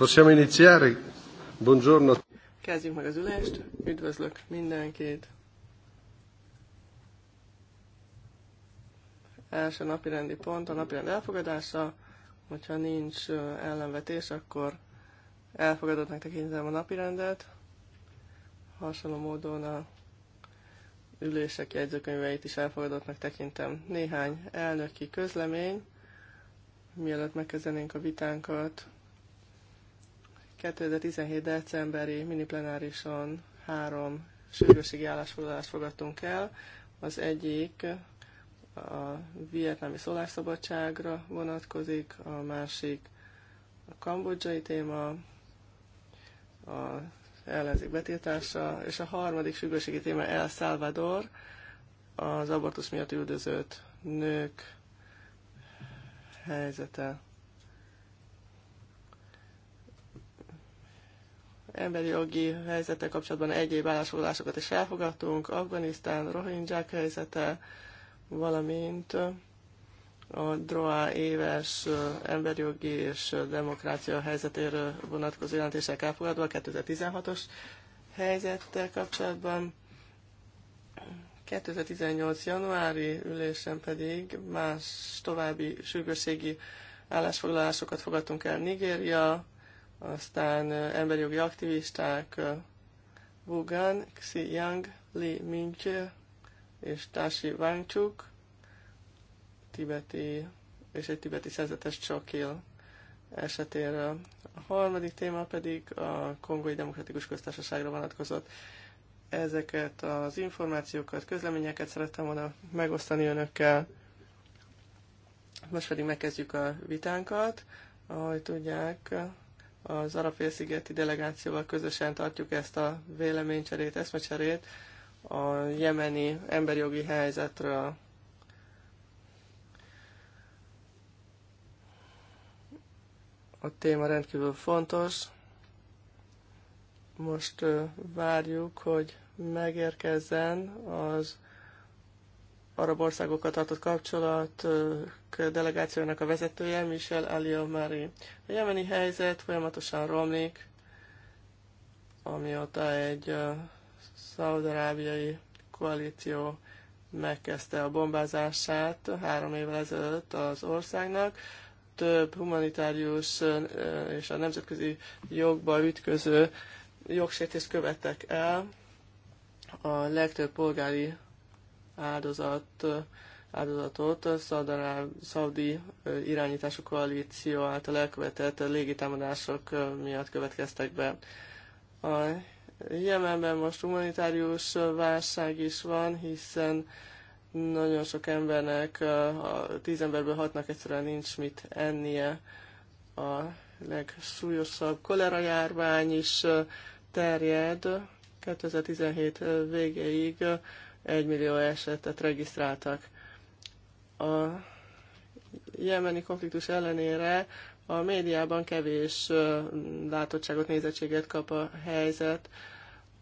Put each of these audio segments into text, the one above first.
Possiamo iniziare? Buongiorno. Kezdjük meg az ülést. Üdvözlök mindenkit. Első napirendi pont a napirend elfogadása. Hogyha nincs ellenvetés, akkor elfogadottnak tekintem a napirendet. Hasonló módon a ülések jegyzőkönyveit is elfogadottnak tekintem. Néhány elnöki közlemény, mielőtt megkezdenénk a vitánkat, 2017. decemberi miniplenárison három sürgőségi állásfoglalást fogadtunk el. Az egyik a vietnámi szólásszabadságra vonatkozik, a másik a kambodzsai téma, a ellenzék betiltása, és a harmadik sürgősségi téma El Salvador, az abortusz miatt üldözött nők helyzete. emberi jogi helyzetek kapcsolatban egyéb állásfoglalásokat is elfogadtunk, Afganisztán, Rohingyák helyzete, valamint a DROA éves emberi jogi és demokrácia helyzetéről vonatkozó jelentések elfogadva 2016-os helyzettel kapcsolatban. 2018. januári ülésen pedig más további sürgősségi állásfoglalásokat fogadtunk el Nigéria, aztán emberi jogi aktivisták, Gan, Xi Yang, Li Mingche és Tashi Wangchuk, tibeti és egy tibeti szerzetes Csokil esetéről. A harmadik téma pedig a Kongói Demokratikus Köztársaságra vonatkozott. Ezeket az információkat, közleményeket szerettem volna megosztani önökkel. Most pedig megkezdjük a vitánkat. Ahogy tudják, az Arafélszigeti delegációval közösen tartjuk ezt a véleménycserét, eszmecserét a jemeni emberjogi helyzetről. A téma rendkívül fontos. Most várjuk, hogy megérkezzen az arab országokkal tartott kapcsolat delegációnak a vezetője, Michel Ali Omari. A jemeni helyzet folyamatosan romlik, amióta egy szaudarábiai koalíció megkezdte a bombázását három évvel ezelőtt az országnak. Több humanitárius és a nemzetközi jogba ütköző jogsértést követtek el. A legtöbb polgári áldozat áldozatot a szaudi irányítású koalíció által elkövetett légitámadások miatt következtek be. A Jemenben most humanitárius válság is van, hiszen nagyon sok embernek, a tíz emberből hatnak egyszerűen nincs mit ennie. A legsúlyosabb kolera járvány is terjed. 2017 végéig 1 millió esetet regisztráltak a jemeni konfliktus ellenére a médiában kevés látottságot, nézettséget kap a helyzet.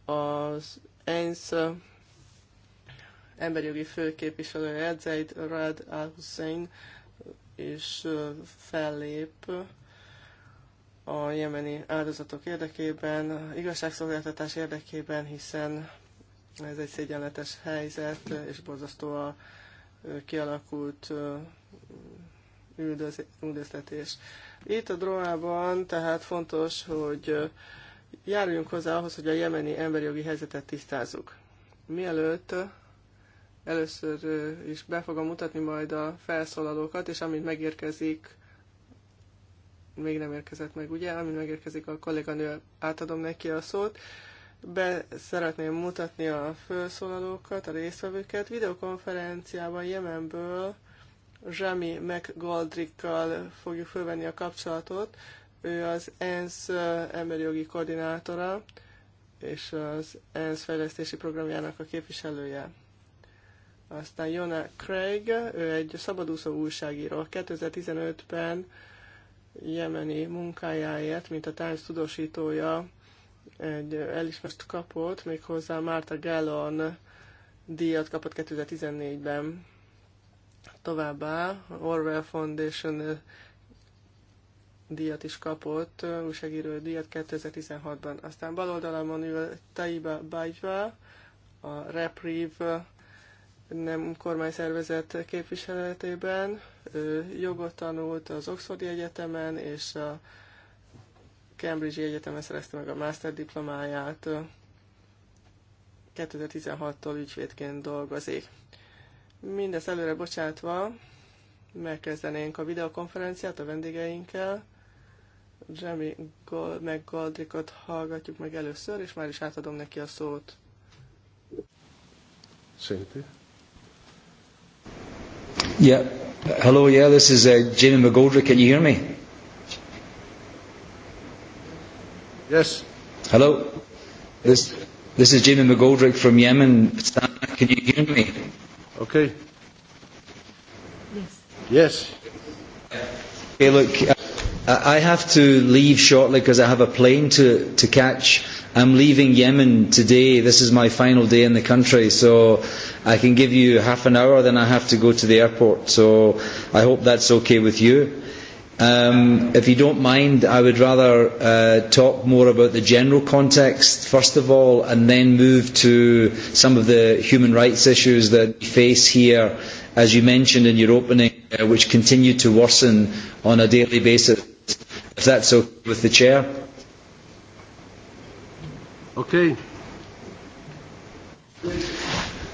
Az ENSZ emberjogi főképviselő Edzeid Rad al-Hussein is fellép a jemeni áldozatok érdekében, igazságszolgáltatás érdekében, hiszen ez egy szégyenletes helyzet, és borzasztó a kialakult üldöztetés. Itt a drónában tehát fontos, hogy járuljunk hozzá ahhoz, hogy a jemeni emberi jogi helyzetet tisztázzuk. Mielőtt először is be fogom mutatni majd a felszólalókat, és amint megérkezik, még nem érkezett meg, ugye? Amint megérkezik a kolléganő, átadom neki a szót, be szeretném mutatni a felszólalókat, a résztvevőket. Videokonferenciában Jemenből Zsami McGoldrickkal fogjuk fölvenni a kapcsolatot. Ő az ENSZ emberi jogi koordinátora és az ENSZ fejlesztési programjának a képviselője. Aztán Jona Craig, ő egy szabadúszó újságíró. 2015-ben jemeni munkájáért, mint a Times tudósítója, egy elismert kapott, méghozzá Márta Gallon díjat kapott 2014-ben. Továbbá Orwell Foundation díjat is kapott, újságíró díjat 2016-ban. Aztán bal oldalamon ül Taiba Bajva, a Reprieve nem kormányszervezet képviseletében. Ő jogot tanult az Oxfordi Egyetemen, és a Cambridge Egyetemen szerezte meg a master diplomáját, 2016-tól ügyvédként dolgozik. Mindezt előre bocsátva, megkezdenénk a videokonferenciát a vendégeinkkel. Jeremy Gold, meg Goldrickot hallgatjuk meg először, és már is átadom neki a szót. Szerinti? Yeah. Hello, yeah, this is uh, Jamie McGoldrick. Can you hear me? Yes. Hello. This this is Jamie McGoldrick from Yemen. Can you hear me? Okay. Yes. Yes. Okay, look, uh, I have to leave shortly because I have a plane to, to catch. I'm leaving Yemen today. This is my final day in the country, so I can give you half an hour, then I have to go to the airport. So I hope that's okay with you. Um, if you don't mind, I would rather uh, talk more about the general context, first of all, and then move to some of the human rights issues that we face here, as you mentioned in your opening, uh, which continue to worsen on a daily basis, if that's okay with the Chair. Okay. Thank you.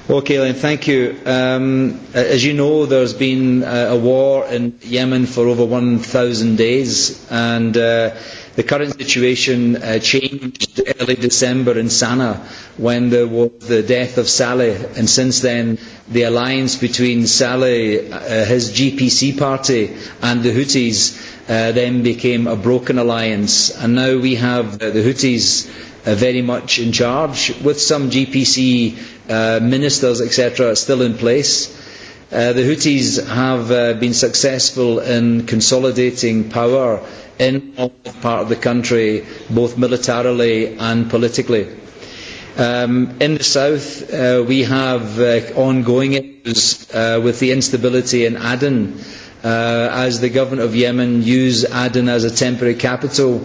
Well, Len, thank you. Um, as you know, there's been uh, a war in Yemen for over 1,000 days, and uh, the current situation uh, changed early December in Sana'a when there was the death of Saleh, and since then the alliance between Saleh, uh, his GPC party, and the Houthis uh, then became a broken alliance, and now we have uh, the Houthis uh, very much in charge, with some GPC uh, ministers, etc., still in place. Uh, the Houthis have uh, been successful in consolidating power in all part of the country, both militarily and politically. Um, in the south, uh, we have uh, ongoing issues uh, with the instability in Aden, uh, as the government of Yemen use Aden as a temporary capital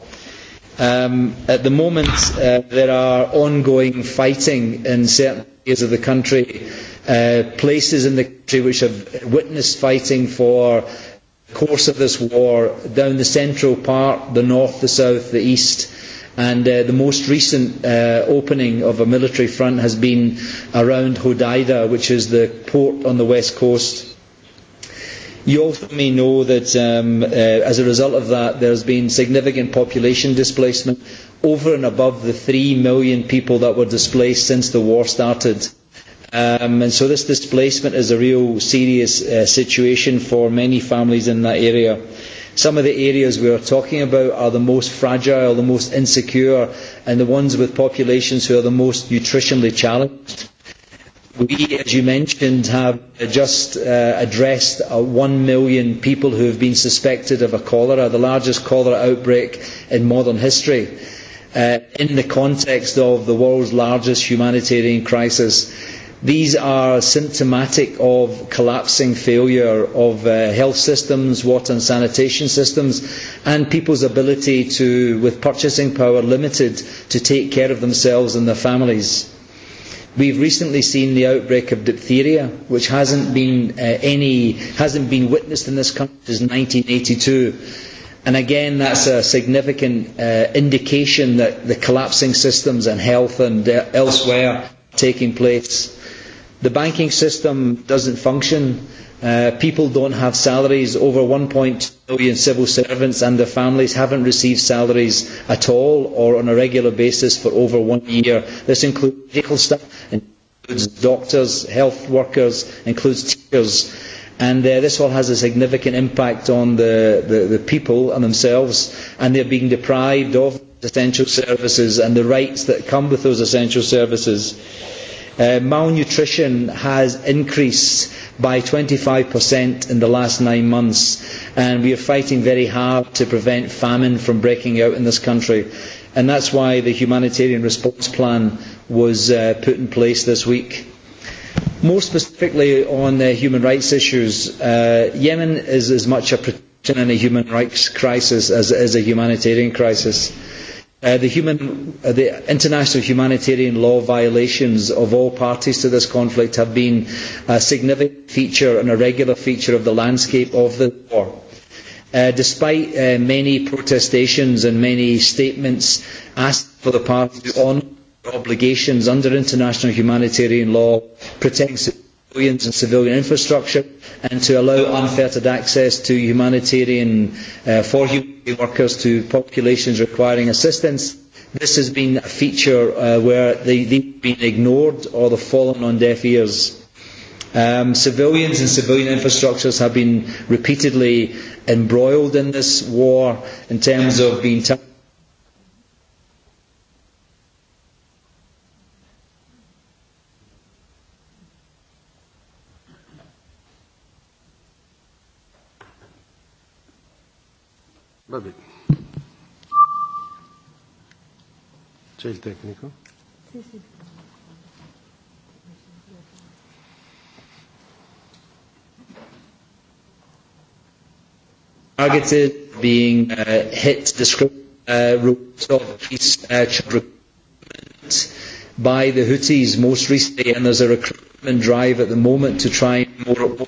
Um, at the moment, uh, there are ongoing fighting in certain areas of the country, uh, places in the country which have witnessed fighting for the course of this war, down the central part, the north, the south, the east. And uh, the most recent uh, opening of a military front has been around Hodeida, which is the port on the west coast You also may know that um, uh, as a result of that, there's been significant population displacement over and above the 3 million people that were displaced since the war started. Um, and so this displacement is a real serious uh, situation for many families in that area. Some of the areas we are talking about are the most fragile, the most insecure, and the ones with populations who are the most nutritionally challenged. We, as you mentioned, have just uh, addressed uh, one million people who have been suspected of a cholera, the largest cholera outbreak in modern history, uh, in the context of the world's largest humanitarian crisis. These are symptomatic of collapsing failure of uh, health systems, water and sanitation systems, and people's ability to, with purchasing power limited, to take care of themselves and their families. We've recently seen the outbreak of diphtheria, which hasn't been uh, any hasn't been witnessed in this country since 1982. And again, that's a significant uh, indication that the collapsing systems and health and uh, elsewhere taking place. The banking system doesn't function Uh, people don't have salaries. Over 1.2 million civil servants and their families haven't received salaries at all or on a regular basis for over one year. This includes medical staff, includes doctors, health workers, includes teachers. And uh, this all has a significant impact on the, the, the people and themselves, and they're being deprived of essential services and the rights that come with those essential services. Uh, Uh, malnutrition has increased by 25% in the last nine months, and we are fighting very hard to prevent famine from breaking out in this country. And that's why the humanitarian response plan was uh, put in place this week. More specifically on uh, human rights issues, uh, Yemen is as much a protection and a human rights crisis as it is a humanitarian crisis. Uh, Uh, the, human, uh, the international humanitarian law violations of all parties to this conflict have been a significant feature and a regular feature of the landscape of the war. Uh, despite uh, many protestations and many statements asked for the parties on obligations under international humanitarian law protecting civilians and civilian infrastructure, and to allow unfettered access to humanitarian uh, for humanitarian workers to populations requiring assistance. This has been a feature uh, where they, they've been ignored or they've fallen on deaf ears. Um, civilians and civilian infrastructures have been repeatedly embroiled in this war in terms of being targeted C'è il tecnico? Sì, sì. Targeted being uh, hit the uh, rules of peace uh, recruitment by the Houthis most recently, and there's a recruitment drive at the moment to try and more, more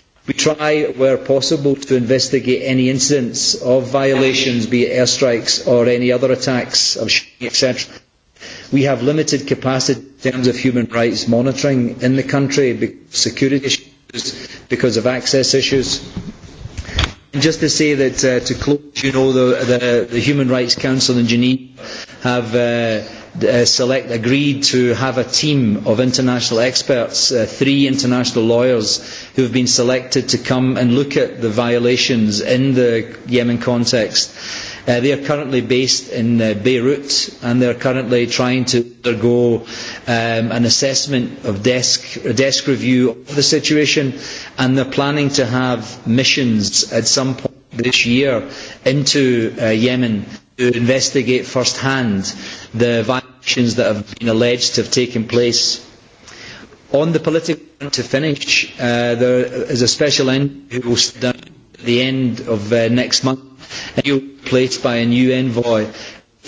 We try, where possible, to investigate any incidents of violations, be it airstrikes or any other attacks, etc. We have limited capacity in terms of human rights monitoring in the country, because security issues, because of access issues. And just to say that, uh, to close, you know, the, the, the Human Rights Council in Geneva have... Uh, uh, Select agreed to have a team of international experts, uh, three international lawyers who have been selected to come and look at the violations in the Yemen context. Uh, they are currently based in uh, Beirut and they are currently trying to undergo um, an assessment of desk, a desk review of the situation and they're planning to have missions at some point this year into uh, Yemen to investigate firsthand the violations that have been alleged to have taken place. On the political front, to finish, uh, there is a special envoy who will sit down at the end of uh, next month, and he will be replaced by a new envoy.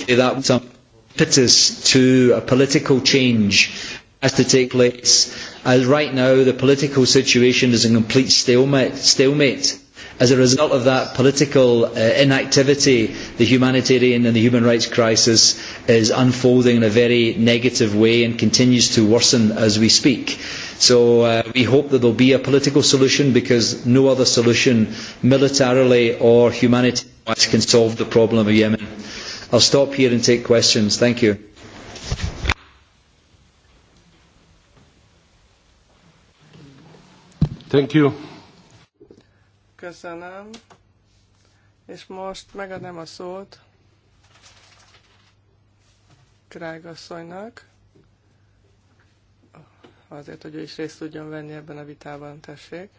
That was some impetus to a political change has to take place. As right now, the political situation is in complete stalemate. stalemate As a result of that political uh, inactivity, the humanitarian and the human rights crisis is unfolding in a very negative way and continues to worsen as we speak. So uh, we hope that there will be a political solution because no other solution militarily or humanitarian can solve the problem of Yemen. I'll stop here and take questions. Thank you. Thank you. Köszönöm. És most megadnám a szót Krágasszonynak, azért, hogy ő is részt tudjon venni ebben a vitában, tessék.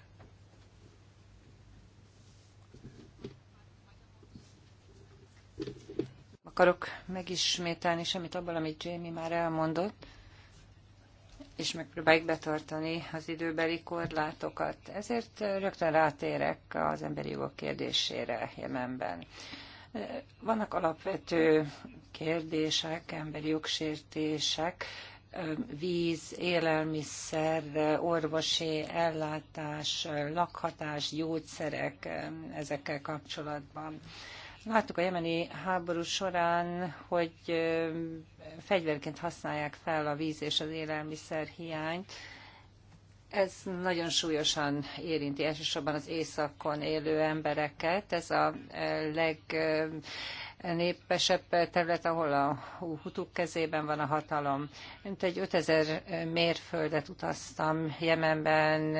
Akarok megismételni semmit abból, amit Jamie már elmondott és megpróbáljuk betartani az időbeli korlátokat. Ezért rögtön rátérek az emberi jogok kérdésére Jemenben. Vannak alapvető kérdések, emberi jogsértések, víz, élelmiszer, orvosi ellátás, lakhatás, gyógyszerek ezekkel kapcsolatban. Láttuk a jemeni háború során, hogy fegyverként használják fel a víz és az élelmiszer hiányt. Ez nagyon súlyosan érinti elsősorban az északon élő embereket. Ez a leg népesebb terület, ahol a hutuk kezében van a hatalom. Mint egy 5000 mérföldet utaztam Jemenben,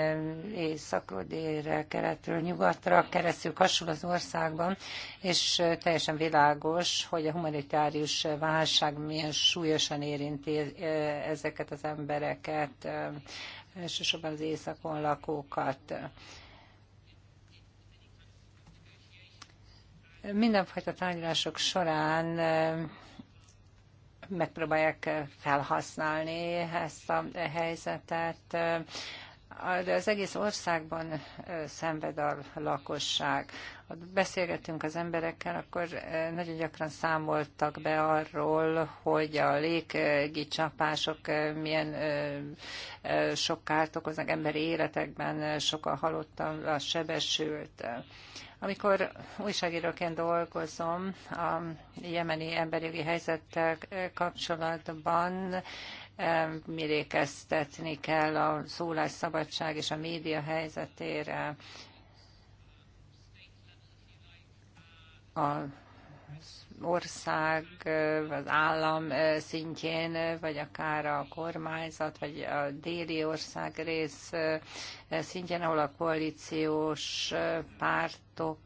északról, délre, keletről, nyugatra, keresztül kasul az országban, és teljesen világos, hogy a humanitárius válság milyen súlyosan érinti ezeket az embereket, elsősorban az északon lakókat. mindenfajta tárgyalások során megpróbálják felhasználni ezt a helyzetet. De az egész országban szenved a lakosság. Ha beszélgetünk az emberekkel, akkor nagyon gyakran számoltak be arról, hogy a légi csapások milyen sok kárt okoznak emberi életekben, sokan halottan, sebesült. Amikor újságíróként dolgozom a jemeni emberjogi helyzettel kapcsolatban, mirékeztetni kell a szólásszabadság és a média helyzetére, a ország, az állam szintjén, vagy akár a kormányzat, vagy a déli ország rész szintjén, ahol a koalíciós pártok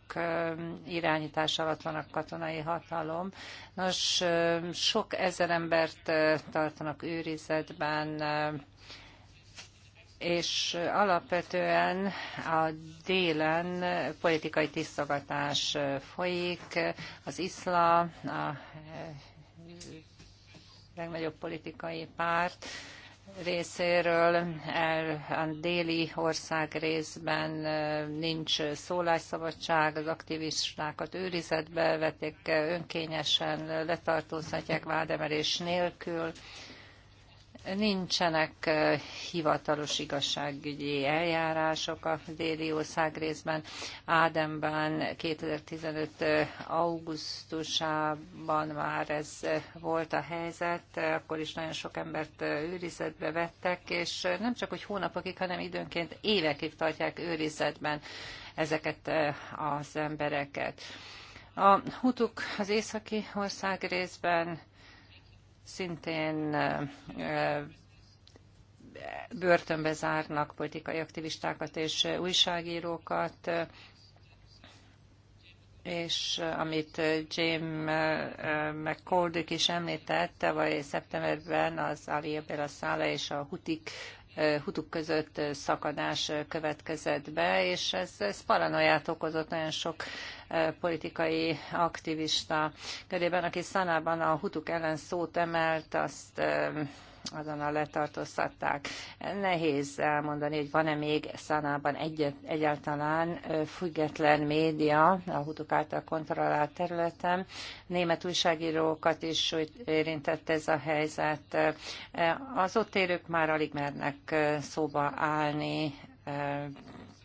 irányítás alatt van a katonai hatalom. Nos, sok ezer embert tartanak őrizetben, és alapvetően a délen politikai tisztogatás folyik, az isla a eh, legnagyobb politikai párt részéről, el, a déli ország részben eh, nincs szólásszabadság, az aktivistákat őrizetbe vették eh, önkényesen, letartóztatják vádemelés nélkül nincsenek hivatalos igazságügyi eljárások a déli ország részben. Ádemben 2015. augusztusában már ez volt a helyzet, akkor is nagyon sok embert őrizetbe vettek, és nem csak hogy hónapokig, hanem időnként évekig tartják őrizetben ezeket az embereket. A hutuk az északi ország részben szintén börtönbe zárnak politikai aktivistákat és újságírókat, és amit Jim McCordick is említett, vagy szeptemberben az Ali Abdel és a Hutik hutuk között szakadás következett be, és ez, ez paranoiát okozott nagyon sok e, politikai aktivista körében, aki szanában a hutuk ellen szót emelt, azt e, azonnal letartóztatták. Nehéz elmondani, hogy van-e még Szanában egy, egyáltalán független média a hutuk által kontrollált területen. Német újságírókat is érintett ez a helyzet. Az ott élők már alig mernek szóba állni,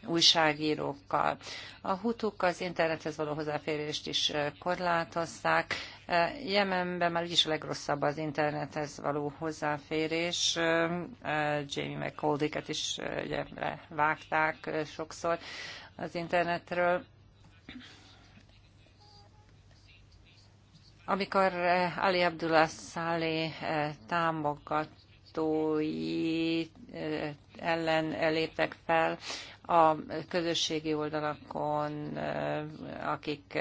újságírókkal. A hutuk az internethez való hozzáférést is korlátozták, E, Jemenben már úgyis a legrosszabb az internethez való hozzáférés. E, e, Jamie McColdicket is ugye, vágták sokszor az internetről. Amikor Ali Abdullah Saleh támogatói ellen léptek fel a közösségi oldalakon, akik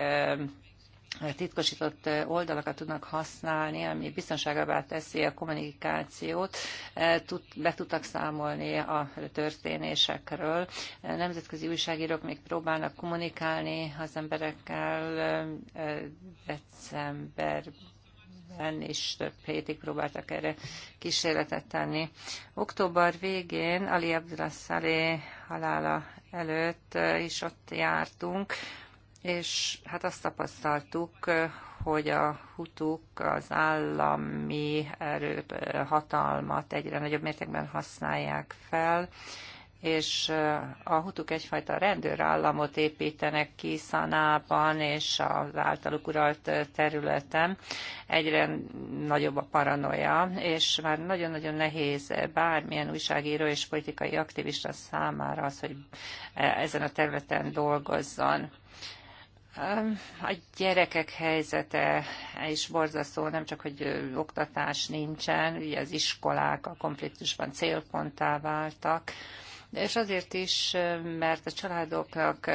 titkosított oldalakat tudnak használni, ami biztonságabbá teszi a kommunikációt, e, be tudtak számolni a történésekről. E, nemzetközi újságírók még próbálnak kommunikálni az emberekkel e, december és több hétig próbáltak erre kísérletet tenni. Október végén Ali Abdullah Saleh halála előtt is ott jártunk, és hát azt tapasztaltuk, hogy a hutuk az állami erő, hatalmat egyre nagyobb mértékben használják fel, és eh, a hutuk egyfajta rendőrállamot építenek ki Szanában és az általuk uralt eh, területen. Egyre nagyobb a paranoia, és már nagyon-nagyon nehéz eh, bármilyen újságíró és politikai aktivista számára az, hogy ezen a területen dolgozzon. A gyerekek helyzete is borzasztó, nem csak, hogy oktatás nincsen, ugye az iskolák a konfliktusban célponttá váltak, és azért is, mert a családoknak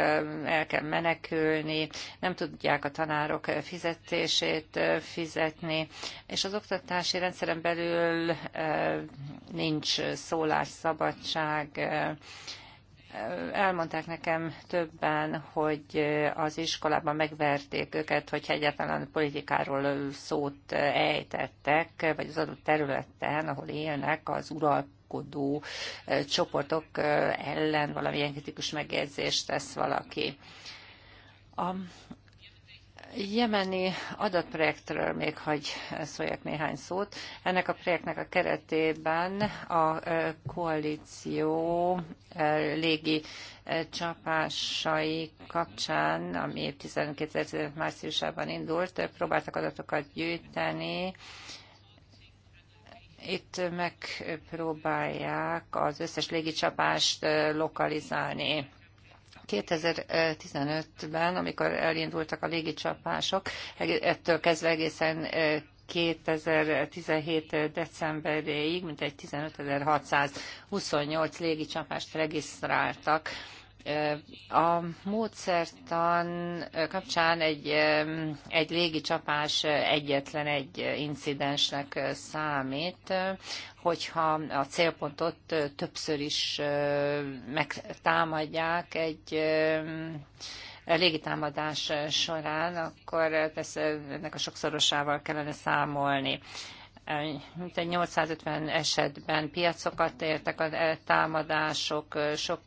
el kell menekülni, nem tudják a tanárok fizetését fizetni, és az oktatási rendszeren belül nincs szólásszabadság, elmondták nekem többen, hogy az iskolában megverték őket, hogyha egyáltalán politikáról szót ejtettek, vagy az adott területen, ahol élnek, az uralkodó csoportok ellen valamilyen kritikus megjegyzést tesz valaki. A jemeni adatprojektről még hagy szóljak néhány szót. Ennek a projektnek a keretében a koalíció légi csapásai kapcsán, ami 2015 márciusában indult, próbáltak adatokat gyűjteni, itt megpróbálják az összes légicsapást lokalizálni. 2015-ben, amikor elindultak a légicsapások, ettől kezdve egészen 2017. decemberéig mintegy 15.628 légicsapást regisztráltak a módszertan kapcsán egy, egy légi csapás egyetlen egy incidensnek számít, hogyha a célpontot többször is megtámadják egy légitámadás során, akkor persze ennek a sokszorosával kellene számolni mint 850 esetben piacokat értek a támadások, sok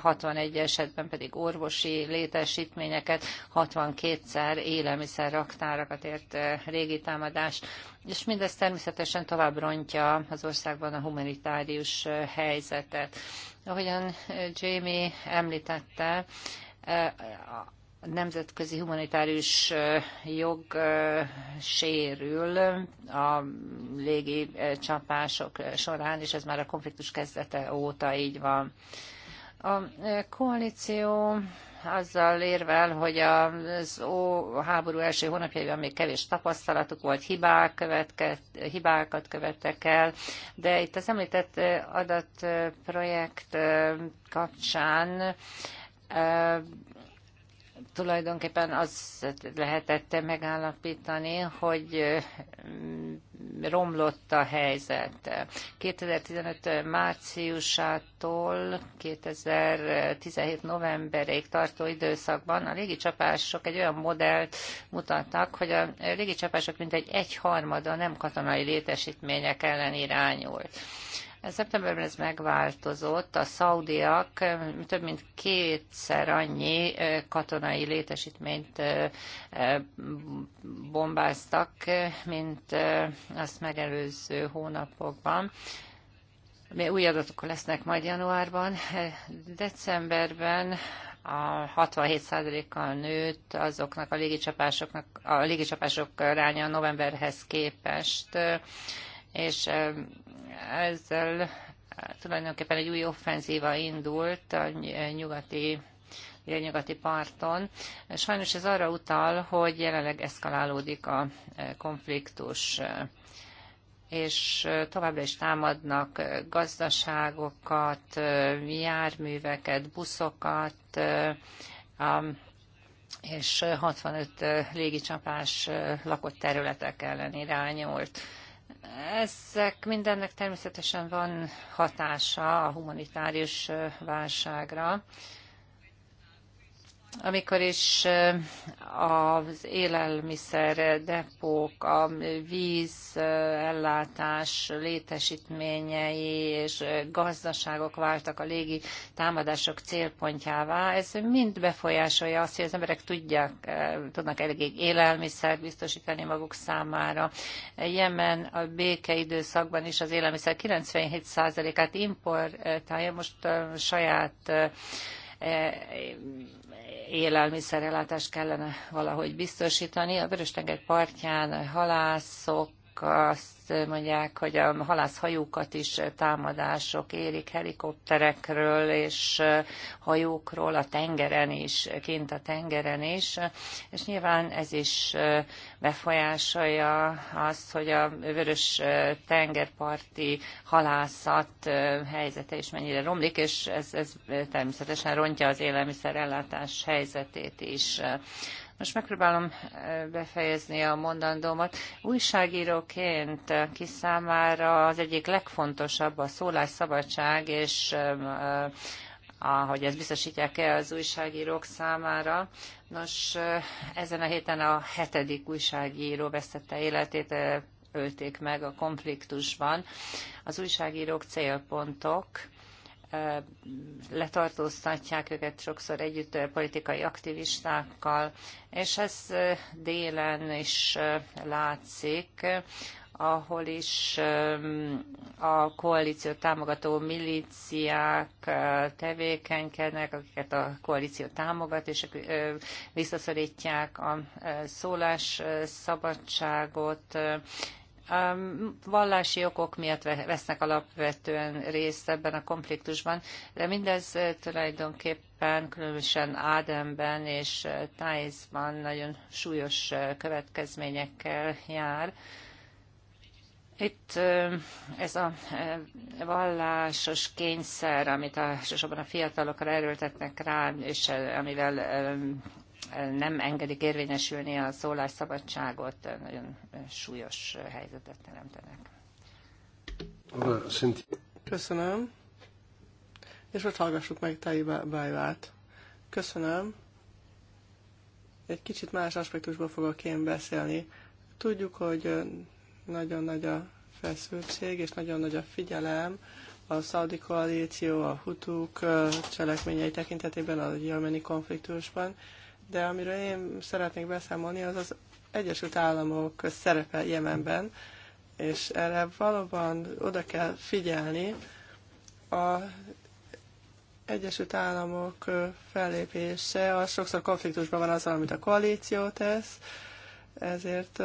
61 esetben pedig orvosi létesítményeket, 62-szer élelmiszer raktárakat ért eh, régi támadás, és mindez természetesen tovább rontja az országban a humanitárius eh, helyzetet. Ahogyan eh, Jamie említette, nemzetközi humanitárius jog sérül a légi csapások során, és ez már a konfliktus kezdete óta így van. A koalíció azzal érvel, hogy az ó, a háború első hónapjaiban még kevés tapasztalatuk volt, hibák követke, hibákat követtek el, de itt az említett adatprojekt kapcsán tulajdonképpen az lehetett megállapítani, hogy romlott a helyzet. 2015 márciusától 2017 novemberéig tartó időszakban a légicsapások egy olyan modellt mutattak, hogy a légicsapások mintegy egyharmada nem katonai létesítmények ellen irányul. Szeptemberben ez megváltozott, a szaudiak több mint kétszer annyi katonai létesítményt bombáztak, mint azt megelőző hónapokban. Új adatok lesznek majd januárban. Decemberben a 67%-kal nőtt azoknak a légicsapásoknak, a légicsapások ránya novemberhez képest, és ezzel hát, tulajdonképpen egy új offenzíva indult a nyugati a nyugati parton. Sajnos ez arra utal, hogy jelenleg eszkalálódik a e, konfliktus e, és e, továbbra is támadnak gazdaságokat, járműveket, buszokat, és 65 légicsapás lakott területek ellen irányult. Ezek mindennek természetesen van hatása a humanitárius válságra, amikor is az élelmiszer depók, a víz ellátás létesítményei és gazdaságok váltak a légi támadások célpontjává, ez mind befolyásolja azt, hogy az emberek tudják, tudnak elég élelmiszer biztosítani maguk számára. Jemen a békeidőszakban is az élelmiszer 97%-át importálja, most saját élelmiszerellátást kellene valahogy biztosítani. A Vörös-tenger partján halászok azt mondják, hogy a halászhajókat is támadások érik helikopterekről és hajókról a tengeren is, kint a tengeren is, és nyilván ez is befolyásolja azt, hogy a vörös tengerparti halászat helyzete is mennyire romlik, és ez, ez természetesen rontja az élelmiszerellátás helyzetét is. Most megpróbálom eh, befejezni a mondandómat. Újságíróként eh, kiszámára az egyik legfontosabb a szólásszabadság, és eh, ahogy ezt biztosítják-e az újságírók számára. Nos, ezen a héten a hetedik újságíró vesztette életét, ölték meg a konfliktusban. Az újságírók célpontok, letartóztatják őket sokszor együtt politikai aktivistákkal, és ez délen is látszik, ahol is a koalíció támogató milíciák tevékenykednek, akiket a koalíció támogat, és visszaszorítják a szólásszabadságot, vallási okok miatt vesznek alapvetően részt ebben a konfliktusban, de mindez eh, tulajdonképpen különösen Ádemben és eh, Tájzban nagyon súlyos eh, következményekkel jár. Itt ez a vallásos kényszer, amit elsősorban a fiatalokra erőltetnek rá, és amivel nem engedik érvényesülni a szólásszabadságot, nagyon súlyos helyzetet teremtenek. Köszönöm. És most hallgassuk meg Tai bajvát. Köszönöm. Egy kicsit más aspektusból fogok én beszélni. Tudjuk, hogy nagyon nagy a feszültség, és nagyon nagy a figyelem a szaudi koalíció, a hutuk cselekményei tekintetében a jemeni konfliktusban, de amiről én szeretnék beszámolni, az az Egyesült Államok szerepe Jemenben, és erre valóban oda kell figyelni. A Egyesült Államok fellépése az sokszor konfliktusban van azzal, amit a koalíció tesz, ezért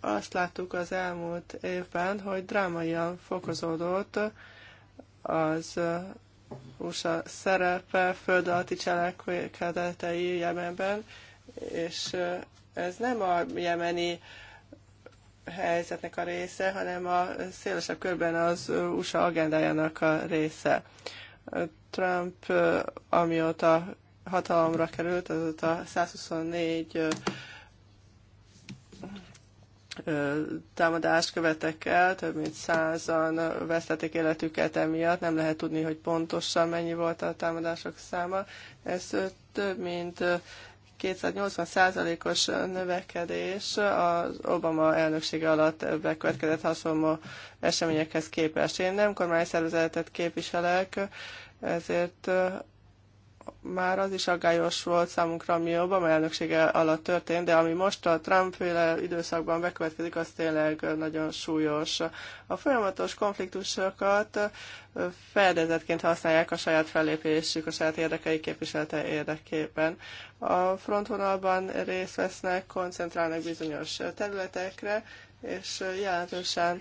azt láttuk az elmúlt évben, hogy drámaian fokozódott az USA szerepe föld alatti cselekedetei Jemenben, és ez nem a jemeni helyzetnek a része, hanem a szélesebb körben az USA agendájának a része. Trump, amióta hatalomra került, azóta 124 támadást követek el, több mint százan vesztették életüket emiatt, nem lehet tudni, hogy pontosan mennyi volt a támadások száma. Ez több mint 280 százalékos növekedés az Obama elnöksége alatt bekövetkezett hasonló eseményekhez képest. Én nem szervezetet képviselek, ezért már az is aggályos volt számunkra, ami Obama elnöksége alatt történt, de ami most a Trump féle időszakban bekövetkezik, az tényleg nagyon súlyos. A folyamatos konfliktusokat fedezetként használják a saját fellépésük, a saját érdekei képviselete érdekében. A frontvonalban részt vesznek, koncentrálnak bizonyos területekre, és jelentősen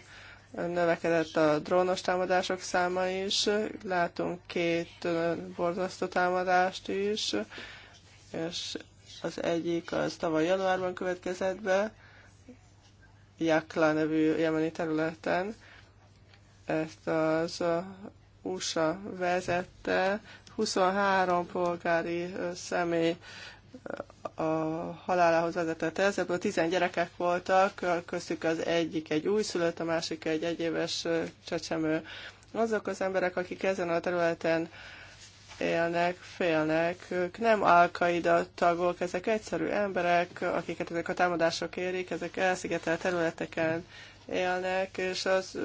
növekedett a drónos támadások száma is, látunk két borzasztó támadást is, és az egyik az tavaly januárban következett be, Jakla nevű jemeni területen. Ezt az USA vezette, 23 polgári személy a halálához vezetett ez. Ebből tizen gyerekek voltak, köztük az egyik egy újszülött, a másik egy egyéves csecsemő. Azok az emberek, akik ezen a területen élnek, félnek, ők nem alkaida tagok, ezek egyszerű emberek, akiket ezek a támadások érik, ezek elszigetelt területeken élnek, és az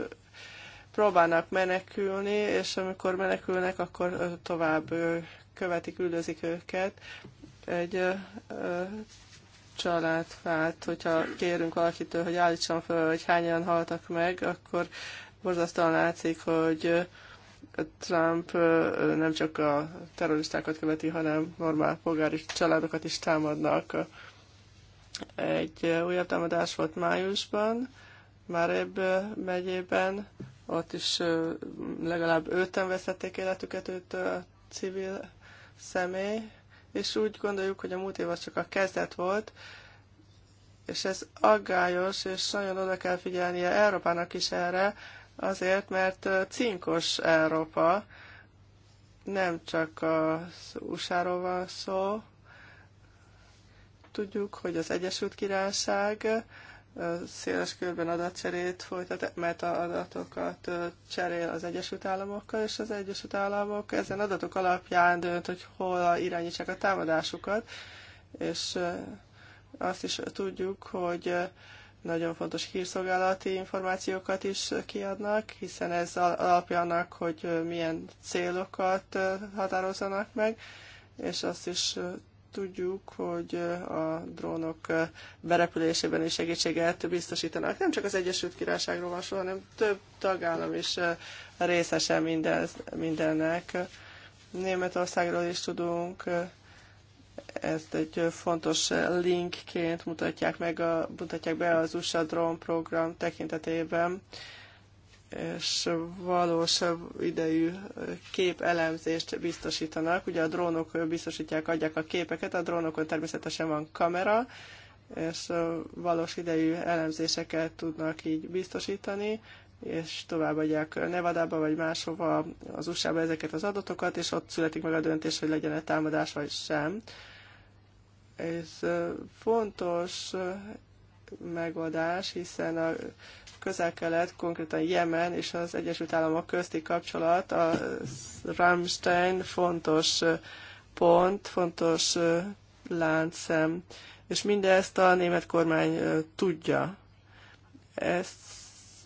próbálnak menekülni, és amikor menekülnek, akkor tovább követik, üldözik őket. Egy családfát, hogyha kérünk valakitől, hogy állítson fel, hogy hányan haltak meg, akkor borzasztóan látszik, hogy Trump nem csak a terroristákat követi, hanem normál polgári családokat is támadnak. Egy újabb támadás volt májusban, már ebb megyében, ott is legalább öten veszették életüket, őt a civil személy, és úgy gondoljuk, hogy a múlt év az csak a kezdet volt, és ez aggályos, és nagyon oda kell figyelnie Európának is erre, azért, mert cinkos Európa, nem csak az usa van szó, tudjuk, hogy az Egyesült Királyság széles körben adatcserét folytat, mert a adatokat cserél az Egyesült Államokkal, és az Egyesült Államok ezen adatok alapján dönt, hogy hol irányítsák a támadásukat, és azt is tudjuk, hogy nagyon fontos hírszolgálati információkat is kiadnak, hiszen ez alapja annak, hogy milyen célokat határozzanak meg, és azt is tudjuk, hogy a drónok berepülésében is segítséget biztosítanak. Nem csak az Egyesült Királyságról van szó, hanem több tagállam is részese minden, mindennek. Németországról is tudunk, ezt egy fontos linkként mutatják, meg a, mutatják be az USA drón program tekintetében és valós idejű képelemzést biztosítanak. Ugye a drónok biztosítják, adják a képeket, a drónokon természetesen van kamera, és valós idejű elemzéseket tudnak így biztosítani, és továbbadják Nevadába vagy máshova az usa ezeket az adatokat, és ott születik meg a döntés, hogy legyen-e támadás vagy sem. Ez fontos megoldás, hiszen a közel-kelet, konkrétan Jemen és az Egyesült Államok közti kapcsolat a Rammstein fontos pont, fontos láncszem, és mindezt a német kormány tudja. Ezt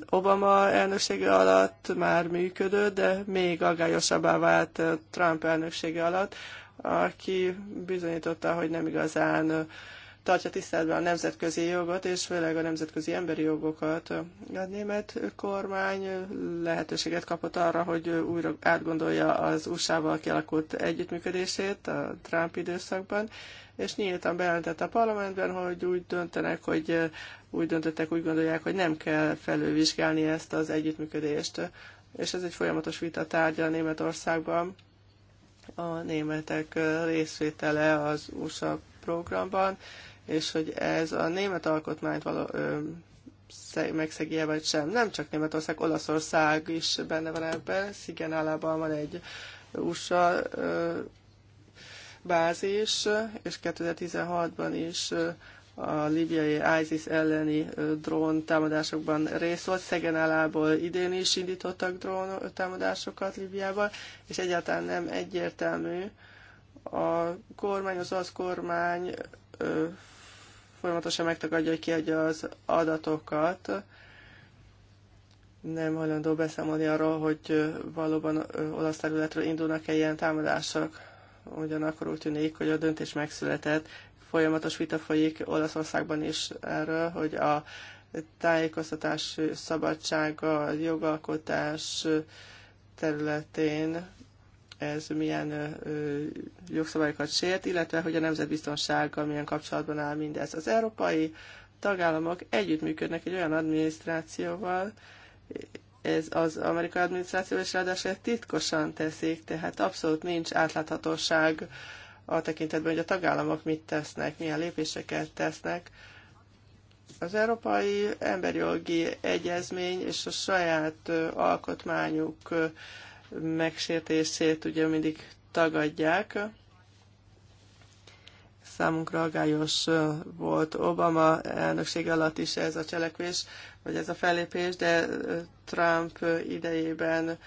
Obama elnöksége alatt már működött, de még aggályosabbá vált Trump elnöksége alatt, aki bizonyította, hogy nem igazán tartja tiszteletben a nemzetközi jogot, és főleg a nemzetközi emberi jogokat. A német kormány lehetőséget kapott arra, hogy újra átgondolja az USA-val kialakult együttműködését a Trump időszakban, és nyíltan bejelentett a parlamentben, hogy úgy döntenek, hogy úgy döntöttek, úgy gondolják, hogy nem kell felülvizsgálni ezt az együttműködést. És ez egy folyamatos vita tárgya a Németországban a németek részvétele az USA programban, és hogy ez a német alkotmányt való, ö, megszegi vagy sem. Nem csak Németország, Olaszország is benne van ebben. Szigen állában van egy USA ö, bázis, és 2016-ban is a libiai ISIS elleni drón támadásokban részt volt. állából idén is indítottak drón támadásokat Libiában, és egyáltalán nem egyértelmű a kormány, az az kormány folyamatosan megtagadja, hogy kiadja az adatokat, nem hajlandó beszámolni arról, hogy valóban olasz területről indulnak-e ilyen támadások. Ugyanakkor úgy tűnik, hogy a döntés megszületett. Folyamatos vita folyik Olaszországban is erről, hogy a tájékoztatás szabadsága, jogalkotás területén ez milyen jogszabályokat sért, illetve hogy a nemzetbiztonsággal milyen kapcsolatban áll mindez. Az európai tagállamok együttműködnek egy olyan adminisztrációval, ez az amerikai adminisztráció, és ráadásul ezt titkosan teszik, tehát abszolút nincs átláthatóság a tekintetben, hogy a tagállamok mit tesznek, milyen lépéseket tesznek. Az Európai Emberjogi Egyezmény és a saját alkotmányuk megsértését ugye mindig tagadják. Számunkra agályos volt Obama elnökség alatt is ez a cselekvés, vagy ez a fellépés, de Trump idejében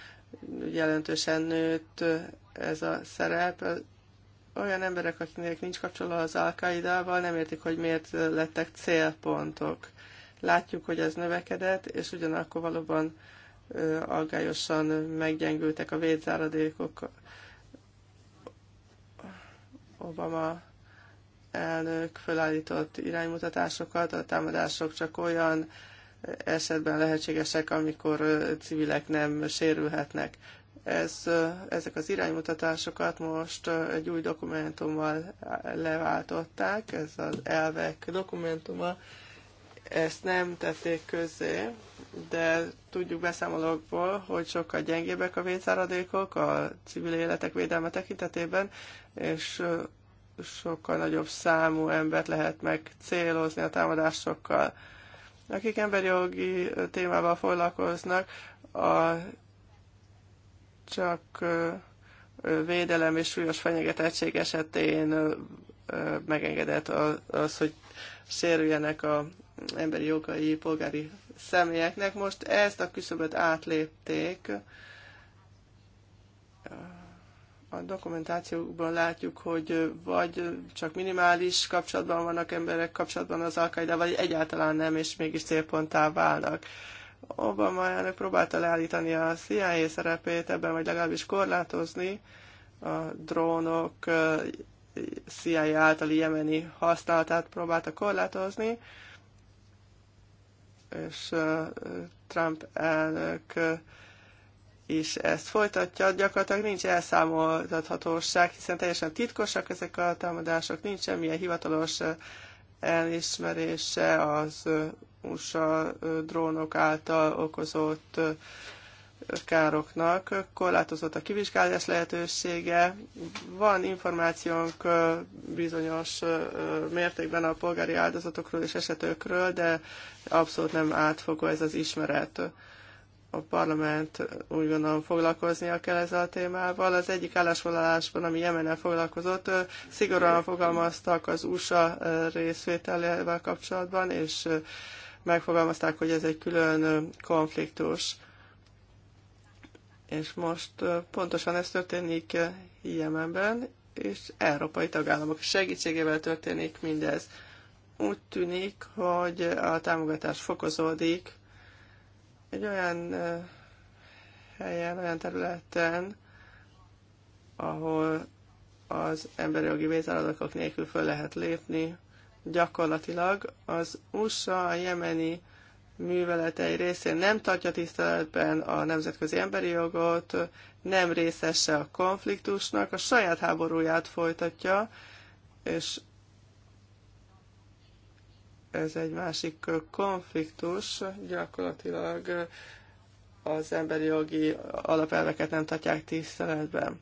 jelentősen nőtt ez a szerep. Olyan emberek, akiknek nincs kapcsolata az al nem értik, hogy miért lettek célpontok. Látjuk, hogy ez növekedett, és ugyanakkor valóban aggályosan meggyengültek a védzáradékok. Obama elnök felállított iránymutatásokat, a támadások csak olyan esetben lehetségesek, amikor civilek nem sérülhetnek. Ez, ezek az iránymutatásokat most egy új dokumentummal leváltották, ez az elvek dokumentuma, ezt nem tették közzé, de tudjuk beszámolókból, hogy sokkal gyengébbek a védzáradékok a civil életek védelme tekintetében, és sokkal nagyobb számú embert lehet meg célozni a támadásokkal. Akik emberi jogi témával foglalkoznak, a csak védelem és súlyos fenyegetettség esetén megengedett az, hogy sérüljenek a emberi jogai polgári személyeknek. Most ezt a küszöböt átlépték. A dokumentációkban látjuk, hogy vagy csak minimális kapcsolatban vannak emberek kapcsolatban az alkaidával, vagy egyáltalán nem, és mégis célponttá válnak. Obama elnök próbálta leállítani a CIA szerepét ebben, vagy legalábbis korlátozni a drónok eh, CIA általi jemeni használatát próbálta korlátozni és Trump elnök is ezt folytatja. Gyakorlatilag nincs elszámoltathatóság, hiszen teljesen titkosak ezek a támadások, nincs semmilyen hivatalos elismerése az USA drónok által okozott károknak korlátozott a kivizsgálás lehetősége. Van információnk bizonyos mértékben a polgári áldozatokról és esetőkről, de abszolút nem átfogó ez az ismeret. A parlament úgy gondolom foglalkoznia kell ezzel a témával. Az egyik állásfoglalásban, ami Jemennel foglalkozott, szigorúan fogalmaztak az USA részvételével kapcsolatban, és megfogalmazták, hogy ez egy külön konfliktus és most pontosan ez történik Jemenben, és európai tagállamok segítségével történik mindez. Úgy tűnik, hogy a támogatás fokozódik egy olyan helyen, olyan területen, ahol az emberi jogi vétállalatok nélkül föl lehet lépni. Gyakorlatilag az USA a jemeni műveletei részén nem tartja tiszteletben a nemzetközi emberi jogot, nem részese a konfliktusnak, a saját háborúját folytatja, és ez egy másik konfliktus, gyakorlatilag az emberi jogi alapelveket nem tartják tiszteletben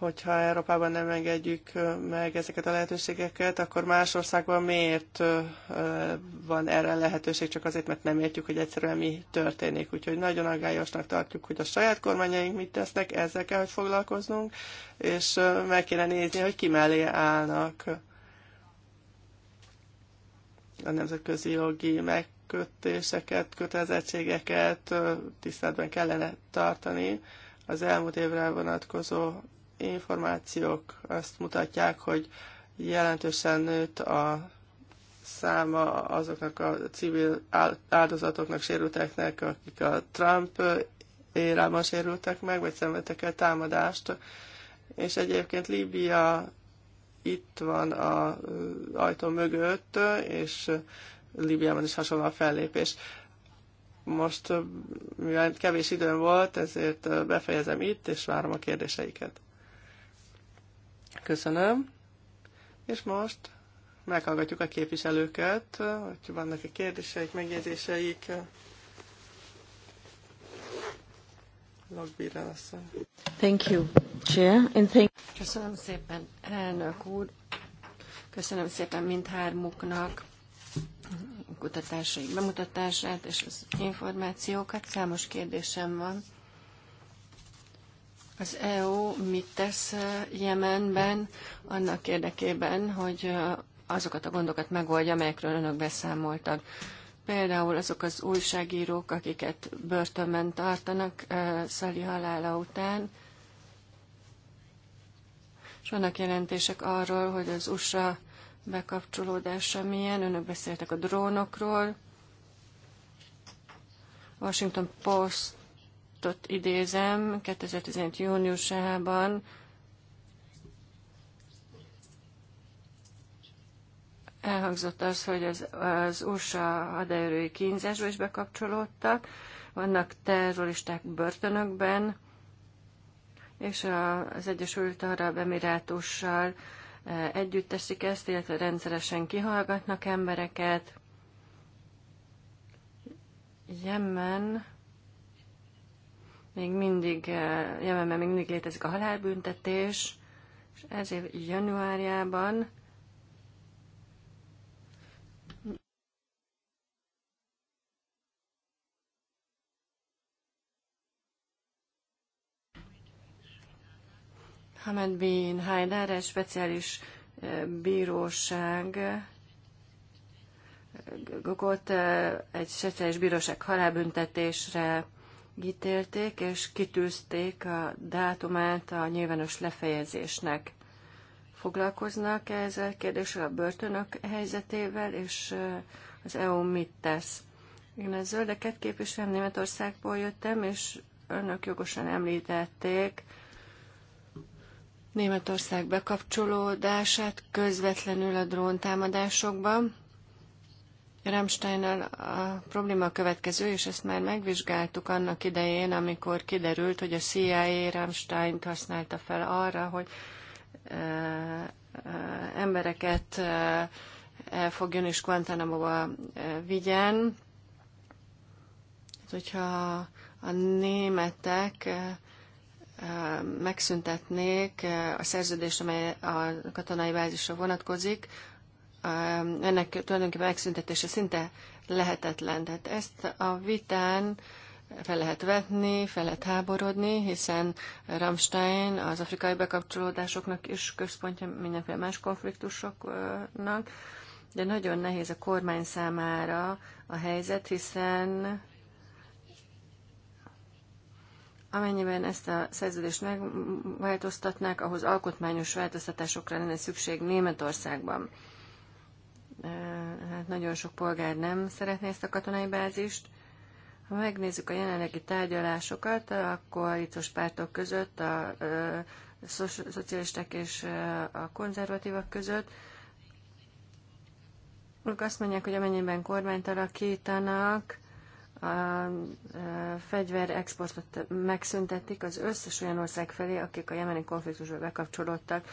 hogyha Európában nem engedjük meg ezeket a lehetőségeket, akkor más országban miért van erre lehetőség, csak azért, mert nem értjük, hogy egyszerűen mi történik. Úgyhogy nagyon aggályosnak tartjuk, hogy a saját kormányaink mit tesznek, ezzel kell, hogy foglalkoznunk, és meg kéne nézni, hogy ki mellé állnak a nemzetközi jogi megkötéseket, kötelezettségeket tiszteletben kellene tartani. Az elmúlt évre vonatkozó információk azt mutatják, hogy jelentősen nőtt a száma azoknak a civil áldozatoknak, sérülteknek, akik a Trump érában sérültek meg, vagy szenvedtek el támadást. És egyébként Líbia itt van a ajtó mögött, és Líbiában is hasonló a fellépés. Most, mivel kevés időm volt, ezért befejezem itt, és várom a kérdéseiket. Köszönöm. És most meghallgatjuk a képviselőket, hogy vannak-e kérdéseik, megjegyzéseik. Logbira asszony. Thank you, Chair, and thank Köszönöm szépen, elnök úr. Köszönöm szépen mindhármuknak kutatásaik bemutatását és az információkat. Számos kérdésem van. Az EU mit tesz eh, Jemenben annak érdekében, hogy eh, azokat a gondokat megoldja, amelyekről önök beszámoltak? Például azok az újságírók, akiket börtönben tartanak eh, Szali halála után, és vannak jelentések arról, hogy az USA bekapcsolódása milyen. Önök beszéltek a drónokról. Washington Post adatot idézem, 2015. júniusában elhangzott az, hogy az, az USA haderői kínzásba is bekapcsolódtak, vannak terroristák börtönökben, és a az Egyesült Arab Emirátussal e, együtt teszik ezt, illetve rendszeresen kihallgatnak embereket. Jemen még mindig, eh, Jemenben még mindig létezik a halálbüntetés, és ezért januárjában Hamed Bin Haidar, egy speciális eh, bíróság eh, Gokot egy speciális bíróság halálbüntetésre megítélték és kitűzték a dátumát a nyilvános lefejezésnek. Foglalkoznak -e ezzel kérdéssel a börtönök helyzetével, és az EU mit tesz? Én a zöldeket képviselem, Németországból jöttem, és önök jogosan említették Németország bekapcsolódását közvetlenül a dróntámadásokban. Ramsteinnal a probléma a következő, és ezt már megvizsgáltuk annak idején, amikor kiderült, hogy a CIA rammstein használta fel arra, hogy e, e, embereket e, elfogjon és Guantanamo-ba e, vigyen. Hát, hogyha a németek megszüntetnék a szerződést, amely a katonai bázisra vonatkozik, ennek tulajdonképpen megszüntetése szinte lehetetlen. Tehát ezt a vitán fel lehet vetni, fel lehet háborodni, hiszen Rammstein az afrikai bekapcsolódásoknak is központja mindenféle más konfliktusoknak, de nagyon nehéz a kormány számára a helyzet, hiszen amennyiben ezt a szerződést megváltoztatnák, ahhoz alkotmányos változtatásokra lenne szükség Németországban hát nagyon sok polgár nem szeretné ezt a katonai bázist. Ha megnézzük a jelenlegi tárgyalásokat, a pártok között, a, a szocialisták és a konzervatívak között, ők azt mondják, hogy amennyiben kormányt alakítanak, a e, fegyver exportot megszüntetik az összes olyan ország felé, akik a jemeni konfliktusba bekapcsolódtak.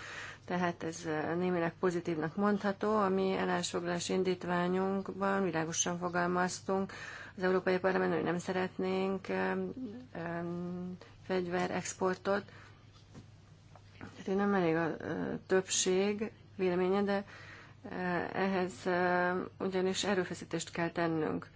Tehát ez e, némileg pozitívnak mondható. A mi elásfoglás indítványunkban világosan fogalmaztunk, az Európai Parlament, hogy nem szeretnénk e, fegyver exportot. Tehát nem elég a többség véleménye, de ehhez ugyanis erőfeszítést kell tennünk.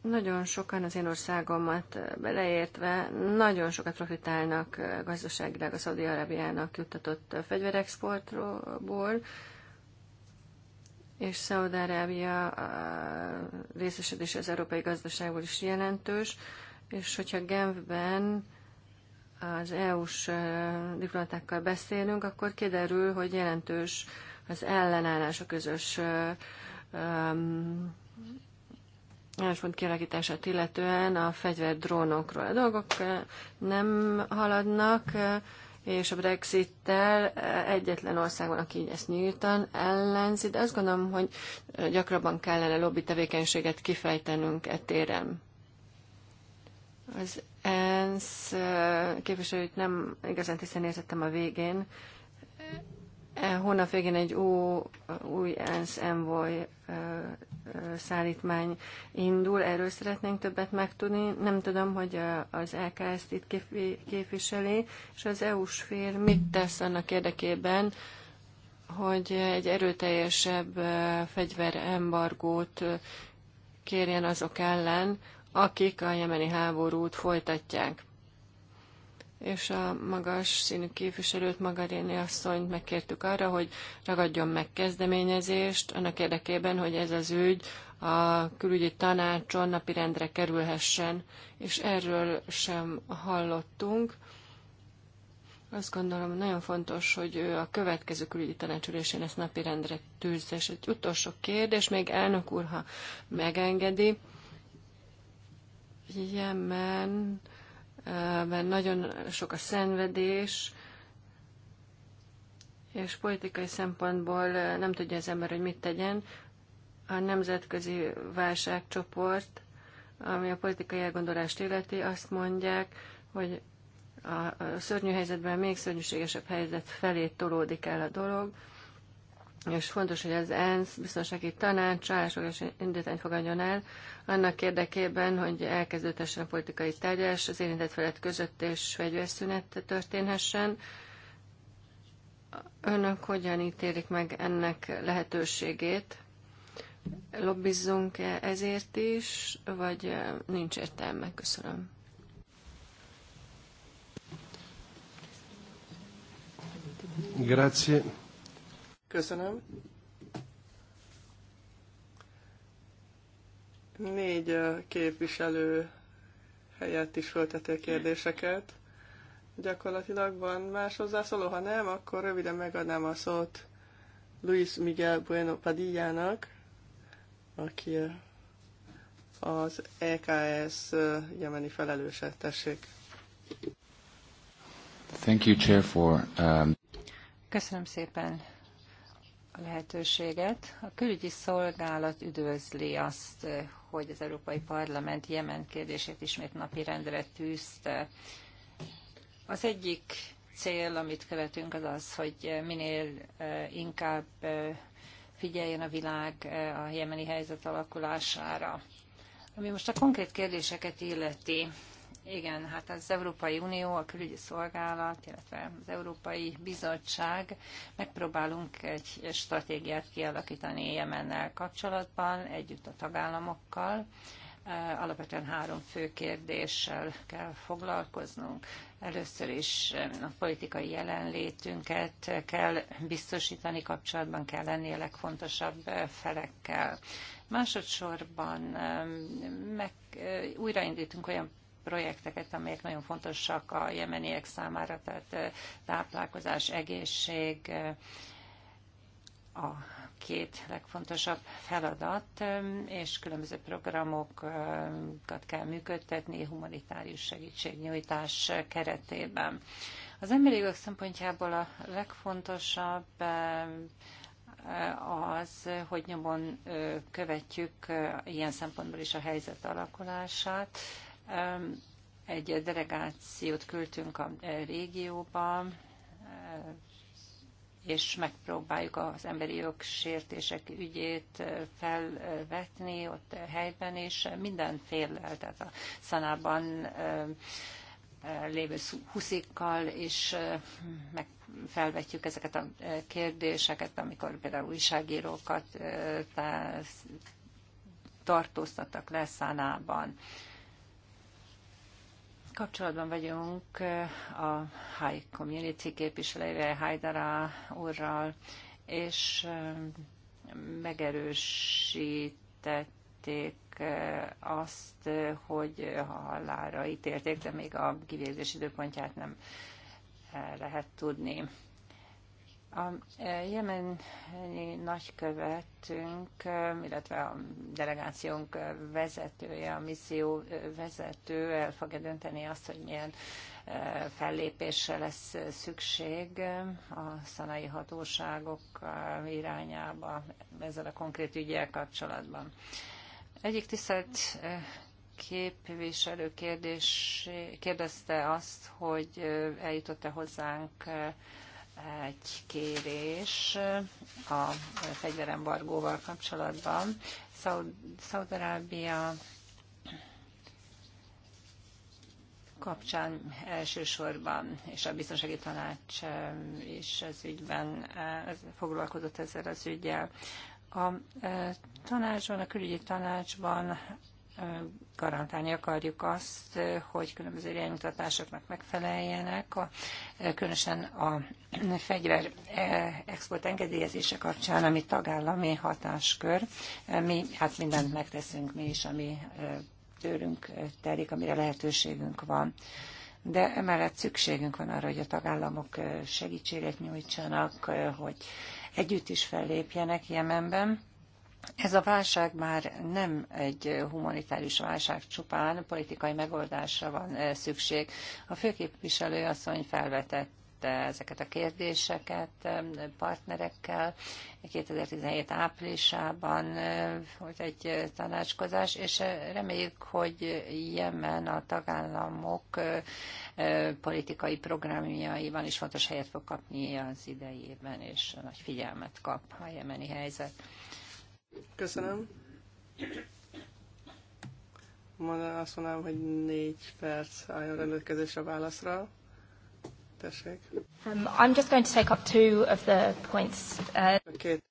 Nagyon sokan az én országomat beleértve nagyon sokat profitálnak eh, gazdaságilag a Szaudi-Arabiának juttatott eh, fegyverexportból, és szaudi arabia eh, részesedése az európai gazdaságból is jelentős, és hogyha Genfben az EU-s diplomatákkal beszélünk, akkor kiderül, hogy jelentős az ellenállás a közös um, álláspont kialakítását illetően a fegyver drónokról a dolgok nem haladnak, és a Brexit-tel egyetlen ország van, aki így ezt nyíltan ellenzi, de azt gondolom, hogy gyakrabban kellene lobby tevékenységet kifejtenünk e téren. Az ENSZ képviselőt nem igazán tisztán értettem a végén, E, Hónap végén egy ó, új ENSZ envoy e, e, szállítmány indul, erről szeretnénk többet megtudni. Nem tudom, hogy az lks itt képviseli, és az EU-s fér mit tesz annak érdekében, hogy egy erőteljesebb fegyverembargót kérjen azok ellen, akik a jemeni háborút folytatják és a magas színű képviselőt, Magaréni asszonyt megkértük arra, hogy ragadjon meg kezdeményezést annak érdekében, hogy ez az ügy a külügyi tanácson napirendre kerülhessen, és erről sem hallottunk. Azt gondolom, nagyon fontos, hogy ő a következő külügyi tanácsülésén ezt napirendre tűzze. És egy utolsó kérdés, még elnök úr, ha megengedi. Jemen mert nagyon sok a szenvedés, és politikai szempontból nem tudja az ember, hogy mit tegyen. A nemzetközi válságcsoport, ami a politikai elgondolást illeti, azt mondják, hogy a szörnyű helyzetben még szörnyűségesebb helyzet felé tolódik el a dolog, és fontos, hogy az ENSZ biztonsági tanács és indítvány fogadjon el annak érdekében, hogy elkezdődhessen a politikai tárgyalás az érintett felett között és fegyverszünet történhessen. Önök hogyan ítélik meg ennek lehetőségét? Lobbizzunk -e ezért is, vagy nincs értelme? Köszönöm. Grazie. Köszönöm. Négy képviselő helyett is föltettél kérdéseket. Gyakorlatilag van más hozzászóló, ha nem, akkor röviden megadnám a szót Luis Miguel Bueno Padillának, aki az EKS jemeni felelőse. Tessék. Thank you, Chair, for, um... Köszönöm szépen, lehetőséget. A külügyi szolgálat üdvözli azt, hogy az Európai Parlament Jemen kérdését ismét rendre tűzte. Az egyik cél, amit követünk, az az, hogy minél eh, inkább eh, figyeljen a világ eh, a jemeni helyzet alakulására. Ami most a konkrét kérdéseket illeti, igen, hát az Európai Unió, a külügyi szolgálat, illetve az Európai Bizottság megpróbálunk egy stratégiát kialakítani Jemennel kapcsolatban, együtt a tagállamokkal. Eh, alapvetően három fő kérdéssel kell foglalkoznunk. Először is eh, a politikai jelenlétünket kell biztosítani, kapcsolatban kell lenni a legfontosabb eh, felekkel. Másodszorban meg, újraindítunk olyan projekteket, amelyek nagyon fontosak a jemeniek számára, tehát táplálkozás, egészség, a két legfontosabb feladat, és különböző programokat kell működtetni humanitárius segítségnyújtás keretében. Az emberi jogok szempontjából a legfontosabb az, hogy nyomon követjük ilyen szempontból is a helyzet alakulását, egy delegációt küldtünk a régióba, és megpróbáljuk az emberi jogsértések ügyét felvetni ott helyben, és mindenféle, tehát a szanában lévő huszikkal, és meg felvetjük ezeket a eh, kérdéseket, amikor például újságírókat eh, tartóztattak le szanában. Kapcsolatban vagyunk eh, a High Community képviselőjével, Hajdara úrral, és eh, megerősítették eh, azt, hogy halára ítélték, de még a kivégzés időpontját nem lehet tudni. A e, jemeni nagykövetünk, e, illetve a delegációnk vezetője, a misszió vezető el fogja dönteni azt, hogy milyen e, fellépésre lesz szükség a szanai hatóságok irányába ezzel a konkrét ügyel kapcsolatban. Egyik tisztelt képviselő kérdés, kérdezte azt, hogy eljutott-e hozzánk egy kérés a fegyverembargóval kapcsolatban. Szaudarábia kapcsán elsősorban, és a biztonsági tanács eh, is az ügyben eh, foglalkozott ezzel az ügyel. A eh, tanácsban, a külügyi tanácsban garantálni akarjuk azt, hogy különböző iránymutatásoknak megfeleljenek, a, különösen a fegyver export engedélyezése kapcsán, ami tagállami hatáskör. Mi hát mindent megteszünk mi is, ami tőlünk telik, amire lehetőségünk van. De emellett szükségünk van arra, hogy a tagállamok segítséget nyújtsanak, hogy együtt is fellépjenek Jemenben ez a válság már nem egy humanitárius válság csupán, politikai megoldásra van eh, szükség. A főképviselő asszony felvetett ezeket a kérdéseket eh, partnerekkel. 2017 áprilisában eh, volt egy tanácskozás, és reméljük, hogy Jemen a tagállamok politikai programjaiban is fontos helyet fog kapni az idejében, és nagy figyelmet kap a jemeni helyzet. Köszönöm. Mondan azt mondanám, hogy négy perc álljon rendelkezésre a válaszra. Tessék. Um, I'm just going to take up two of the points. Uh, Két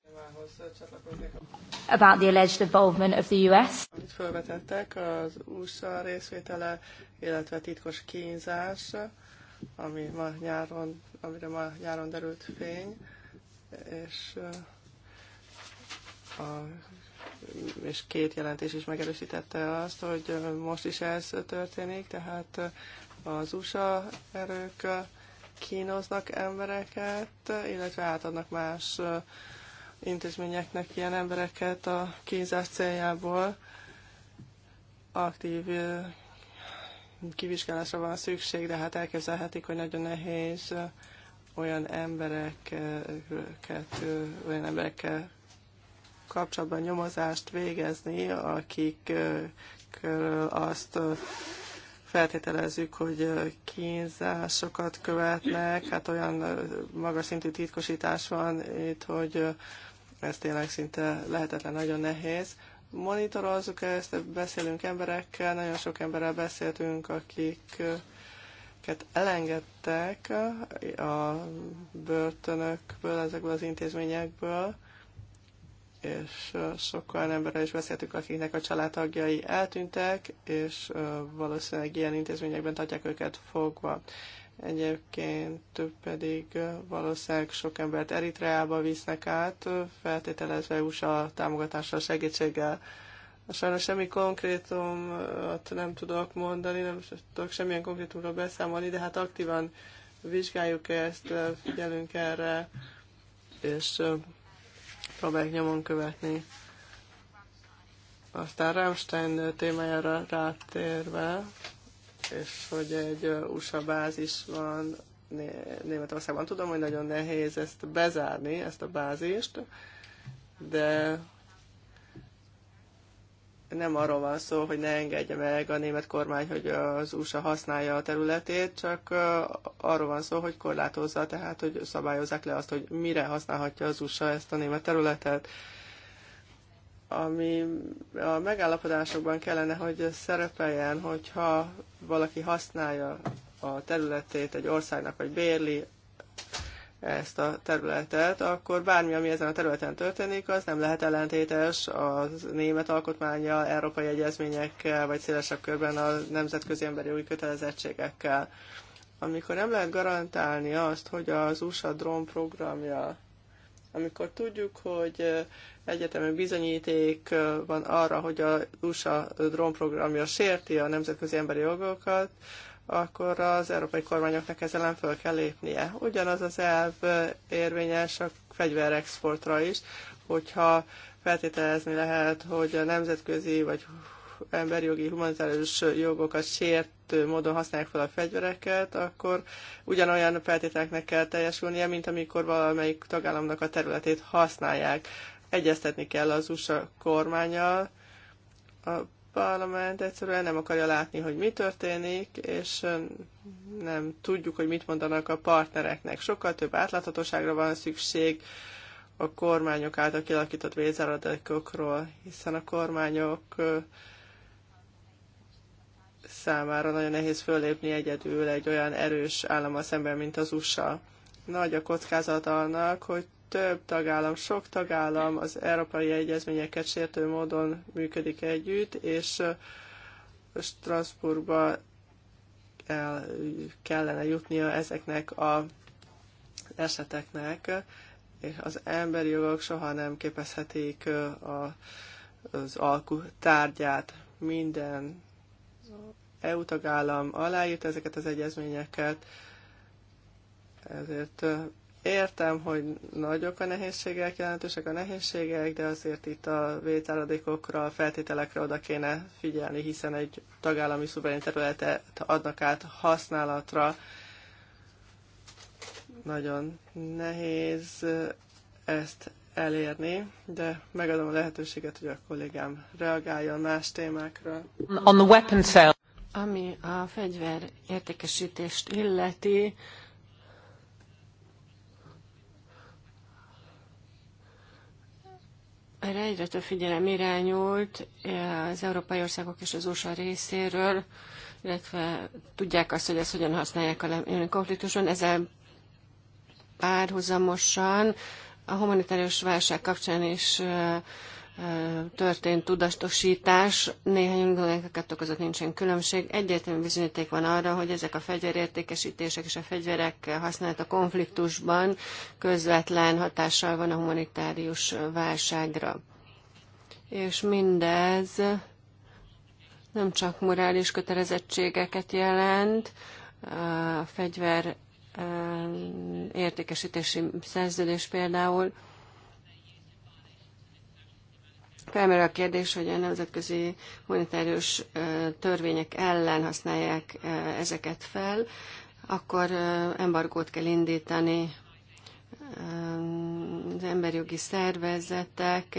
about the alleged involvement of the US. Amit felvetettek, az USA részvétele, illetve titkos kínzás, ami ma nyáron, amire ma nyáron derült fény, és uh, a, és két jelentés is megerősítette azt, hogy most is ez történik, tehát az USA erők kínoznak embereket, illetve átadnak más intézményeknek ilyen embereket a kínzás céljából. Aktív kivizsgálásra van szükség, de hát elképzelhetik, hogy nagyon nehéz olyan embereket, olyan emberekkel kapcsolatban nyomozást végezni, akik azt feltételezzük, hogy kínzásokat követnek, hát olyan magas szintű titkosítás van itt, hogy ez tényleg szinte lehetetlen, nagyon nehéz. Monitorozzuk ezt, beszélünk emberekkel, nagyon sok emberrel beszéltünk, akiket elengedtek a börtönökből, ezekből az intézményekből, és sok olyan emberrel is beszéltük, akiknek a családtagjai eltűntek, és valószínűleg ilyen intézményekben tartják őket fogva. Egyébként pedig valószínűleg sok embert Eritreába visznek át, feltételezve USA támogatással, segítséggel. Sajnos semmi konkrétumot nem tudok mondani, nem tudok semmilyen konkrétumról beszámolni, de hát aktívan vizsgáljuk ezt, figyelünk erre, és próbáljuk nyomon követni. Aztán Rammstein témájára rátérve, és hogy egy USA bázis van Németországban. Tudom, hogy nagyon nehéz ezt bezárni, ezt a bázist, de nem arról van szó, hogy ne engedje meg a német kormány, hogy az USA használja a területét, csak arról van szó, hogy korlátozza, tehát hogy szabályozzák le azt, hogy mire használhatja az USA ezt a német területet. Ami a megállapodásokban kellene, hogy szerepeljen, hogyha valaki használja a területét egy országnak, vagy bérli, ezt a területet, akkor bármi, ami ezen a területen történik, az nem lehet ellentétes a német alkotmánya, európai egyezményekkel, vagy szélesebb körben a nemzetközi emberi új kötelezettségekkel. Amikor nem lehet garantálni azt, hogy az USA drón programja, amikor tudjuk, hogy egyetemű bizonyíték van arra, hogy az USA drón programja sérti a nemzetközi emberi jogokat, akkor az európai kormányoknak ezzel nem föl kell lépnie. Ugyanaz az elv érvényes a fegyverexportra is, hogyha feltételezni lehet, hogy a nemzetközi vagy emberi jogi humanitárius jogokat sértő módon használják fel a fegyvereket, akkor ugyanolyan feltételeknek kell teljesülnie, mint amikor valamelyik tagállamnak a területét használják. Egyeztetni kell az USA kormányal, a parlament egyszerűen nem akarja látni, hogy mi történik, és nem tudjuk, hogy mit mondanak a partnereknek. Sokkal több átláthatóságra van szükség a kormányok által kialakított vészáradékokról, hiszen a kormányok számára nagyon nehéz fölépni egyedül egy olyan erős állammal szemben, mint az USA. Nagy a kockázat annak, hogy több tagállam, sok tagállam az európai egyezményeket sértő módon működik együtt, és Strasbourgba el kellene jutnia ezeknek a eseteknek, és az emberi jogok soha nem képezhetik a, az alkú tárgyát. Minden EU tagállam aláírta ezeket az egyezményeket, ezért Értem, hogy nagyok a nehézségek, jelentősek a nehézségek, de azért itt a vételadékokra, a feltételekre oda kéne figyelni, hiszen egy tagállami szuverén területet adnak át használatra. Nagyon nehéz ezt elérni, de megadom a lehetőséget, hogy a kollégám reagáljon más témákra. On the weapon sale. Ami a értékesítést illeti, erre egyre több figyelem irányult eh, az európai országok és az USA részéről, illetve tudják azt, hogy ezt hogyan használják a konfliktuson. Ezzel párhuzamosan a humanitárius válság kapcsán is eh, történt tudatosítás, néhány kettő között nincsen különbség. Egyértelmű bizonyíték van arra, hogy ezek a fegyverértékesítések és a fegyverek használata konfliktusban közvetlen hatással van a humanitárius válságra. És mindez nem csak morális kötelezettségeket jelent, a fegyver értékesítési szerződés például, Felmerül a kérdés, hogy a nemzetközi humanitárius törvények ellen használják ezeket fel, akkor embargót kell indítani az emberjogi szervezetek,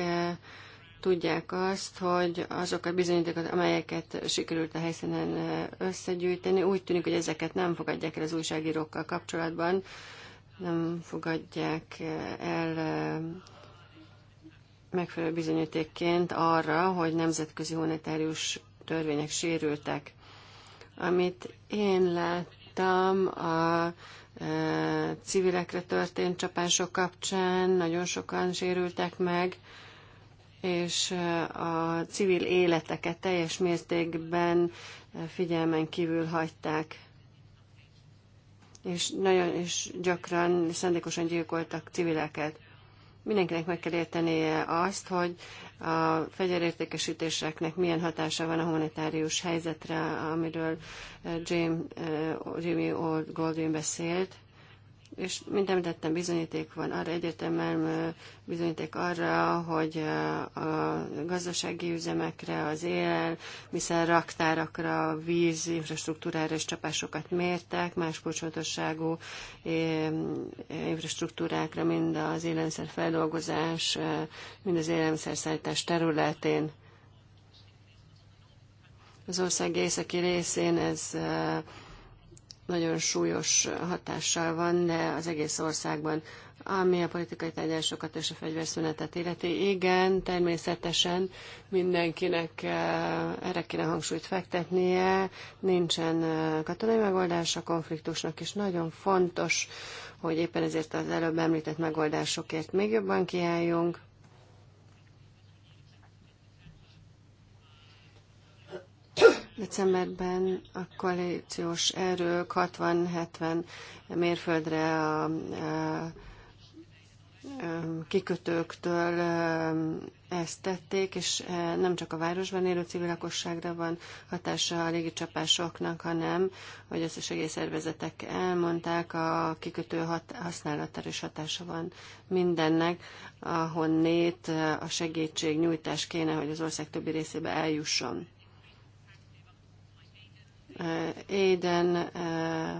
tudják azt, hogy azok a bizonyítékokat, amelyeket sikerült a helyszínen összegyűjteni, úgy tűnik, hogy ezeket nem fogadják el az újságírókkal kapcsolatban, nem fogadják el megfelelő bizonyítékként arra, hogy nemzetközi humanitárius törvények sérültek. Amit én láttam a e, civilekre történt csapások kapcsán, nagyon sokan sérültek meg, és e, a civil életeket teljes mértékben e, figyelmen kívül hagyták. És nagyon és gyakran szándékosan gyilkoltak civileket. Mindenkinek meg kell értenie azt, hogy a fegyverértékesítéseknek milyen hatása van a humanitárius helyzetre, amiről eh, Jim, eh, Jimmy Old Goldwyn beszélt és mint említettem, bizonyíték van arra, egyértelműen bizonyíték arra, hogy a gazdasági üzemekre, az él, miszen raktárakra, víz, infrastruktúrára is csapásokat mértek, más kulcsfontosságú infrastruktúrákra, mind az feldolgozás, mind az szállítás területén. Az ország északi részén ez nagyon súlyos hatással van, de az egész országban, ami a politikai tárgyalásokat és a fegyverszünetet illeti. Igen, természetesen mindenkinek eh, erre kéne hangsúlyt fektetnie, nincsen eh, katonai megoldás a konfliktusnak, és nagyon fontos, hogy éppen ezért az előbb említett megoldásokért még jobban kiálljunk. Decemberben a koalíciós erők 60-70 mérföldre a, a, a kikötőktől ezt tették, és nem csak a városban élő civil lakosságra van hatása a légicsapásoknak, hanem, hogy az egész szervezetek elmondták, a kikötő hat- használatára is hatása van mindennek, ahonnét a nyújtás kéne, hogy az ország többi részébe eljusson. Eh, Éden eh,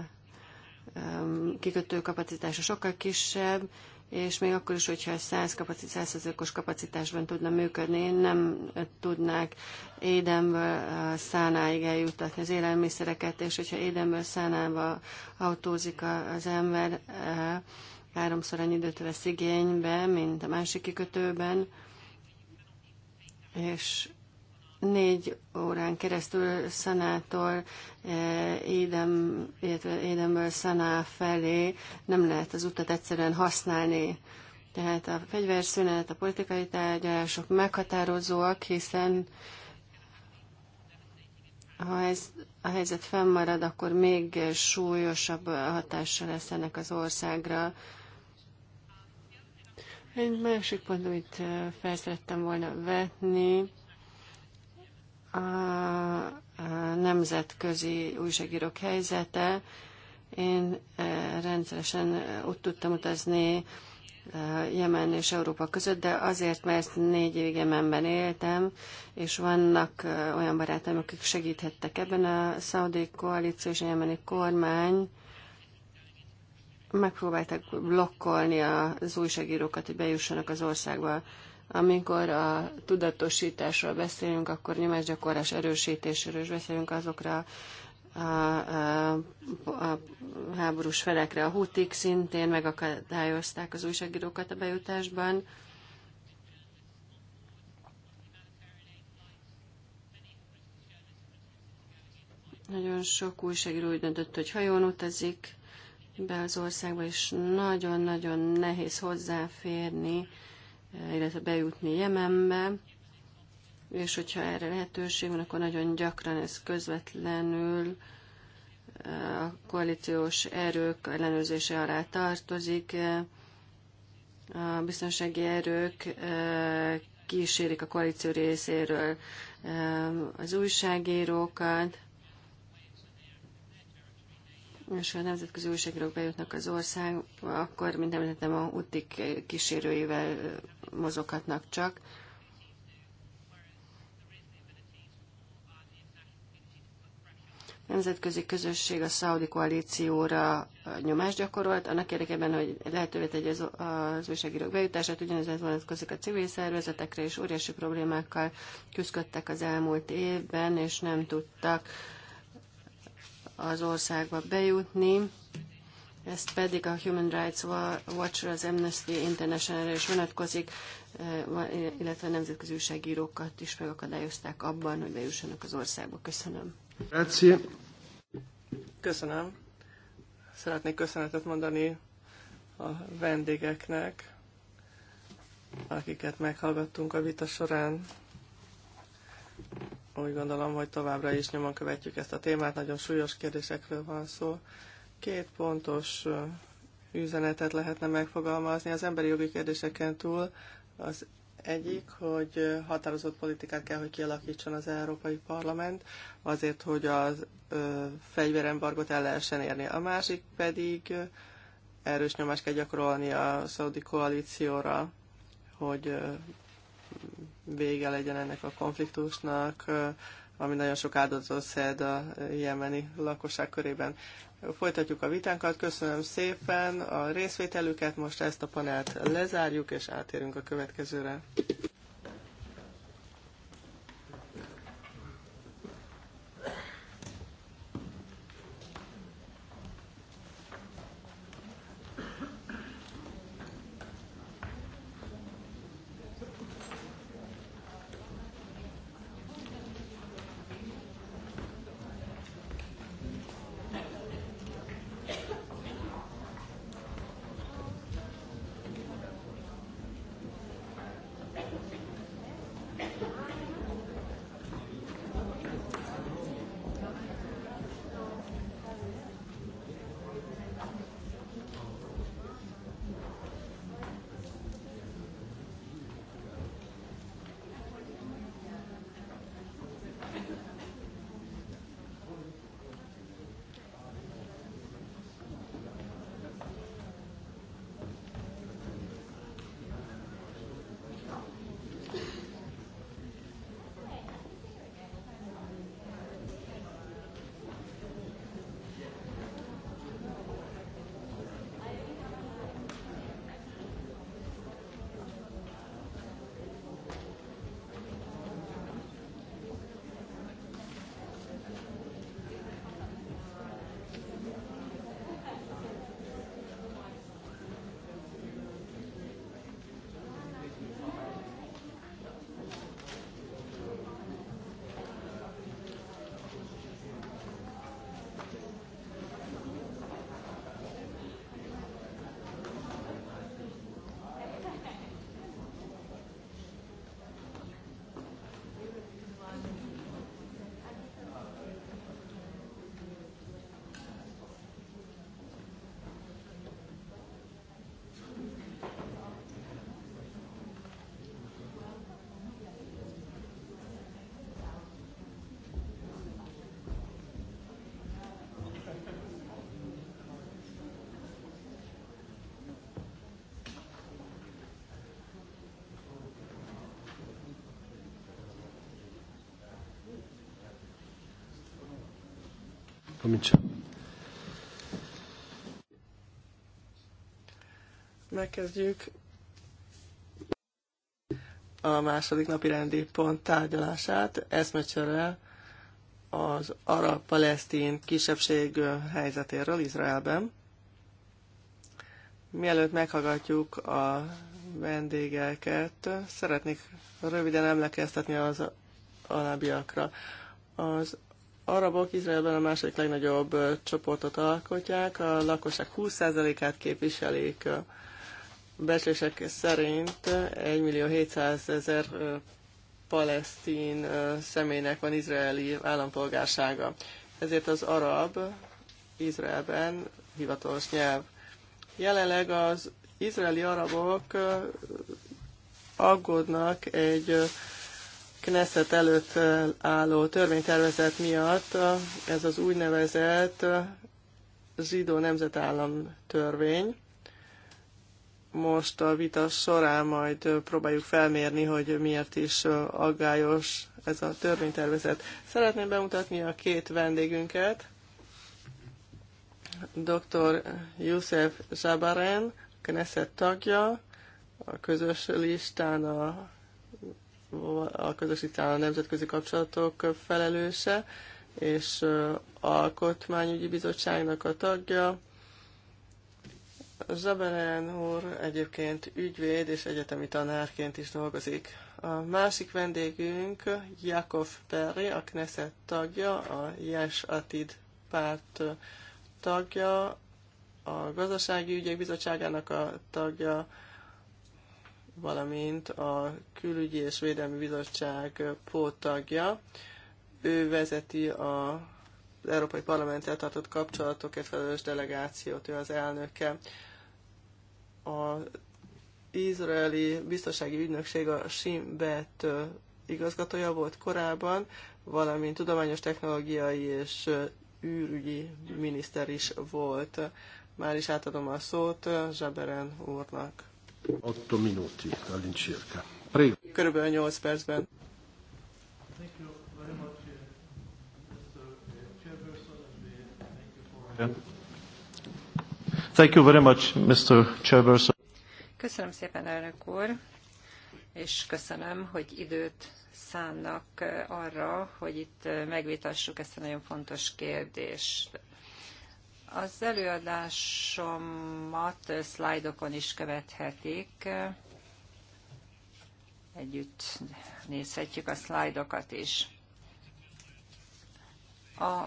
kikötő kapacitása sokkal kisebb, és még akkor is, hogyha 100 kapacitás, 100 kapacitásban tudna működni, nem tudnák Édenből eh, szánáig eljutatni az élelmiszereket, és hogyha Édenből szánába autózik az ember, háromszor annyi időt vesz igénybe, mint a másik kikötőben, és négy órán keresztül Szanától eh, Édem, illetve Édemből Szaná felé nem lehet az utat egyszerűen használni. Tehát a fegyverszünet, a politikai tárgyalások meghatározóak, hiszen ha ez a helyzet fennmarad, akkor még súlyosabb hatással lesz ennek az országra. Egy másik pont, amit eh, felszerettem volna vetni, a, nemzetközi újságírók helyzete. Én e, rendszeresen ott tudtam utazni e, Jemen és Európa között, de azért, mert négy évig Jemenben éltem, és vannak e, olyan barátaim, akik segíthettek ebben a szaudi koalíció és a jemeni kormány, megpróbálták blokkolni az újságírókat, hogy bejussanak az országba. Amikor a tudatosításról beszélünk, akkor nyomásgyakorlás erősítéséről is beszélünk azokra a, a, a háborús felekre. A hútik szintén megakadályozták az újságírókat a bejutásban. Nagyon sok újságíró úgy döntött, hogy hajón utazik be az országba, és nagyon-nagyon nehéz hozzáférni illetve bejutni Jemenbe, és hogyha erre lehetőség van, akkor nagyon gyakran ez közvetlenül eh, a koalíciós erők ellenőrzése alá tartozik. A biztonsági erők eh, kísérik a koalíció részéről eh, az újságírókat, és ha a nemzetközi újságírók bejutnak az országba, akkor, mint említettem, a útik kísérőivel mozoghatnak csak. nemzetközi közösség a szaudi koalícióra nyomást gyakorolt, annak érdekében, hogy lehetővé tegye az, az újságírók bejutását, ugyanez ez vonatkozik a civil szervezetekre, és óriási problémákkal küzdöttek az elmúlt évben, és nem tudtak az országba bejutni. Ezt pedig a Human Rights watch az Amnesty international is vonatkozik, e, illetve a nemzetközi újságírókat is megakadályozták abban, hogy bejussanak az országba. Köszönöm. Grazie. Köszönöm. Szeretnék köszönetet mondani a vendégeknek, akiket meghallgattunk a vita során úgy gondolom, hogy továbbra is nyomon követjük ezt a témát, nagyon súlyos kérdésekről van szó. Két pontos üzenetet lehetne megfogalmazni az emberi jogi kérdéseken túl. Az egyik, hogy határozott politikát kell, hogy kialakítson az Európai Parlament azért, hogy a fegyverembargot el lehessen érni. A másik pedig erős nyomást kell gyakorolni a szaudi koalícióra, hogy vége legyen ennek a konfliktusnak, ami nagyon sok áldozatot szed a jemeni lakosság körében. Folytatjuk a vitánkat, köszönöm szépen a részvételüket, most ezt a panelt lezárjuk, és átérünk a következőre. Cominciamo. Megkezdjük a második napi rendi pont tárgyalását, eszmecsere az arab-palesztin kisebbség helyzetéről Izraelben. Mielőtt meghallgatjuk a vendégeket, szeretnék röviden emlékeztetni az alábbiakra. Az Arabok Izraelben a második legnagyobb csoportot alkotják, a lakosság 20%-át képviselik. Becslések szerint 1 millió 700 ezer palesztin személynek van izraeli állampolgársága. Ezért az arab Izraelben hivatalos nyelv. Jelenleg az izraeli arabok aggódnak egy Knesset előtt álló törvénytervezet miatt ez az úgynevezett zsidó nemzetállam törvény. Most a vita során majd próbáljuk felmérni, hogy miért is aggályos ez a törvénytervezet. Szeretném bemutatni a két vendégünket, dr. Youssef Zsabaren, Knesset tagja, a közös listán a a közösítán a nemzetközi kapcsolatok felelőse, és alkotmányügyi bizottságnak a tagja. Zsabelen úr egyébként ügyvéd és egyetemi tanárként is dolgozik. A másik vendégünk Jakov Perry, a Knesset tagja, a Yes Atid párt tagja, a Gazdasági Ügyek Bizottságának a tagja, valamint a Külügyi és Védelmi Bizottság póttagja. Ő vezeti a, az Európai Parlamenttel tartott kapcsolatokért felelős delegációt, ő az elnöke. A izraeli biztonsági ügynökség a Simbet igazgatója volt korábban, valamint tudományos technológiai és űrügyi miniszter is volt. Már is átadom a szót Zseberen úrnak. 8 minuti all'incirca. Prego. Körülbelül 8 percben. Thank you very much, uh, Mr. Uh, uh, Chairperson. Köszönöm szépen, elnök úr, és köszönöm, hogy időt szánnak arra, hogy itt megvitassuk ezt a nagyon fontos kérdést. Az előadásomat szlájdokon is követhetik. Együtt nézhetjük a szlájdokat is. A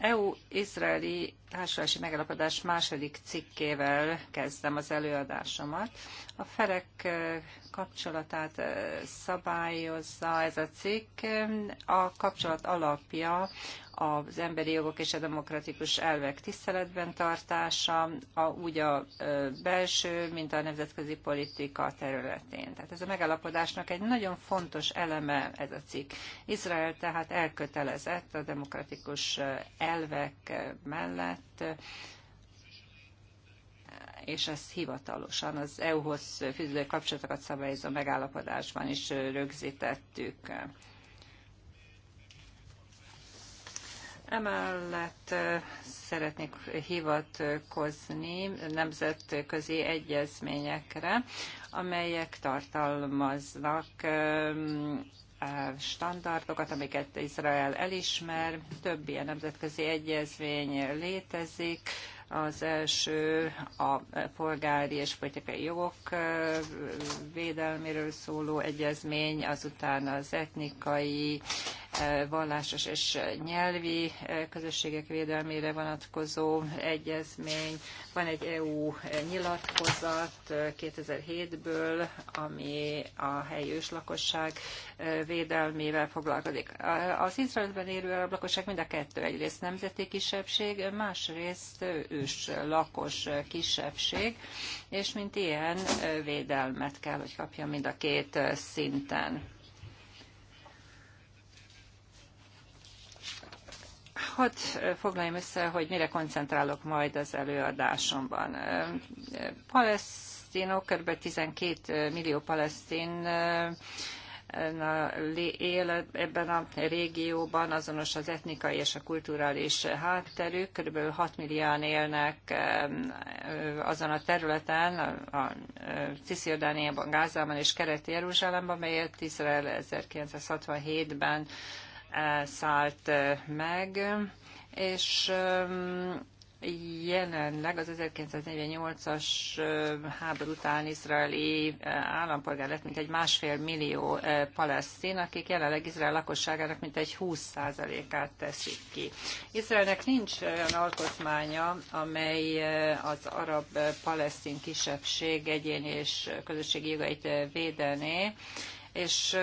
EU-izraeli társulási megalapodás második cikkével kezdem az előadásomat. A felek kapcsolatát szabályozza ez a cikk. A kapcsolat alapja az emberi jogok és a demokratikus elvek tiszteletben tartása, a, úgy a belső, mint a nemzetközi politika területén. Tehát ez a megalapodásnak egy nagyon fontos eleme ez a cikk. Izrael tehát elkötelezett a demokratikus elvek mellett, és ez hivatalosan az EU-hoz fűződő kapcsolatokat szabályozó megállapodásban is rögzítettük. Emellett szeretnék hivatkozni nemzetközi egyezményekre, amelyek tartalmaznak standardokat, amiket Izrael elismer. Több ilyen nemzetközi egyezmény létezik. Az első a polgári és politikai jogok védelméről szóló egyezmény, azután az etnikai vallásos és nyelvi eh, közösségek védelmére vonatkozó egyezmény. Van egy EU nyilatkozat 2007-ből, eh, ami a helyi őslakosság eh, védelmével foglalkozik. Az Izraelben élő lakosság mind a kettő egyrészt nemzeti kisebbség, másrészt ős lakos kisebbség, és mint ilyen védelmet kell, hogy kapja mind a két szinten. hadd foglaljam össze, hogy mire koncentrálok majd az előadásomban. Palesztinok, kb. 12 millió palesztin él ebben a régióban, azonos az etnikai és a kulturális hátterük. Körülbelül 6 millióan élnek azon a területen, a Cisziordániában, Gázában és Kelet-Jeruzsálemben, melyet Izrael 1967-ben szállt meg, és jelenleg az 1948-as háború után izraeli állampolgár lett, mint egy másfél millió palesztin, akik jelenleg Izrael lakosságának egy 20%-át teszik ki. Izraelnek nincs olyan alkotmánya, amely az arab-palesztin kisebbség egyéni és közösségi jogait védené, és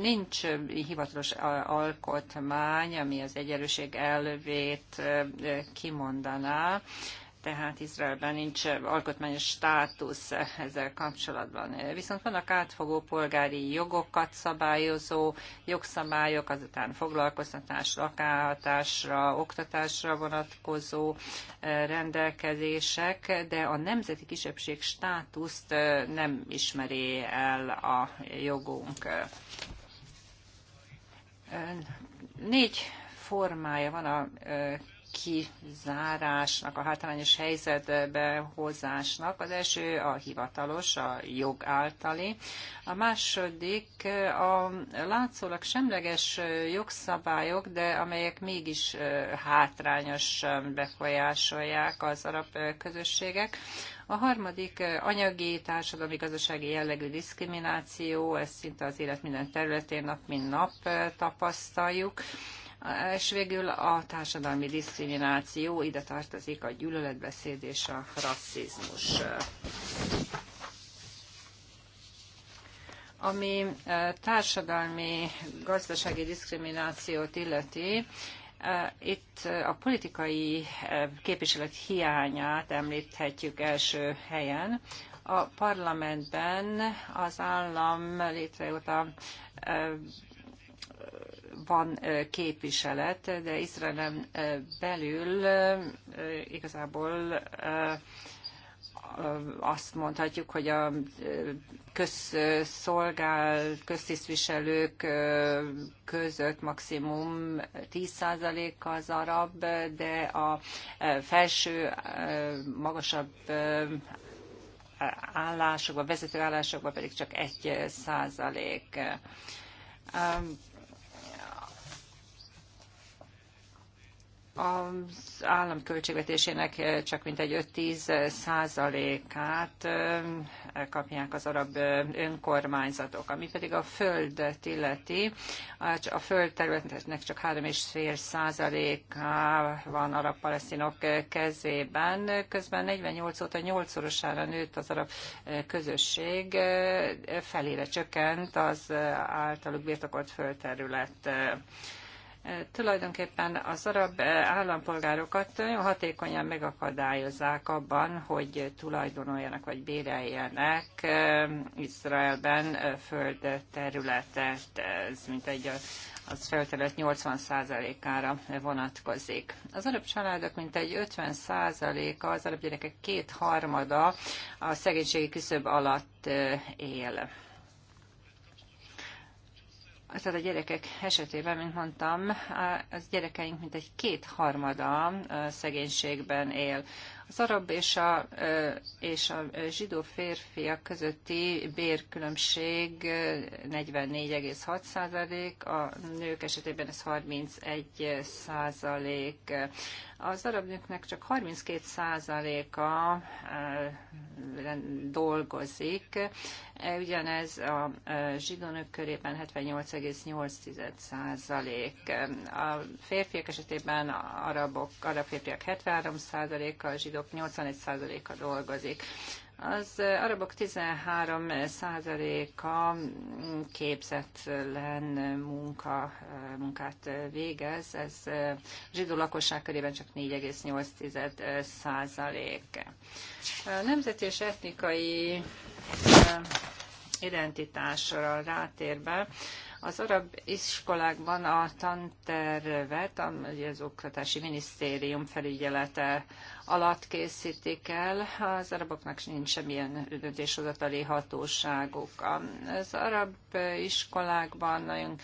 nincs hivatalos alkotmány, ami az egyenlőség elvét kimondaná, tehát Izraelben nincs alkotmányos státusz ezzel kapcsolatban. Viszont vannak átfogó polgári jogokat szabályozó jogszabályok, azután foglalkoztatás, lakáhatásra, oktatásra vonatkozó eh, rendelkezések, de a nemzeti kisebbség státuszt eh, nem ismeri el a jogunk. Eh, négy formája van a kizárásnak, a hátrányos helyzetbe hozásnak. Az első a hivatalos, a jog általi. A második a látszólag semleges jogszabályok, de amelyek mégis hátrányos befolyásolják az arab közösségek. A harmadik anyagi, társadalmi, gazdasági jellegű diszkrimináció, ezt szinte az élet minden területén nap mint nap tapasztaljuk. És végül a társadalmi diszkrimináció, ide tartozik a gyűlöletbeszéd és a rasszizmus. Ami e, társadalmi gazdasági diszkriminációt illeti, e, itt a politikai e, képviselet hiányát említhetjük első helyen. A parlamentben az állam létrejött a van képviselet, de Izraelen belül igazából azt mondhatjuk, hogy a közszolgál, köztisztviselők között maximum 10% az arab, de a felső, magasabb állásokban, vezető állásokban pedig csak 1 százalék. az állam költségvetésének eh, csak mintegy 5-10 eh, százalékát eh, kapják az arab önkormányzatok, ami pedig a földet illeti. A föld területnek csak 3,5 százaléka van arab palesztinok kezében, közben 48 óta 8-szorosára nőtt az arab közösség, felére csökkent az általuk birtokolt földterület tulajdonképpen az arab eh, állampolgárokat nagyon hatékonyan megakadályozzák abban, hogy tulajdonoljanak vagy béreljenek eh, Izraelben eh, földterületet, ez mint egy az földterület 80%-ára vonatkozik. Az arab családok mintegy 50%-a, az arab gyerekek kétharmada a szegénységi küszöb alatt él tehát a gyerekek esetében, mint mondtam, az gyerekeink mintegy kétharmada szegénységben él. Az arab és a, és a zsidó férfiak közötti bérkülönbség 44,6 százalék, a nők esetében ez 31 százalék. Az arab nőknek csak 32 százaléka dolgozik, e, ugyanez a zsidó nők körében 78,8 százalék. A férfiak esetében arabok, arab férfiak 73 százaléka, a zsidó arabok 81%-a dolgozik. Az arabok 13%-a képzetlen munka, munkát végez, ez a zsidó lakosság körében csak 4,8%. Nemzeti és etnikai identitásra rátérve, az arab iskolákban a tantervet, ugye az oktatási minisztérium felügyelete alatt készítik el, az araboknak nincs semmilyen döntéshozatali hatóságuk. Az arab iskolákban nagyon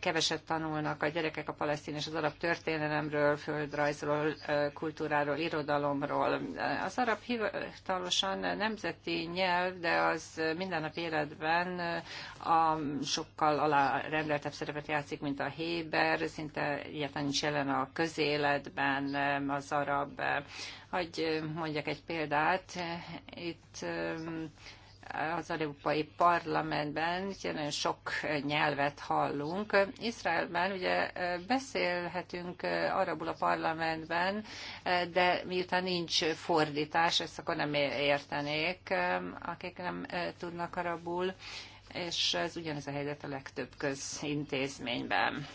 keveset tanulnak a gyerekek a palesztin és az arab történelemről, földrajzról, kultúráról, irodalomról. Az arab hivatalosan nemzeti nyelv, de az minden nap életben a sokkal alárendeltebb szerepet játszik, mint a héber, szinte egyáltalán nincs jelen a közéletben az arab. Hogy mondjak egy példát, itt az Európai Parlamentben, ugye nagyon sok nyelvet hallunk. Izraelben ugye beszélhetünk arabul a parlamentben, de miután nincs fordítás, ezt akkor nem értenék, akik nem tudnak arabul, és ez ugyanez a helyzet a legtöbb közintézményben.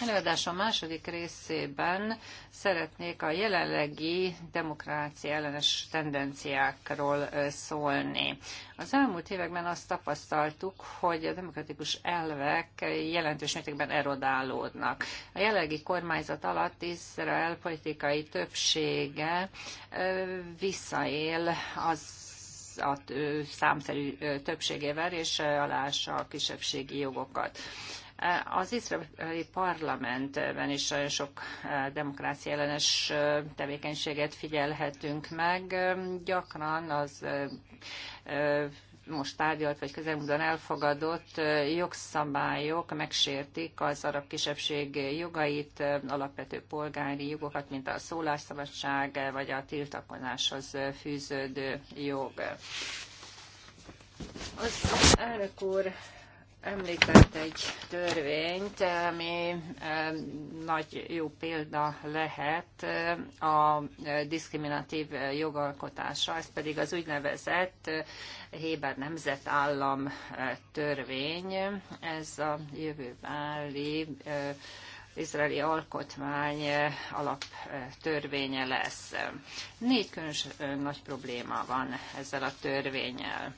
Előadásom második részében szeretnék a jelenlegi demokrácia ellenes tendenciákról szólni. Az elmúlt években azt tapasztaltuk, hogy a demokratikus elvek jelentős mértékben erodálódnak. A jelenlegi kormányzat alatt Izrael politikai többsége visszaél az a számszerű többségével, és alása a kisebbségi jogokat. Az izraeli parlamentben is nagyon sok eh, demokrácia ellenes eh, tevékenységet figyelhetünk meg. Gyakran az eh, most tárgyalt, vagy közelmúltan elfogadott jogszabályok megsértik az arab kisebbség jogait, alapvető polgári jogokat, mint a szólásszabadság, vagy a tiltakozáshoz fűződő jog. Az elnök úr említett egy törvényt, ami eh, nagy jó példa lehet eh, a eh, diszkriminatív jogalkotásra, ez pedig az úgynevezett Héber nemzetállam törvény. Ez a jövőbeli izraeli alkotmány alaptörvénye lesz. Négy különös nagy probléma van ezzel a törvényel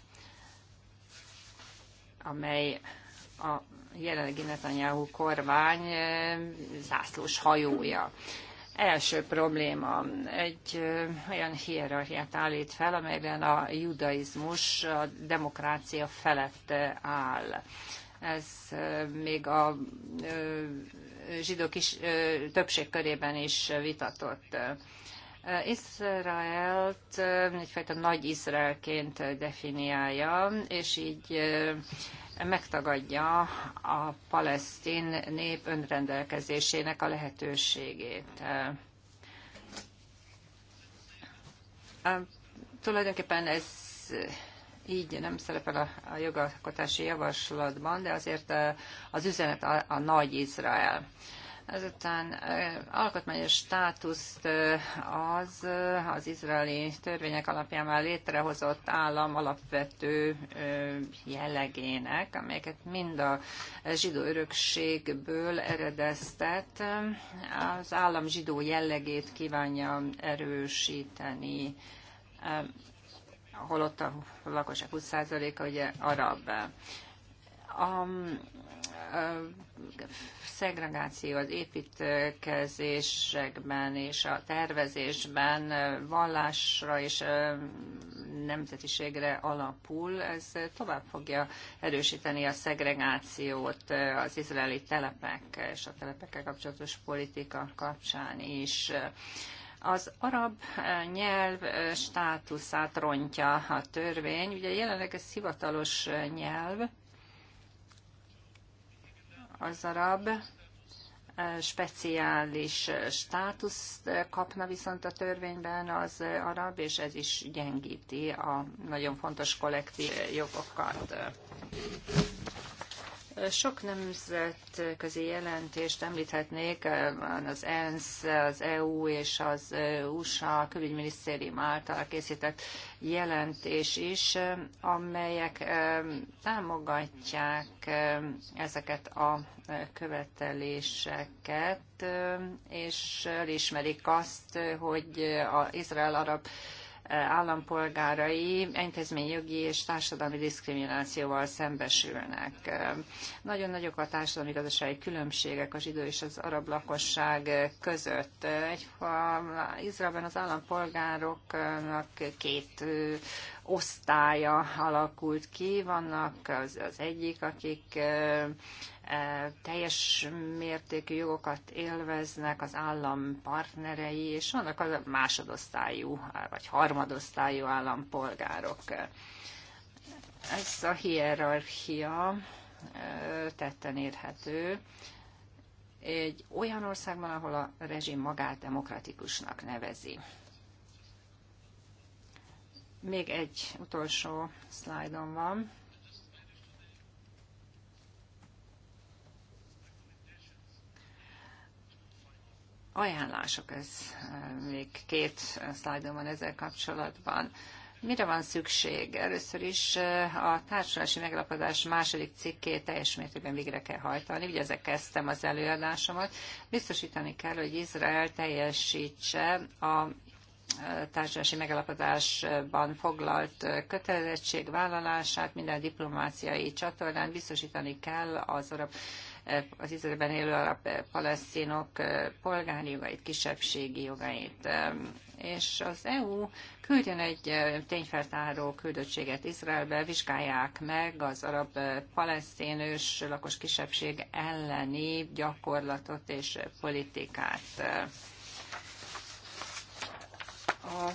amely a jelenlegi Netanyahu kormány eh, zászlós hajója. Első probléma egy eh, olyan hierarchiát állít fel, amelyben a judaizmus a demokrácia felett eh, áll. Ez még a zsidók is többség körében is vitatott. Izraelt egyfajta nagy Izraelként definiálja, és így megtagadja a palesztin nép önrendelkezésének a lehetőségét. Tulajdonképpen ez így nem szerepel a, a jogalkotási javaslatban, de azért az üzenet a, a nagy Izrael. Ezután alkotmányos státuszt az az izraeli törvények alapján már létrehozott állam alapvető jellegének, amelyeket mind a zsidó örökségből eredeztet, az állam zsidó jellegét kívánja erősíteni holott a lakosság 20%-a ugye arab. A szegregáció az építkezésekben és a tervezésben vallásra és nemzetiségre alapul, ez tovább fogja erősíteni a szegregációt az izraeli telepek és a telepekkel kapcsolatos politika kapcsán is. Az arab nyelv státuszát rontja a törvény. Ugye jelenleg ez hivatalos nyelv, az arab speciális státuszt kapna viszont a törvényben az arab, és ez is gyengíti a nagyon fontos kollektív jogokat. Sok nemzetközi jelentést említhetnék, az ENSZ, az EU és az USA külügyminisztérium által készített jelentés is, amelyek támogatják ezeket a követeléseket, és elismerik azt, hogy az Izrael-arab állampolgárai intézményjogi és társadalmi diszkriminációval szembesülnek. Nagyon nagyok a társadalmi gazdasági különbségek a zsidó és az arab lakosság között. Egy, Izraelben az állampolgároknak két osztálya alakult ki. Vannak az, az egyik, akik teljes mértékű jogokat élveznek az állampartnerei és vannak az másodosztályú vagy harmadosztályú állampolgárok. Ez a hierarchia tetten érhető egy olyan országban, ahol a rezsim magát demokratikusnak nevezi. Még egy utolsó szlájdom van. ajánlások, ez eh, még két eh, szlájdon van ezzel kapcsolatban. Mire van szükség? Először is eh, a társulási megalapodás második cikkét teljes mértékben végre kell hajtani. Ugye ezzel kezdtem az előadásomat. Biztosítani kell, hogy Izrael teljesítse a társadalmi megalapodásban foglalt kötelezettség vállalását minden diplomáciai csatornán biztosítani kell az arab az Izraelben élő arab eh, palesztinok eh, polgári jogait, kisebbségi jogait. És az EU küldjön egy eh, tényfeltáró küldöttséget Izraelbe, vizsgálják meg az arab palesztinős lakos kisebbség elleni gyakorlatot és politikát. A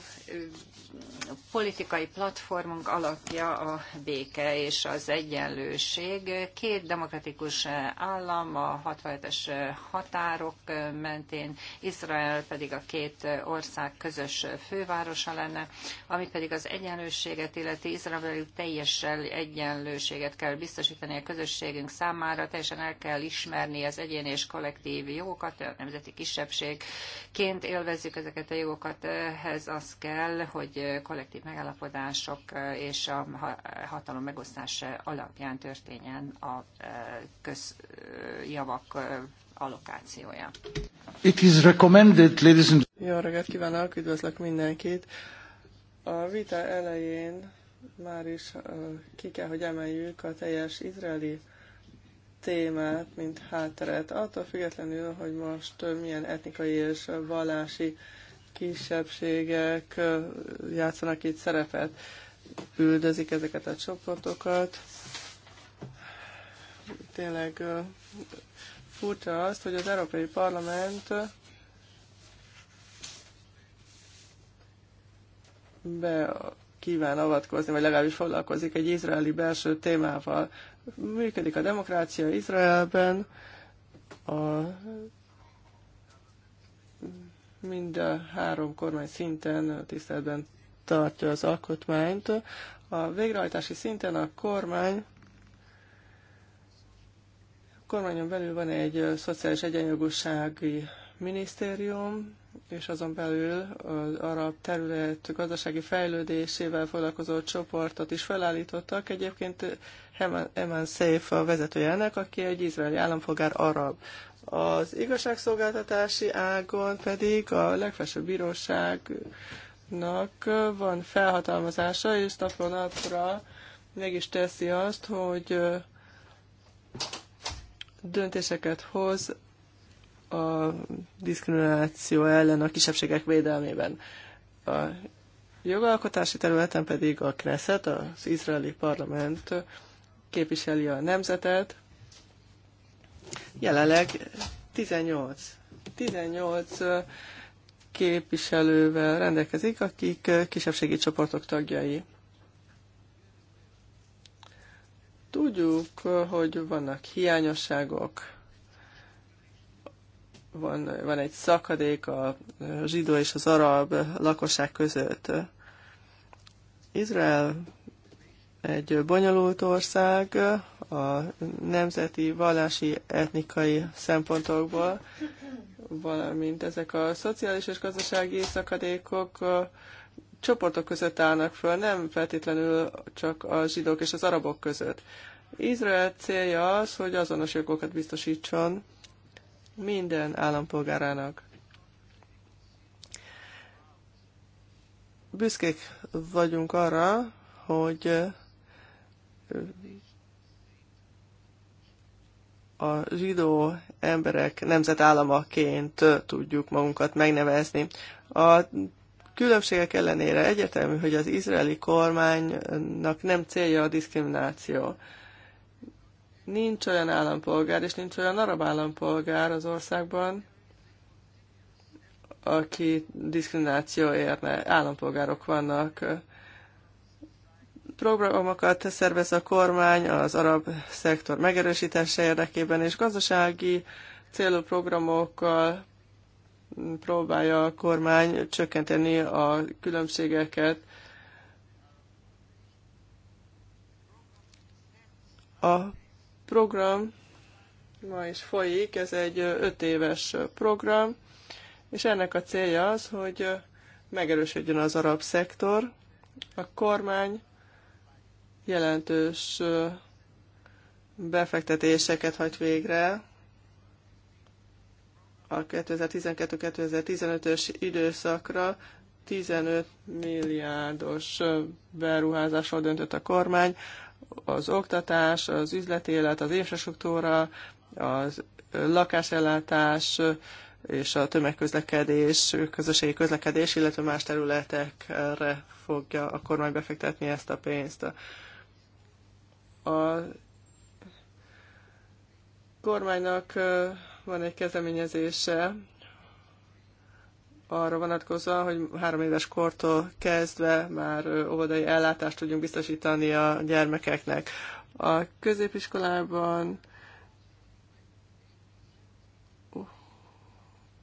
politikai platformunk alapja a béke és az egyenlőség. Két demokratikus állam a 67-es határok mentén, Izrael pedig a két ország közös fővárosa lenne, ami pedig az egyenlőséget illeti Izrael teljesen egyenlőséget kell biztosítani a közösségünk számára, teljesen el kell ismerni az egyén és kollektív jogokat, a nemzeti kisebbségként élvezzük ezeket a jogokat, ehhez az kell, hogy kollektív megállapodások és a hatalom megosztás alapján történjen a közjavak allokációja. It is recommended, ladies and gentlemen. Jó reggelt kívánok, üdvözlök mindenkit. A vita elején már is ki kell, hogy emeljük a teljes izraeli témát, mint hátteret, attól függetlenül, hogy most milyen etnikai és vallási kisebbségek játszanak itt szerepet, üldözik ezeket a csoportokat. Tényleg furcsa azt, hogy az Európai Parlament be kíván avatkozni, vagy legalábbis foglalkozik egy izraeli belső témával. Működik a demokrácia Izraelben, a mind a három kormány szinten tiszteletben tartja az alkotmányt. A végrehajtási szinten a kormány a kormányon belül van egy szociális egyenjogúsági minisztérium, és azon belül az arab terület gazdasági fejlődésével foglalkozó csoportot is felállítottak. Egyébként Eman Seif a vezetője ennek, aki egy izraeli állampolgár arab. Az igazságszolgáltatási ágon pedig a legfelsőbb bíróságnak van felhatalmazása, és napról napra meg is teszi azt, hogy döntéseket hoz a diszkrimináció ellen a kisebbségek védelmében. A jogalkotási területen pedig a Knesset, az izraeli parlament képviseli a nemzetet, Jelenleg 18. 18 képviselővel rendelkezik, akik kisebbségi csoportok tagjai. Tudjuk, hogy vannak hiányosságok, van, van egy szakadék a zsidó és az arab lakosság között. Izrael egy bonyolult ország, a nemzeti, vallási, etnikai szempontokból, valamint ezek a szociális és gazdasági szakadékok csoportok között állnak föl, nem feltétlenül csak a zsidók és az arabok között. Izrael célja az, hogy azonos jogokat biztosítson minden állampolgárának. Büszkék vagyunk arra, hogy a zsidó emberek nemzetállamaként tudjuk magunkat megnevezni. A különbségek ellenére egyértelmű, hogy az izraeli kormánynak nem célja a diszkrimináció. Nincs olyan állampolgár, és nincs olyan arab állampolgár az országban, aki diszkrimináció érne. Állampolgárok vannak programokat szervez a kormány az arab szektor megerősítése érdekében, és gazdasági célú programokkal próbálja a kormány csökkenteni a különbségeket. A program ma is folyik, ez egy öt éves program, és ennek a célja az, hogy megerősödjön az arab szektor. A kormány jelentős befektetéseket hagy végre a 2012-2015-ös időszakra 15 milliárdos beruházásról döntött a kormány, az oktatás, az üzleti élet, az infrastruktúra, az lakásellátás és a tömegközlekedés, közösségi közlekedés, illetve más területekre fogja a kormány befektetni ezt a pénzt. A kormánynak van egy kezdeményezése arra vonatkozóan, hogy három éves kortól kezdve már óvodai ellátást tudjunk biztosítani a gyermekeknek. A középiskolában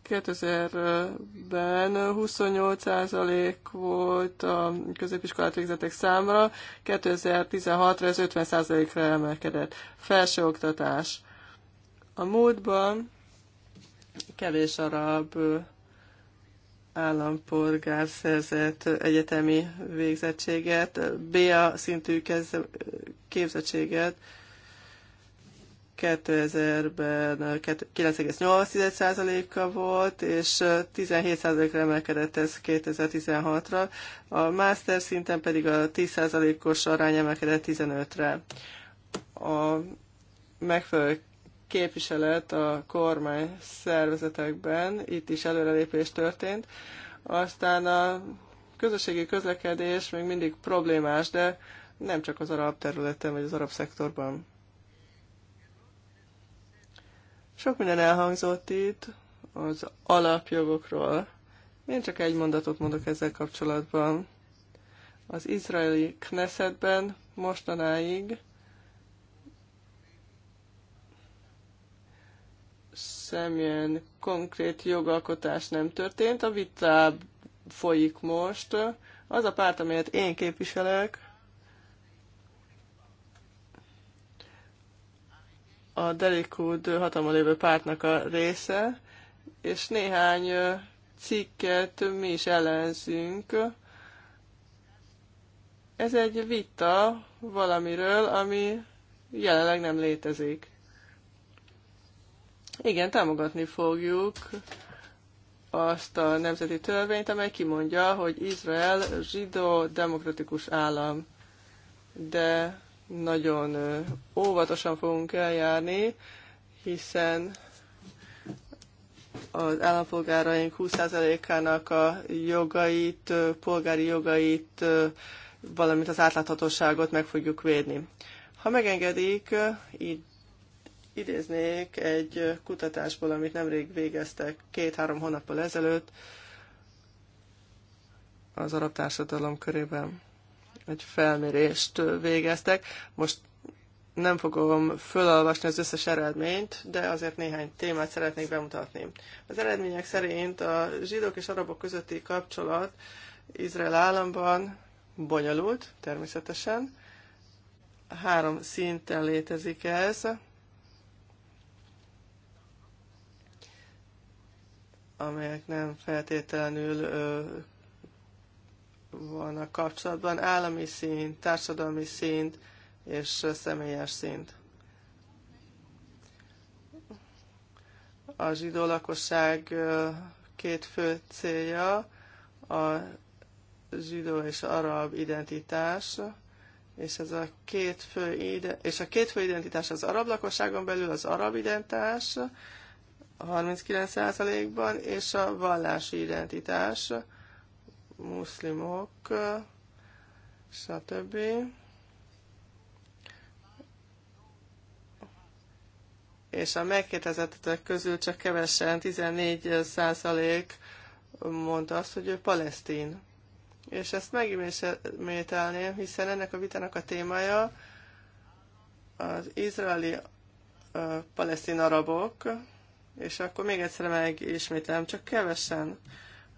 2000-ben 28% volt a középiskolát végzettek számra, 2016-ra ez 50%-ra emelkedett. Felsőoktatás. A múltban kevés arab állampolgár szerzett egyetemi végzettséget, BA szintű képzettséget, 2000-ben 9,8%-a volt, és 17%-ra emelkedett ez 2016-ra, a master szinten pedig a 10%-os arány emelkedett 15-re. A megfelelő képviselet a kormány szervezetekben, itt is előrelépés történt. Aztán a közösségi közlekedés még mindig problémás, de nem csak az arab területen vagy az arab szektorban. Sok minden elhangzott itt az alapjogokról. Én csak egy mondatot mondok ezzel kapcsolatban. Az izraeli Knessetben mostanáig semmilyen konkrét jogalkotás nem történt. A vitá folyik most. Az a párt, amelyet én képviselek, a Delikud hatalma lévő pártnak a része, és néhány cikket mi is ellenzünk. Ez egy vita valamiről, ami jelenleg nem létezik. Igen, támogatni fogjuk azt a nemzeti törvényt, amely kimondja, hogy Izrael zsidó demokratikus állam. De nagyon óvatosan fogunk eljárni, hiszen az állampolgáraink 20%-ának a jogait, polgári jogait, valamint az átláthatóságot meg fogjuk védni. Ha megengedik, így idéznék egy kutatásból, amit nemrég végeztek két-három hónappal ezelőtt az arab társadalom körében egy felmérést végeztek. Most nem fogom fölolvasni az összes eredményt, de azért néhány témát szeretnék bemutatni. Az eredmények szerint a zsidók és arabok közötti kapcsolat Izrael államban bonyolult, természetesen. Három szinten létezik ez. amelyek nem feltétlenül volna kapcsolatban, állami szint, társadalmi szint és személyes szint. A zsidó lakosság két fő célja a zsidó és arab identitás, és ez a két fő ide, és a két fő identitás az arab lakosságon belül az arab identitás 39%-ban, és a vallási identitás muszlimok, stb. És a megkérdezettek közül csak kevesen, 14 százalék mondta azt, hogy ő palesztin. És ezt megismételném, hiszen ennek a vitának a témája az izraeli palesztin arabok, és akkor még egyszer megismételem, csak kevesen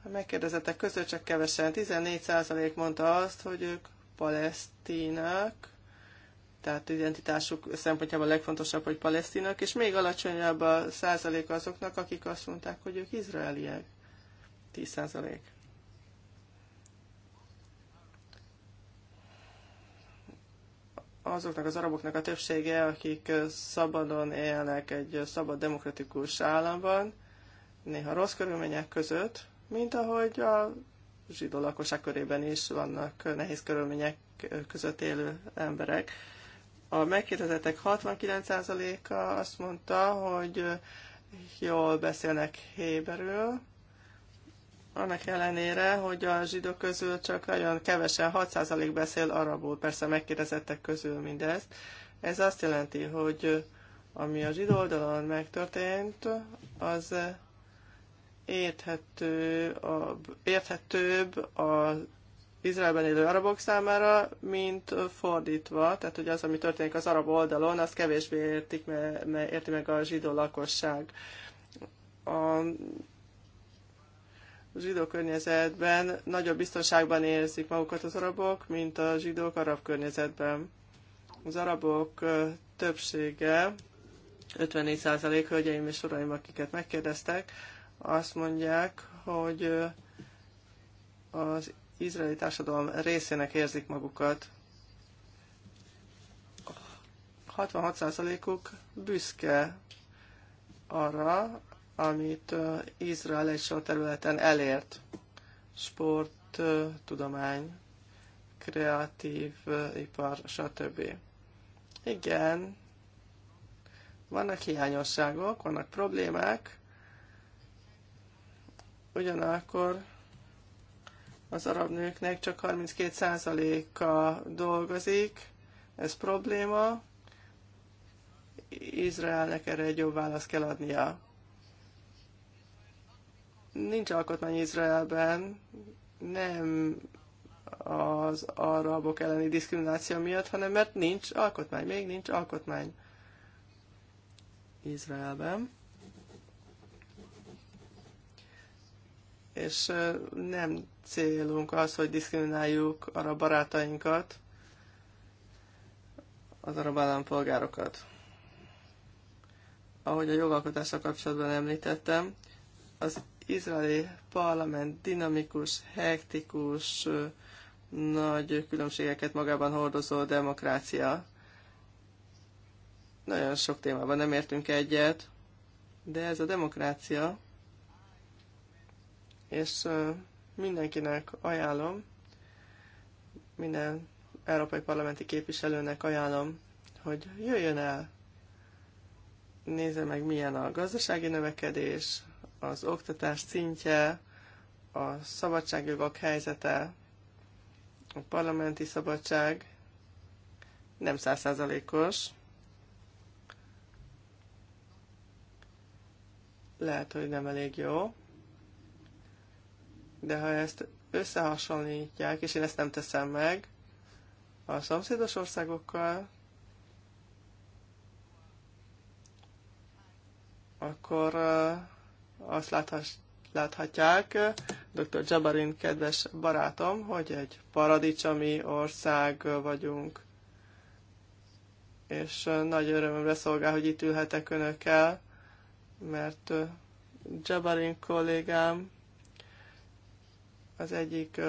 a megkérdezettek között csak kevesen, 14% mondta azt, hogy ők palesztinák, tehát identitásuk szempontjából a legfontosabb, hogy palesztinak, és még alacsonyabb a százalék azoknak, akik azt mondták, hogy ők izraeliek. 10 százalék. Azoknak az araboknak a többsége, akik szabadon élnek egy szabad demokratikus államban, néha rossz körülmények között, mint ahogy a zsidó lakosság körében is vannak nehéz körülmények között élő emberek. A megkérdezettek 69%-a azt mondta, hogy jól beszélnek héberül, annak ellenére, hogy a zsidók közül csak nagyon kevesen, 6% beszél arabul, persze megkérdezettek közül mindezt. Ez azt jelenti, hogy ami a zsidó oldalon megtörtént, az érthető, a, érthetőbb az Izraelben élő arabok számára, mint fordítva, tehát hogy az, ami történik az arab oldalon, az kevésbé értik, mert érti meg a zsidó lakosság. A zsidó környezetben nagyobb biztonságban érzik magukat az arabok, mint a zsidók arab környezetben. Az arabok többsége, 54% hölgyeim és uraim, akiket megkérdeztek, azt mondják, hogy az izraeli társadalom részének érzik magukat. 66%-uk büszke arra, amit Izrael egy sor területen elért. Sport, tudomány, kreatív ipar, stb. Igen, vannak hiányosságok, vannak problémák, Ugyanakkor az arab nőknek csak 32%-a dolgozik, ez probléma. Izraelnek erre egy jobb választ kell adnia. Nincs alkotmány Izraelben, nem az arabok elleni diszkrimináció miatt, hanem mert nincs alkotmány, még nincs alkotmány Izraelben. és nem célunk az, hogy diszkrimináljuk arra barátainkat, az arab állampolgárokat. Ahogy a jogalkotással kapcsolatban említettem, az izraeli parlament dinamikus, hektikus, nagy különbségeket magában hordozó demokrácia. Nagyon sok témában nem értünk egyet, de ez a demokrácia és mindenkinek ajánlom, minden európai parlamenti képviselőnek ajánlom, hogy jöjjön el, nézze meg, milyen a gazdasági növekedés, az oktatás szintje, a szabadságjogok helyzete, a parlamenti szabadság nem százszázalékos. Lehet, hogy nem elég jó. De ha ezt összehasonlítják, és én ezt nem teszem meg, a szomszédos országokkal, akkor azt láthass, láthatják, dr. Jabarin kedves barátom, hogy egy paradicsomi ország vagyunk. És nagy örömömre szolgál, hogy itt ülhetek önökkel, mert Jabarin kollégám az egyik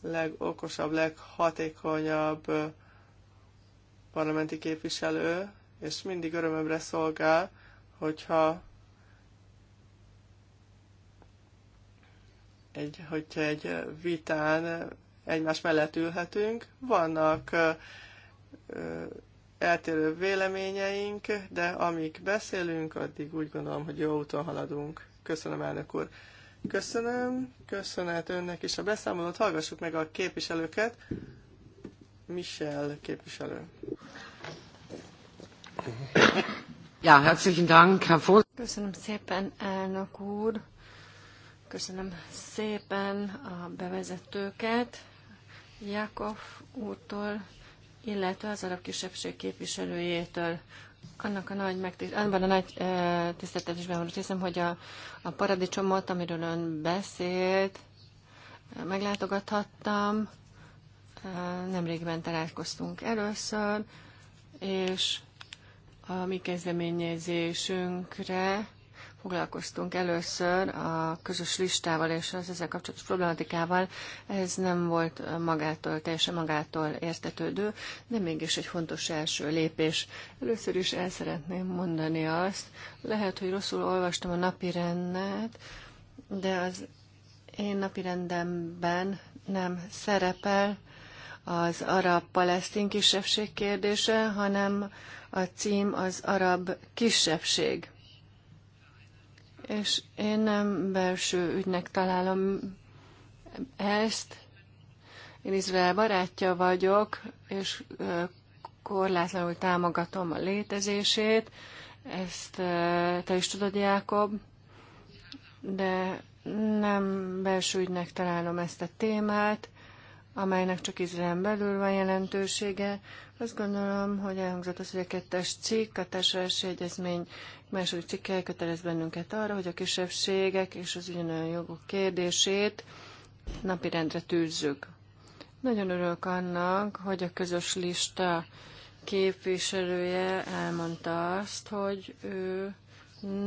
legokosabb, leghatékonyabb parlamenti képviselő, és mindig örömömre szolgál, hogyha egy, hogyha egy vitán egymás mellett ülhetünk. Vannak eltérő véleményeink, de amíg beszélünk, addig úgy gondolom, hogy jó úton haladunk. Köszönöm, elnök úr. Köszönöm, köszönet önnek is a beszámolót. Hallgassuk meg a képviselőket. Michel képviselő. Ja, herzlichen Dank, Herr Voss. Köszönöm szépen, elnök úr. Köszönöm szépen a bevezetőket Jakov úrtól, illetve az arab kisebbség képviselőjétől. Annak a nagy megtiszt, a nagy e, tiszteltetésben van, hiszem, hogy a, a paradicsomot, amiről ön beszélt, meglátogathattam. Nemrégben találkoztunk először, és a mi kezdeményezésünkre foglalkoztunk először a közös listával és az ezzel kapcsolatos problematikával. Ez nem volt magától, teljesen magától értetődő, de mégis egy fontos első lépés. Először is el szeretném mondani azt, lehet, hogy rosszul olvastam a napi rendet, de az én napi rendemben nem szerepel az arab-palesztin kisebbség kérdése, hanem a cím az arab kisebbség. És én nem belső ügynek találom ezt. Én Izrael barátja vagyok, és korlátlanul támogatom a létezését. Ezt te is tudod, Jákob. De nem belső ügynek találom ezt a témát amelynek csak Izrael belül van jelentősége. Azt gondolom, hogy elhangzott az, hogy a kettes cikk, a társadalmi egyezmény második cikke kötelez bennünket arra, hogy a kisebbségek és az ugyanolyan jogok kérdését napirendre tűzzük. Nagyon örülök annak, hogy a közös lista képviselője elmondta azt, hogy ő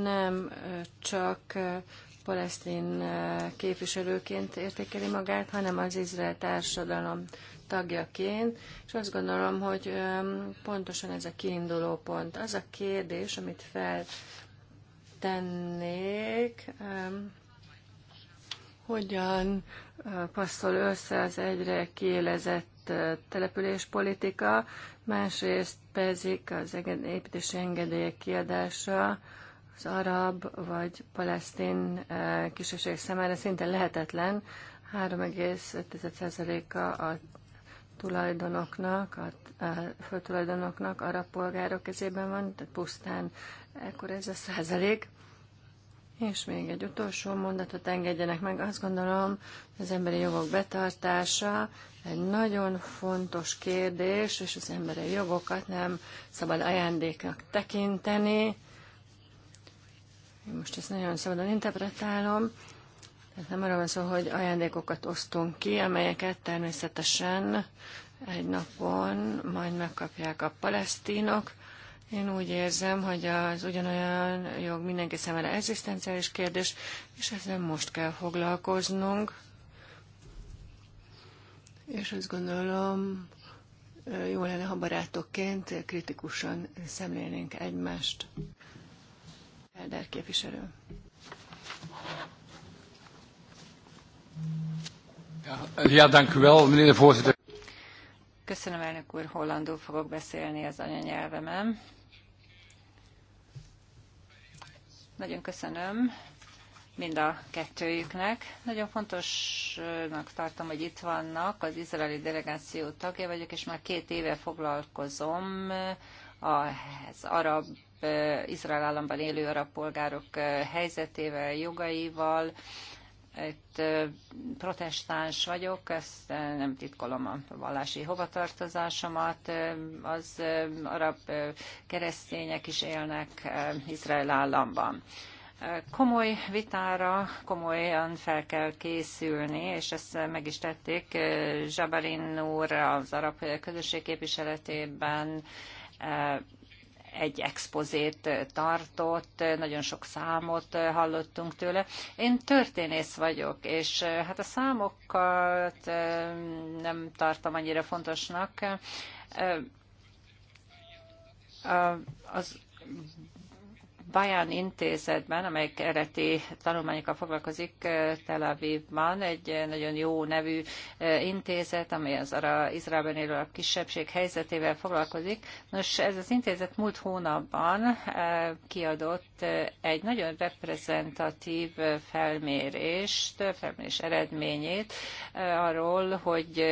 nem csak palesztin eh, képviselőként értékeli magát, hanem az izrael társadalom tagjaként, és azt gondolom, hogy eh, pontosan ez a kiinduló pont. Az a kérdés, amit feltennék, eh, hogyan passzol össze az egyre kiélezett településpolitika, másrészt pedig az építési engedélyek kiadása, az arab vagy palesztin eh, kisebbség számára szinte lehetetlen. 3,5%-a a tulajdonoknak, a, a földtulajdonoknak arab polgárok kezében van, tehát pusztán ekkor ez a százalék. És még egy utolsó mondatot engedjenek meg. Azt gondolom, az emberi jogok betartása egy nagyon fontos kérdés, és az emberi jogokat nem szabad ajándéknak tekinteni, most ezt nagyon szabadon interpretálom. Tehát nem arra van szó, hogy ajándékokat osztunk ki, amelyeket természetesen egy napon majd megkapják a palesztinok. Én úgy érzem, hogy az ugyanolyan jog mindenki számára egzisztenciális kérdés, és ezzel most kell foglalkoznunk. És azt gondolom, jó lenne, ha barátokként kritikusan szemlélnénk egymást. Elder képviselő. Ja, dank u wel, meneer de voorzitter. Köszönöm, elnök úr, hollandul fogok beszélni az anyanyelvemen. Nagyon köszönöm mind a kettőjüknek. Nagyon fontosnak tartom, hogy itt vannak, az izraeli delegáció tagja vagyok, és már két éve foglalkozom az arab Izrael államban élő arab polgárok helyzetével, jogaival. Itt protestáns vagyok, ezt nem titkolom a vallási hovatartozásomat. Az arab keresztények is élnek Izrael államban. Komoly vitára komolyan fel kell készülni, és ezt meg is tették Zsabarin úr az arab közösség képviseletében, Eh, egy expozét eh, tartott, eh, nagyon sok számot hallottunk tőle. Én történész vagyok, és hát a számokat nem tartom annyira fontosnak. Az Bayern intézetben, amely eredeti tanulmányokkal foglalkozik eh, Tel Avivban, egy eh, nagyon jó nevű eh, intézet, amely az arra Izraelben élő a kisebbség helyzetével foglalkozik. Nos, ez az intézet múlt hónapban kiadott egy nagyon reprezentatív felmérést, felmérés eredményét arról, hogy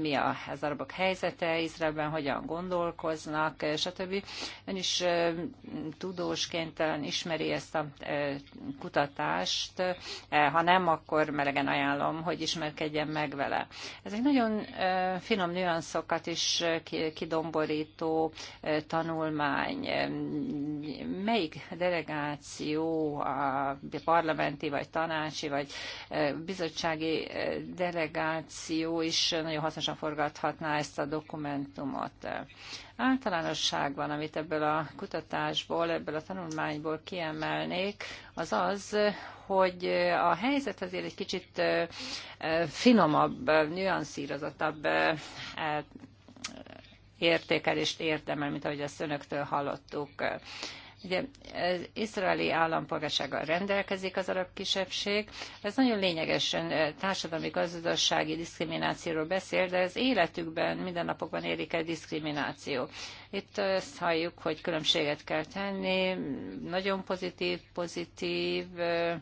mi a, az arabok helyzete Izraelben, hogyan gondolkoznak, stb. Ön is tudósként bizonytalan ismeri ezt a e, kutatást, e, ha nem, akkor melegen ajánlom, hogy ismerkedjen meg vele. Ezek nagyon e, finom nüanszokat is kidomborító tanulmány. Melyik delegáció, a parlamenti, vagy tanácsi, vagy bizottsági delegáció is nagyon hasznosan forgathatná ezt a dokumentumot. Általánosságban, amit ebből a kutatásból, ebből a tanulmányból kiemelnék, az az, hogy a helyzet azért egy kicsit finomabb, nüanszírozatabb e, értékelést érdemel, mint ahogy ezt önöktől hallottuk. Ugye az izraeli állampolgársággal rendelkezik az arab kisebbség. Ez nagyon lényegesen eh, társadalmi gazdasági diszkriminációról beszél, de az életükben, mindennapokban érik el diszkrimináció. Itt azt halljuk, hogy különbséget kell tenni, nagyon pozitív, pozitív, eh,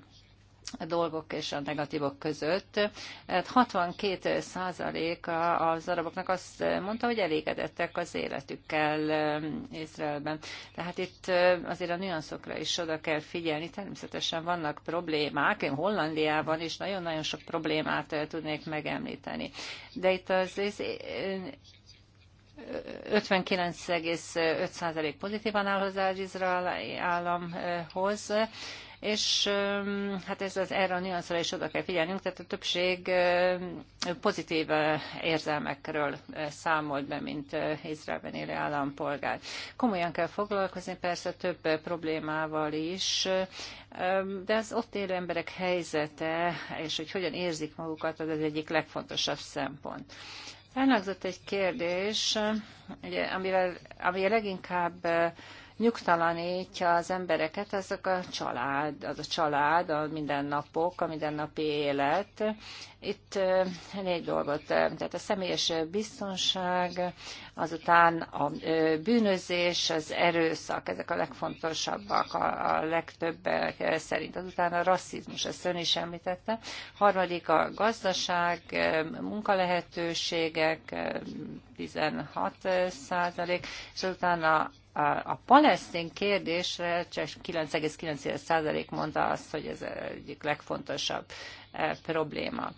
dolgok és a negatívok között. 62 hát százaléka az araboknak azt mondta, hogy elégedettek az életükkel um, Izraelben. Tehát itt uh, azért a nüanszokra is oda kell figyelni. Természetesen vannak problémák. Én Hollandiában is nagyon-nagyon sok problémát uh, tudnék megemlíteni. De itt az, az 59,5% uh, pozitívan áll hozzá az izrael államhoz, és hát ez az erre a nüanszra is oda kell figyelnünk, tehát a többség pozitív érzelmekről számolt be, mint Izraelben élő állampolgár. Komolyan kell foglalkozni persze több problémával is, de az ott élő emberek helyzete, és hogy hogyan érzik magukat, az az egyik legfontosabb szempont. Elnagzott egy kérdés, ugye, amivel, ami leginkább nyugtalanítja az embereket, azok a család, az a család, a mindennapok, a mindennapi élet. Itt négy dolgot, tehát a személyes biztonság, azután a bűnözés, az erőszak, ezek a legfontosabbak, a, legtöbb szerint. Azután a rasszizmus, ezt ön is említette. Harmadik a gazdaság, munkalehetőségek, 16 százalék, és azután a a, a palesztin kérdésre csak 9,9% mondta azt, hogy ez egyik legfontosabb e, probléma.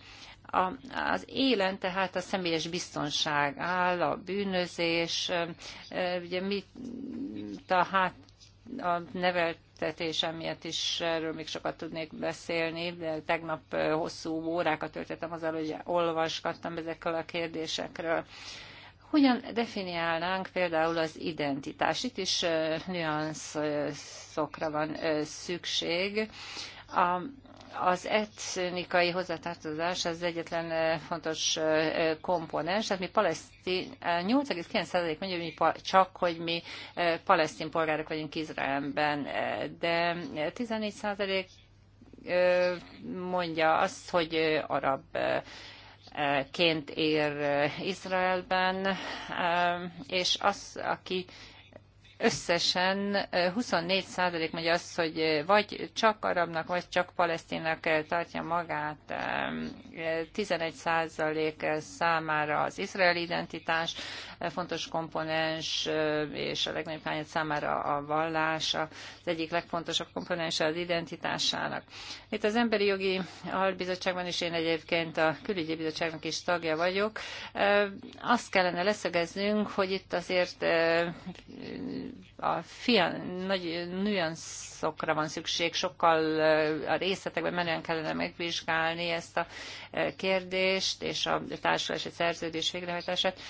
A, az élen tehát a személyes biztonság áll, a bűnözés, e, e, ugye mit a hát a neveltetés, miatt is erről még sokat tudnék beszélni, de tegnap hosszú órákat töltöttem azzal, hogy olvasgattam ezekkel a kérdésekről. Hogyan definiálnánk például az identitást? Itt is nüanszokra van szükség. A, az etnikai hozzátartozás az egyetlen fontos komponens, tehát mi palesztin, 8,9% mondja, hogy mi csak, hogy mi palesztin polgárok vagyunk Izraelben, de 14% mondja azt, hogy arab ként ér eh, Izraelben, eh, és az, aki összesen 24 százalék mondja azt, hogy vagy csak arabnak, vagy csak palesztinnak tartja magát, 11 százalék számára az izraeli identitás fontos komponens, és a legnagyobb hányad számára a vallás az egyik legfontosabb komponens az identitásának. Itt az Emberi Jogi Albizottságban is én egyébként a Külügyi Bizottságnak is tagja vagyok. Azt kellene leszögeznünk, hogy itt azért a fia, nagy nüanszokra van szükség, sokkal eh, a részletekben menően kellene megvizsgálni ezt a eh, kérdést, és a társulási szerződés végrehajtását.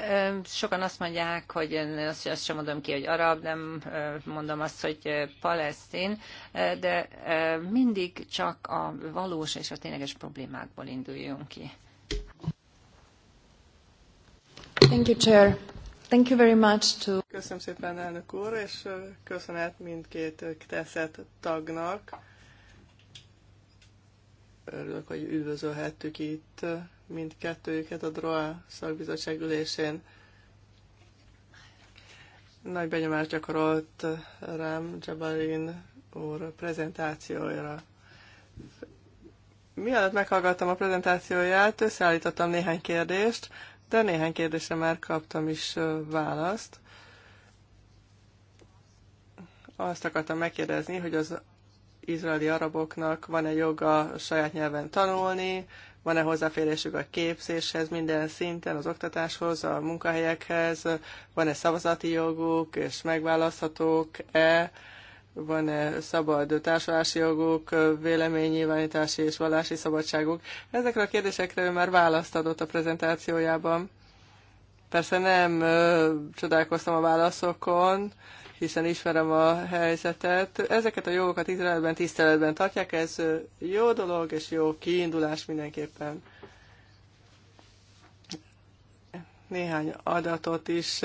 Eh, sokan azt mondják, hogy azt, azt sem mondom ki, hogy arab, nem mondom azt, hogy palesztin, de mindig csak a valós és a tényleges problémákból induljunk ki. Thank you, Chair. Thank you very much to... Köszönöm szépen, elnök úr, és köszönet mindkét teszett tagnak. Örülök, hogy üdvözölhettük itt mindkettőjüket a DROA szakbizottság ülésén. Nagy benyomást gyakorolt rám Jabarin úr prezentációjára. Mielőtt meghallgattam a prezentációját, összeállítottam néhány kérdést, de néhány kérdésre már kaptam is választ. Azt akartam megkérdezni, hogy az izraeli araboknak van-e joga saját nyelven tanulni, van-e hozzáférésük a képzéshez minden szinten, az oktatáshoz, a munkahelyekhez, van-e szavazati joguk, és megválaszthatók-e van-e szabad társulási joguk, véleménynyilvánítási és vallási szabadságuk. Ezekre a kérdésekre ő már választ adott a prezentációjában. Persze nem ö, csodálkoztam a válaszokon, hiszen ismerem a helyzetet. Ezeket a jogokat Izraelben tiszteletben tartják, ez jó dolog és jó kiindulás mindenképpen. Néhány adatot is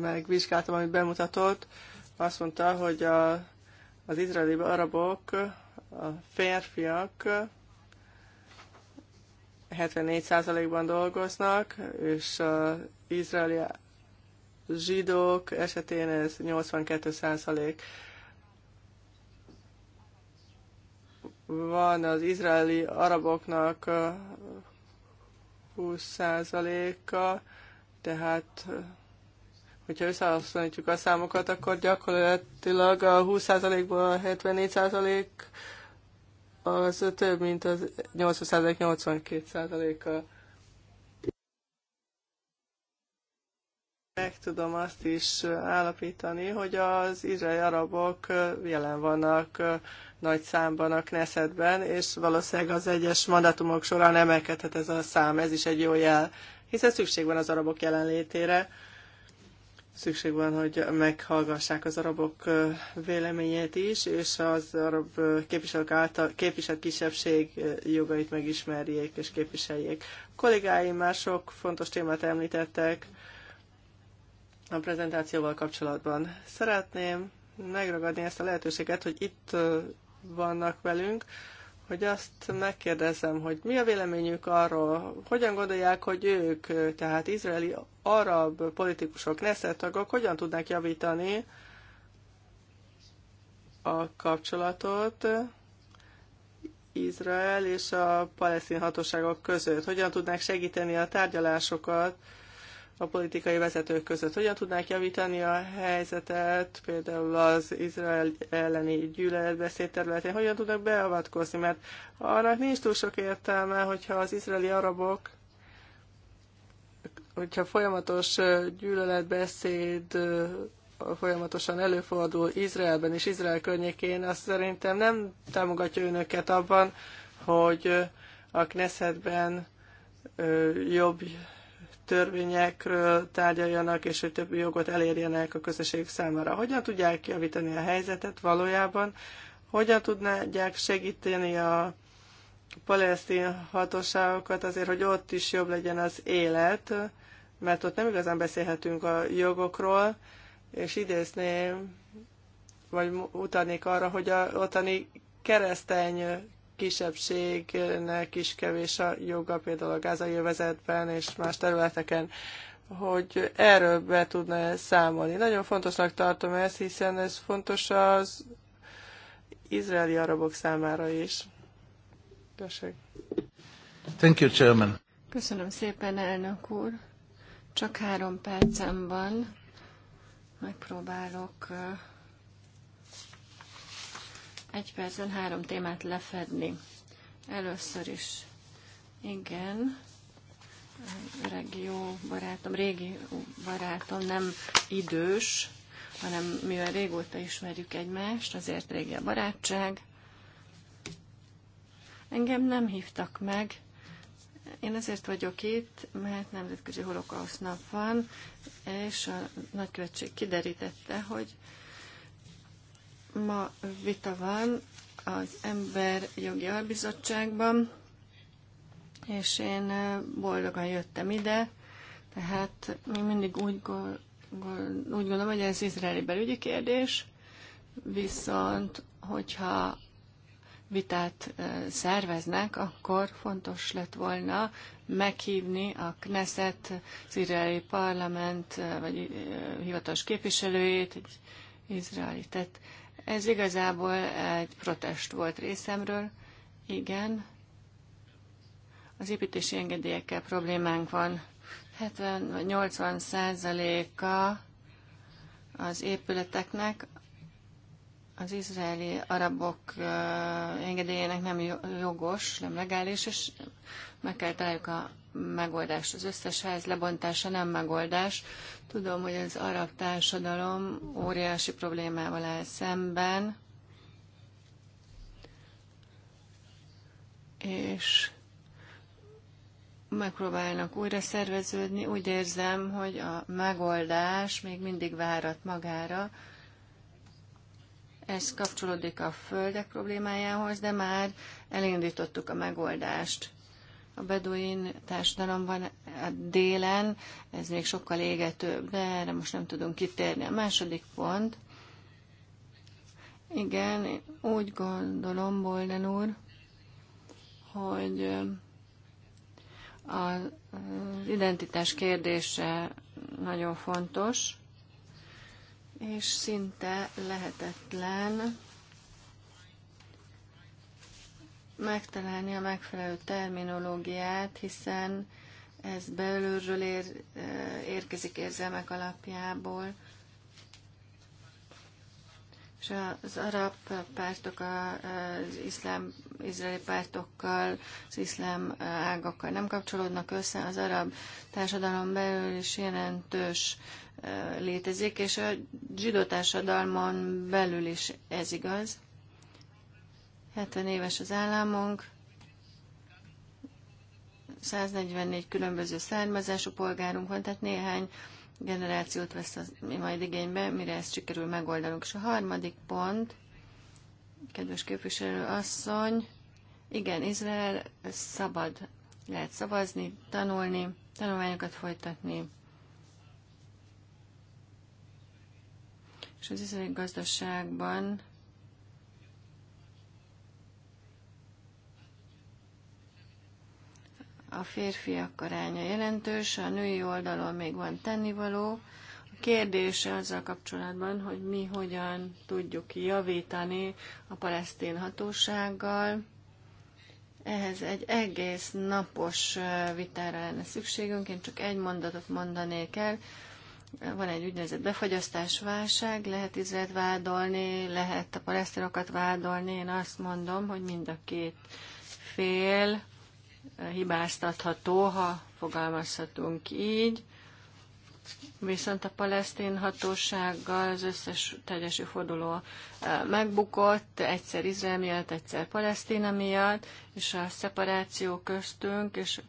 megvizsgáltam, amit bemutatott. Ö, azt mondta, hogy a, az izraeli arabok, a férfiak 74%-ban dolgoznak, és az izraeli zsidók esetén ez 82%. Van az izraeli araboknak 20%-a, tehát Hogyha összehasonlítjuk a számokat, akkor gyakorlatilag a 20%-ból 74% az több, mint az 80% 82%-a. Meg tudom azt is állapítani, hogy az izraeli arabok jelen vannak nagy számban a Knessetben, és valószínűleg az egyes mandátumok során emelkedhet ez a szám, ez is egy jó jel, hiszen szükség van az arabok jelenlétére szükség van, hogy meghallgassák az arabok véleményét is, és az arab képviselők által képviselt kisebbség jogait megismerjék és képviseljék. A kollégáim már sok fontos témát említettek a prezentációval kapcsolatban. Szeretném megragadni ezt a lehetőséget, hogy itt vannak velünk, hogy azt megkérdezem, hogy mi a véleményük arról, hogyan gondolják, hogy ők, tehát izraeli arab politikusok, kneszettagok hogyan tudnák javítani a kapcsolatot Izrael és a palesztin hatóságok között, hogyan tudnák segíteni a tárgyalásokat a politikai vezetők között. Hogyan tudnák javítani a helyzetet, például az Izrael elleni gyűlöletbeszéd területén, hogyan tudnak beavatkozni, mert annak nincs túl sok értelme, hogyha az izraeli arabok hogyha folyamatos gyűlöletbeszéd folyamatosan előfordul Izraelben és Izrael környékén, azt szerintem nem támogatja önöket abban, hogy a Knessetben jobb törvényekről tárgyaljanak, és hogy több jogot elérjenek a közösség számára. Hogyan tudják javítani a helyzetet valójában? Hogyan tudnák segíteni a palesztin hatóságokat azért, hogy ott is jobb legyen az élet, mert ott nem igazán beszélhetünk a jogokról, és idézném, vagy utalnék arra, hogy a ottani keresztény kisebbségnek is kevés a joga, például a gázai övezetben és más területeken, hogy erről be tudna -e számolni. Nagyon fontosnak tartom ezt, hiszen ez fontos az izraeli arabok számára is. Köszönöm. Thank you, Chairman. Köszönöm szépen, elnök úr. Csak három percem van. Megpróbálok egy percben három témát lefedni. Először is, igen, regió barátom, régi barátom, nem idős, hanem mivel régóta ismerjük egymást, azért régi a barátság. Engem nem hívtak meg, én azért vagyok itt, mert Nemzetközi Holokausz Nap van, és a nagykövetség kiderítette, hogy Ma vita van az Ember Jogi Albizottságban, és én boldogan jöttem ide, tehát mi mindig úgy, úgy gondolom, hogy ez izraeli belügyi kérdés, viszont hogyha vitát szerveznek, akkor fontos lett volna meghívni a Knesset, az izraeli parlament, vagy hivatalos képviselőjét, egy izraeli ez igazából egy protest volt részemről. Igen, az építési engedélyekkel problémánk van. 70 vagy 80 százaléka az épületeknek az izraeli arabok engedélyének nem jogos, nem legális, és meg kell találjuk a megoldást. Az összes ház lebontása nem megoldás. Tudom, hogy az arab társadalom óriási problémával áll szemben, és megpróbálnak újra szerveződni. Úgy érzem, hogy a megoldás még mindig várat magára. Ez kapcsolódik a földek problémájához, de már elindítottuk a megoldást a beduin társadalomban a délen, ez még sokkal égetőbb, de erre most nem tudunk kitérni. A második pont, igen, én úgy gondolom, Bolden úr, hogy az identitás kérdése nagyon fontos, és szinte lehetetlen megtalálni a megfelelő terminológiát, hiszen ez belülről ér, érkezik érzelmek alapjából. És az arab pártok az iszlám, izraeli pártokkal, az iszlám ágakkal nem kapcsolódnak össze, az arab társadalom belül is jelentős létezik, és a zsidó társadalmon belül is ez igaz. 70 éves az államunk, 144 különböző származású polgárunk van, tehát néhány generációt vesz az, mi majd igénybe, mire ezt sikerül megoldanunk. És a harmadik pont, kedves képviselő asszony, igen, Izrael szabad. Lehet szavazni, tanulni, tanulmányokat folytatni. És az izraeli gazdaságban a férfiak aránya jelentős, a női oldalon még van tennivaló. A kérdés azzal kapcsolatban, hogy mi hogyan tudjuk javítani a palesztin hatósággal, ehhez egy egész napos vitára lenne szükségünk, én csak egy mondatot mondanék el. Van egy úgynevezett befagyasztásválság, lehet Izraelt vádolni, lehet a palesztinokat vádolni, én azt mondom, hogy mind a két fél hibáztatható, ha fogalmazhatunk így. Viszont a palesztin hatósággal az összes tegyesi forduló e, megbukott, egyszer Izrael miatt, egyszer Palesztina miatt, és a szeparáció köztünk és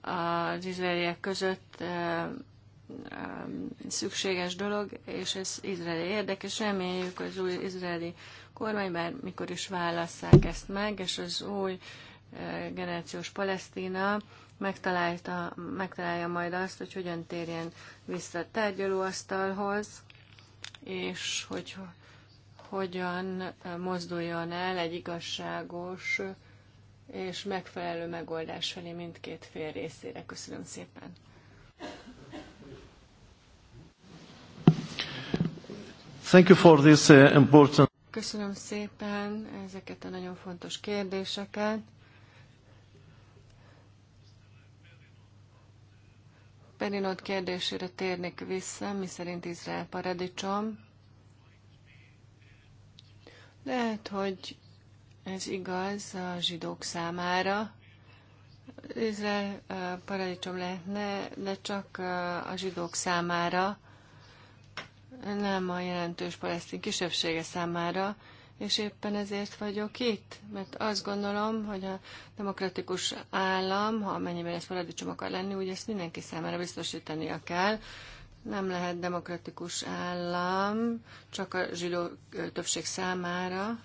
az izraeliek között e, e, szükséges dolog, és ez izraeli érdek, és reméljük az új izraeli kormány, bár mikor is válasszák ezt meg, és az új uh, generációs Palesztina megtalálta, megtalálja majd azt, hogy hogyan térjen vissza a tárgyalóasztalhoz, és hogy hogyan mozduljon el egy igazságos és megfelelő megoldás felé mindkét fél részére. Köszönöm szépen. Thank you for this uh, important... Köszönöm szépen ezeket a nagyon fontos kérdéseket. Perinot kérdésére térnék vissza, miszerint Izrael paradicsom. Lehet, hogy ez igaz a zsidók számára. Izrael paradicsom lehetne, de csak a zsidók számára, nem a jelentős palesztin kisebbsége számára és éppen ezért vagyok itt, mert azt gondolom, hogy a demokratikus állam, ha mennyiben ez paradicsom akar lenni, úgy ezt mindenki számára biztosítania kell. Nem lehet demokratikus állam csak a zsidó többség számára.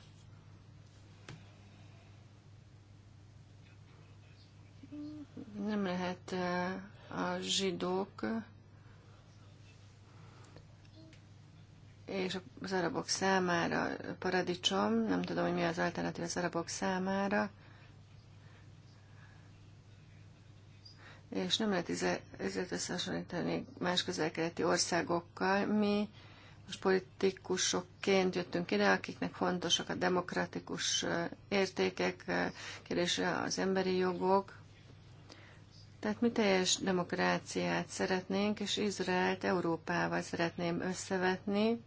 Nem lehet a zsidók és az arabok számára paradicsom, nem tudom, hogy mi az alternatív az arabok számára, és nem lehet ezért összehasonlítani más közel-keleti országokkal. Mi most politikusokként jöttünk ide, akiknek fontosak a demokratikus értékek, kérdése az emberi jogok. Tehát mi teljes demokráciát szeretnénk, és Izraelt Európával szeretném összevetni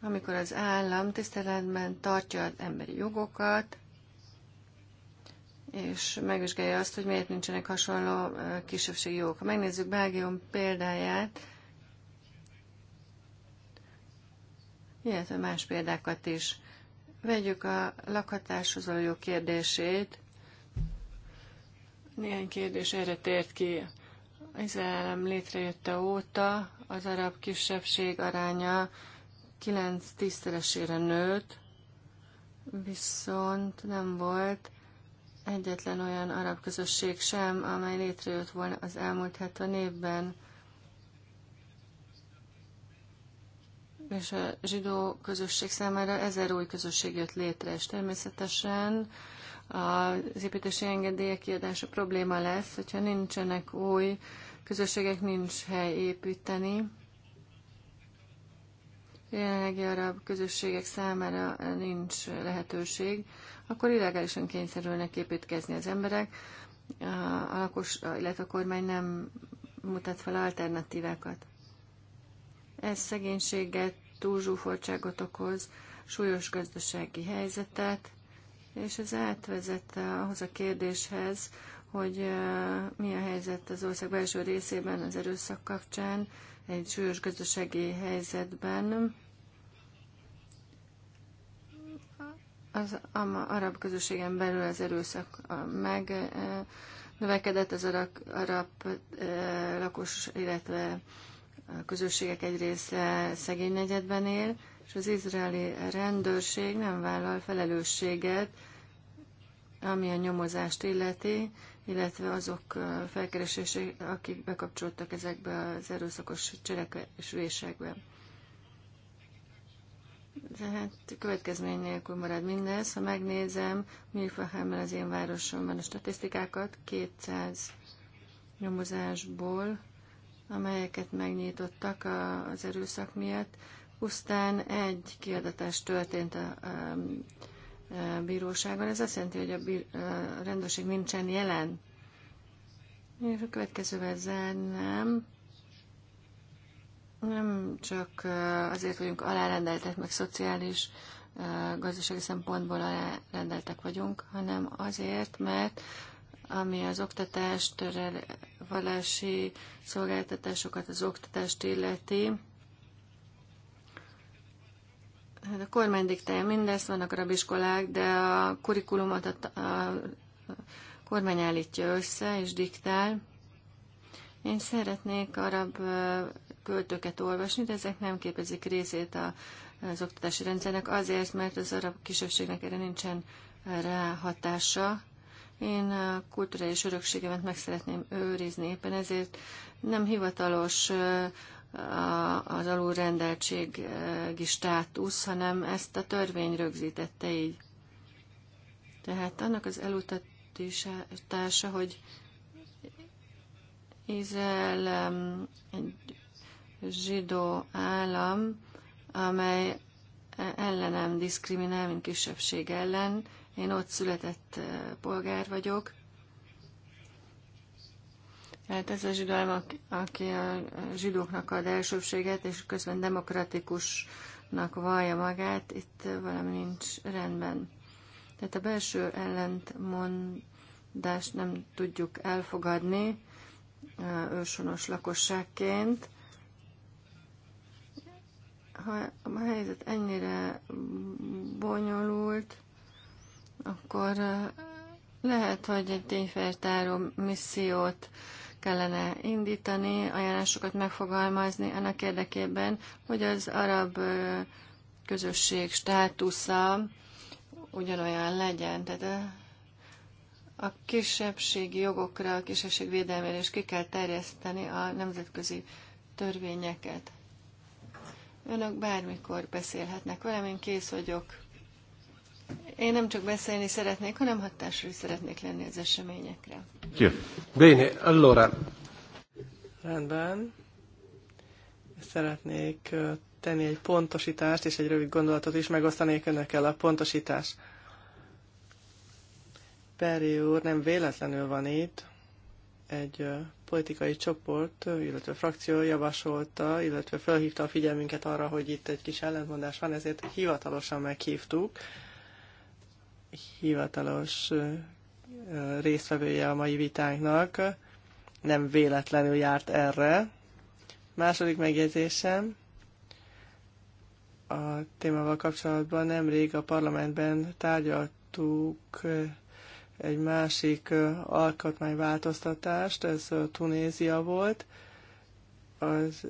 amikor az állam tiszteletben tartja az emberi jogokat, és megvizsgálja azt, hogy miért nincsenek hasonló kisebbségi jogok. Ha megnézzük Belgium példáját, illetve más példákat is. Vegyük a lakhatáshoz való jog kérdését. Néhány kérdés erre tért ki. állam létrejötte óta az arab kisebbség aránya 9 tízszeresére nőtt, viszont nem volt egyetlen olyan arab közösség sem, amely létrejött volna az elmúlt heten évben. És a zsidó közösség számára ezer új közösség jött létre, és természetesen az építési engedélyek kiadása probléma lesz, hogyha nincsenek új közösségek, nincs hely építeni jelenlegi arab közösségek számára nincs lehetőség, akkor illegálisan kényszerülnek építkezni az emberek, a lakos, illetve a kormány nem mutat fel alternatívákat. Ez szegénységet, túlzsúfoltságot okoz, súlyos gazdasági helyzetet, és ez átvezet eh, ahhoz a kérdéshez, hogy eh, mi a helyzet az ország belső részében az erőszak kapcsán, egy súlyos gazdasági helyzetben az arab közösségen belül az erőszak meg növekedett, az arab, arab lakos, illetve a közösségek egy része szegény negyedben él, és az izraeli rendőrség nem vállal felelősséget, ami a nyomozást illeti, illetve azok felkeresése, akik bekapcsoltak ezekbe az erőszakos cselekvésekbe. Tehát következmény nélkül marad mindez. Ha megnézem, Milfahámban az én városomban a statisztikákat, 200 nyomozásból, amelyeket megnyitottak az erőszak miatt, pusztán egy kiadatás történt a, a bíróságon. Ez azt jelenti, hogy a, bí- a rendőrség nincsen jelen. És a következővel zárnám. Nem csak azért vagyunk alárendeltek, meg szociális, gazdasági szempontból alárendeltek vagyunk, hanem azért, mert ami az oktatást, vallási szolgáltatásokat, az oktatást illeti, Hát a kormány diktálja mindezt, vannak rabiskolák, de a kurikulumot a, a, a kormány állítja össze és diktál. Én szeretnék arab költőket olvasni, de ezek nem képezik részét a, az oktatási rendszernek azért, mert az arab kisebbségnek erre nincsen ráhatása. Én a kulturális örökségemet meg szeretném őrizni, éppen ezért nem hivatalos az alulrendeltségi státusz, hanem ezt a törvény rögzítette így. Tehát annak az elutatása, hogy Izrael egy zsidó állam, amely ellenem diszkriminál, mint kisebbség ellen. Én ott született eh, polgár vagyok, tehát ez a zsidó, aki a zsidóknak ad elsőbséget, és közben demokratikusnak vallja magát, itt valami nincs rendben. Tehát a belső ellentmondást nem tudjuk elfogadni ősonos lakosságként. Ha a helyzet ennyire bonyolult, akkor lehet, hogy egy tényfeltáró missziót kellene indítani, ajánlásokat megfogalmazni annak érdekében, hogy az arab közösség státusza ugyanolyan legyen. Tehát a kisebbségi jogokra, a kisebbség védelmére is ki kell terjeszteni a nemzetközi törvényeket. Önök bármikor beszélhetnek velem, én kész vagyok én nem csak beszélni szeretnék, hanem hatásról szeretnék lenni az eseményekre. Jó. Bene, allora. Rendben. Szeretnék tenni egy pontosítást és egy rövid gondolatot is megosztanék önökkel a pontosítás. Peri úr nem véletlenül van itt. Egy politikai csoport, illetve frakció javasolta, illetve felhívta a figyelmünket arra, hogy itt egy kis ellentmondás van, ezért hivatalosan meghívtuk hivatalos résztvevője a mai vitánknak, nem véletlenül járt erre. Második megjegyzésem, a témával kapcsolatban nemrég a parlamentben tárgyaltuk egy másik alkotmányváltoztatást, ez Tunézia volt. Az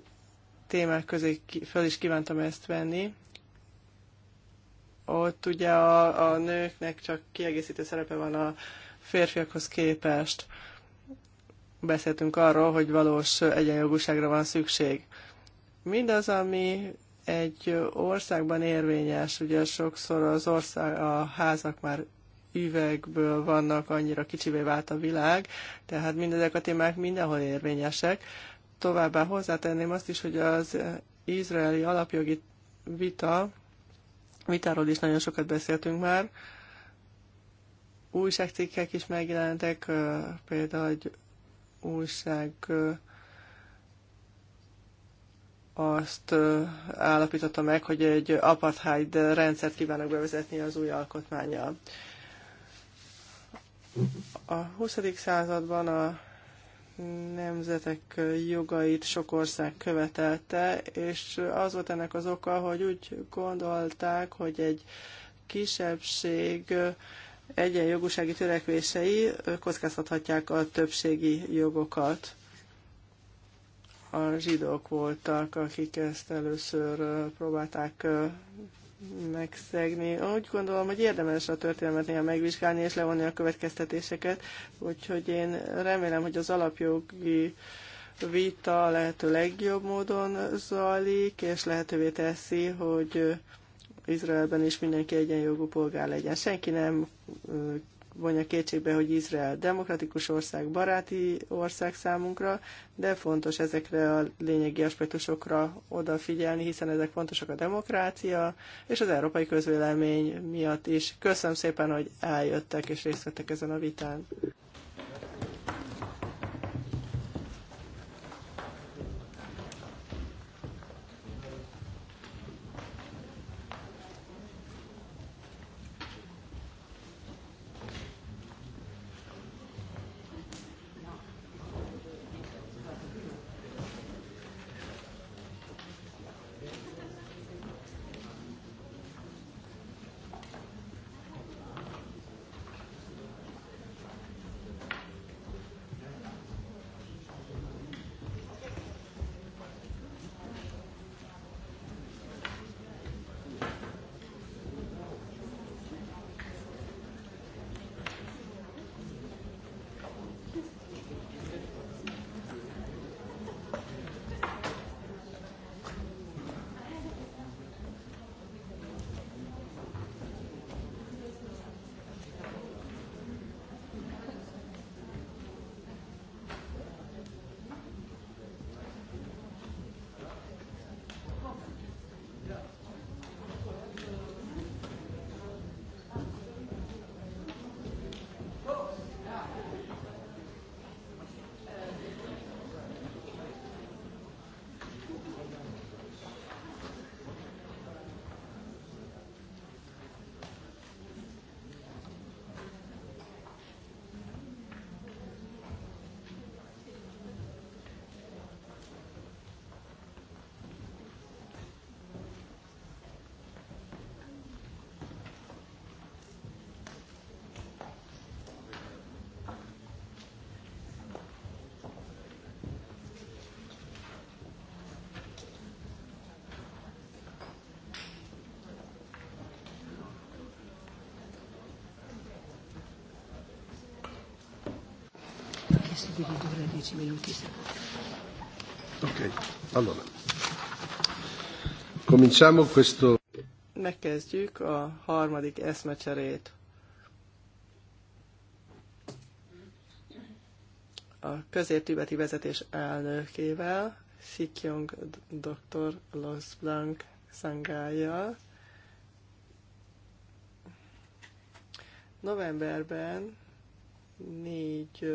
témák közé föl is kívántam ezt venni, ott ugye a, a nőknek csak kiegészítő szerepe van a férfiakhoz képest. Beszéltünk arról, hogy valós egyenjogúságra van szükség. Mindaz, ami egy országban érvényes, ugye sokszor az ország, a házak már üvegből vannak, annyira kicsivé vált a világ, tehát mindezek a témák mindenhol érvényesek. Továbbá hozzátenném azt is, hogy az izraeli alapjogi vita vitáról is nagyon sokat beszéltünk már. Újságcikkek is megjelentek, például egy újság azt állapította meg, hogy egy apartheid rendszert kívánok bevezetni az új alkotmányjal. A 20. században a nemzetek jogait sok ország követelte, és az volt ennek az oka, hogy úgy gondolták, hogy egy kisebbség egyenjogúsági törekvései kockáztathatják a többségi jogokat. A zsidók voltak, akik ezt először próbálták megszegni. Úgy gondolom, hogy érdemes a történelmet néha megvizsgálni és levonni a következtetéseket, úgyhogy én remélem, hogy az alapjogi vita lehető legjobb módon zajlik, és lehetővé teszi, hogy Izraelben is mindenki egyenjogú polgár legyen. Senki nem vonja kétségbe, hogy Izrael demokratikus ország, baráti ország számunkra, de fontos ezekre a lényegi aspektusokra odafigyelni, hiszen ezek fontosak a demokrácia és az európai közvélemény miatt is. Köszönöm szépen, hogy eljöttek és részt vettek ezen a vitán. adesso minuti. Ok, allora. Cominciamo questo... Megkezdjük a harmadik eszmecserét. A középtibeti vezetés elnökével, Sikyong dr. Los Blanc Sangájjal. Novemberben négy